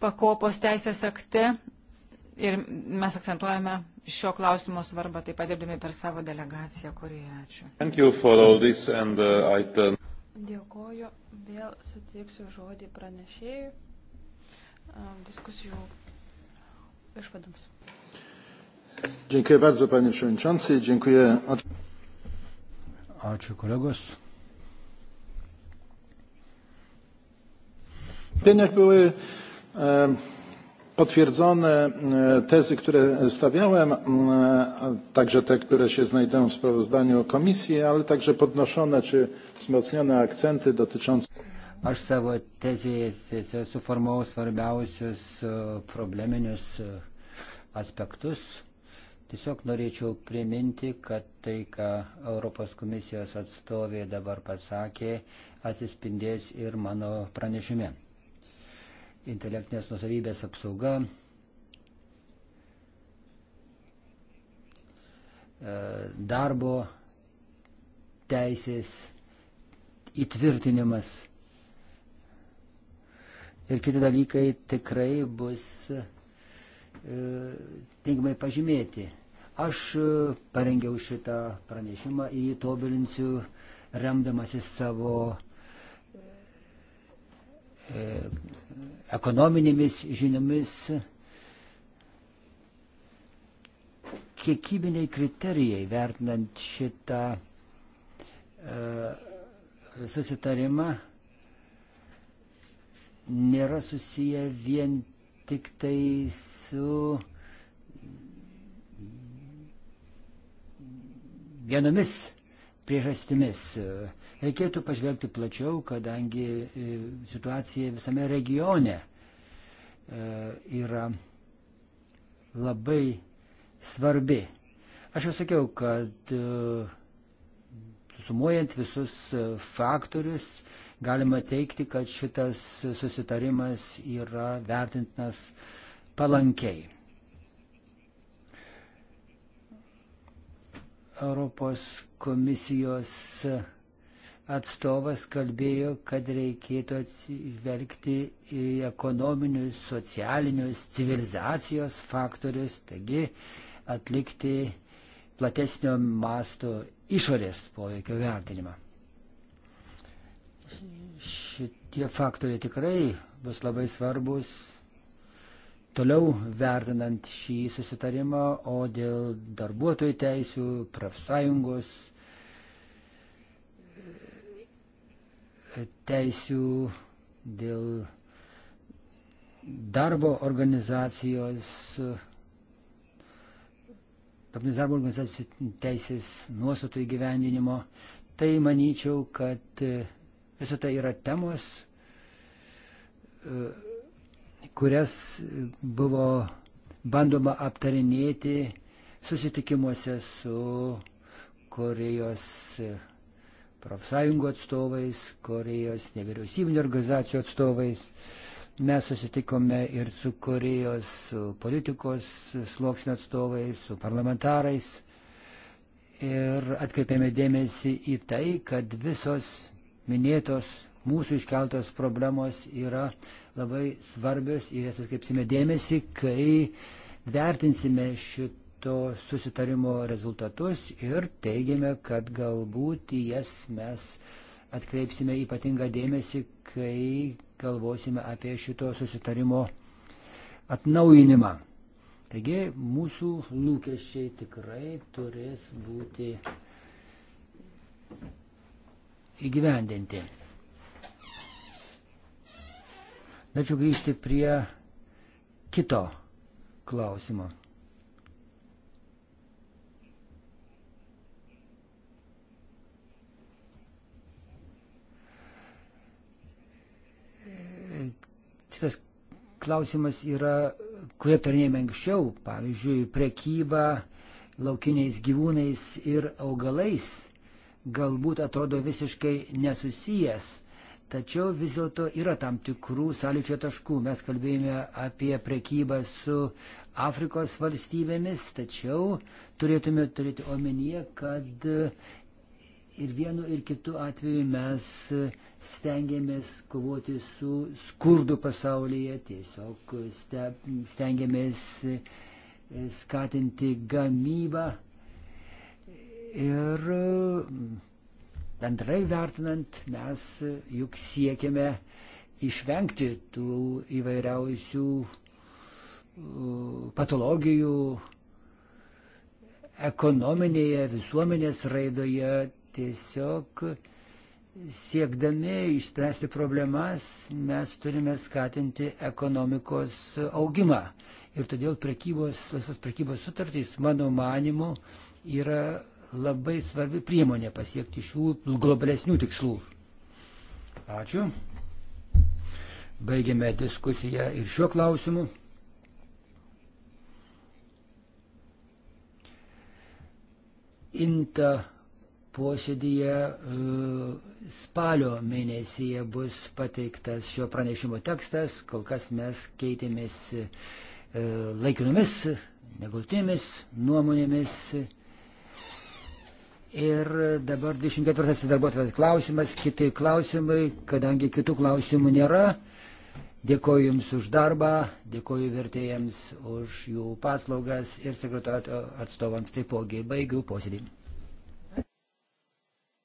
pakopos teisės akte. Ir mes akcentuojame šio klausimo svarbą, taip pat dirbdami per savo delegaciją, kurį ačiū. And, uh, turn... Dėkoju, vėl sutiksiu žodį pranešėjui um, diskusijų išvadoms. Dziękuję bardzo, panie przewodniczący. Dziękuję. Ačiū kolegos. Jak były e, potwierdzone e, tezy, które stawiałem, e, także te, które się znajdują w sprawozdaniu komisji, ale także podnoszone czy wzmocnione akcenty dotyczące. Aš savo tezėje suformavau svarbiausius probleminius aspektus Tiesiog norėčiau priminti, kad tai, ką Europos komisijos atstovė dabar pasakė, atsispindės ir mano pranešime. Intelektinės nusavybės apsauga. E, darbo teisės įtvirtinimas ir kiti dalykai tikrai bus e, tinkamai pažymėti. Aš e, parengiau šitą pranešimą, jį tobulinsiu remdamasis savo e, ekonominėmis žiniomis. Kiekybiniai kriterijai vertinant šitą e, susitarimą nėra susiję vien tik tai su uh, vienomis priežastimis. Reikėtų pažvelgti plačiau, kadangi e, situacija visame regione e, yra labai svarbi. Aš jau sakiau, kad e, sumuojant visus faktorius, galima teikti, kad šitas susitarimas yra vertintinas palankiai. Europos komisijos atstovas kalbėjo, kad reikėtų atsižvelgti į ekonominius, socialinius, civilizacijos faktorius, taigi atlikti platesnio masto išorės poveikio vertinimą. Šitie faktoriai tikrai bus labai svarbus toliau vertinant šį susitarimą, o dėl darbuotojų teisų, profsąjungos teisių, dėl darbo organizacijos, tarptautinės darbo organizacijos teisės nuostatų įgyvendinimo, tai manyčiau, kad visą tai yra temos, kurias buvo bandoma aptarinėti susitikimuose su Korejos profsąjungų atstovais, Korejos nevyriausybinio organizacijų atstovais. Mes susitikome ir su Korejos su politikos sluoksnio atstovais, su parlamentarais ir atkreipėme dėmesį į tai, kad visos minėtos mūsų iškeltos problemos yra labai svarbios ir jas atkreipsime dėmesį, kai vertinsime šito susitarimo rezultatus ir teigiame, kad galbūt jas mes atkreipsime ypatingą dėmesį, kai galvosime apie šito susitarimo atnaujinimą. Taigi mūsų lūkesčiai tikrai turės būti įgyvendinti. Norėčiau grįžti prie kito klausimo. Šitas klausimas yra, kurie aptarinėjame anksčiau, pavyzdžiui, prekyba laukiniais gyvūnais ir augalais galbūt atrodo visiškai nesusijęs Tačiau vis dėlto yra tam tikrų sąlyčio taškų. Mes kalbėjome apie prekybą su Afrikos valstybėmis, tačiau turėtume turėti omenyje, kad ir vienu ir kitu atveju mes stengiamės kovoti su skurdu pasaulyje, tiesiog stengiamės e, skatinti gamybą ir Bendrai vertinant, mes e, juk siekiame išvengti tų įvairiausių e, patologijų ekonominėje visuomenės raidoje, tiesiog siekdami išspręsti problemas mes turime skatinti ekonomikos augimą. Ir todėl prekybos, visos prekybos sutartys, mano manimu, yra labai svarbi priemonė pasiekti šių globalesnių tikslų. Ačiū. Baigėme diskusiją ir šiuo klausimu. Inta posėdėje e, spalio mėnesyje bus pateiktas šio pranešimo tekstas, kol kas mes keitėmės e, laikinomis, negaltinėmis nuomonėmis. Ir dabar 24 darbuotojas klausimas, kiti klausimai, kadangi kitų klausimų nėra. Dėkoju Jums už darbą, dėkoju vertėjams už jų paslaugas ir sekretoriato atstovams taipogi baigiu posėdį.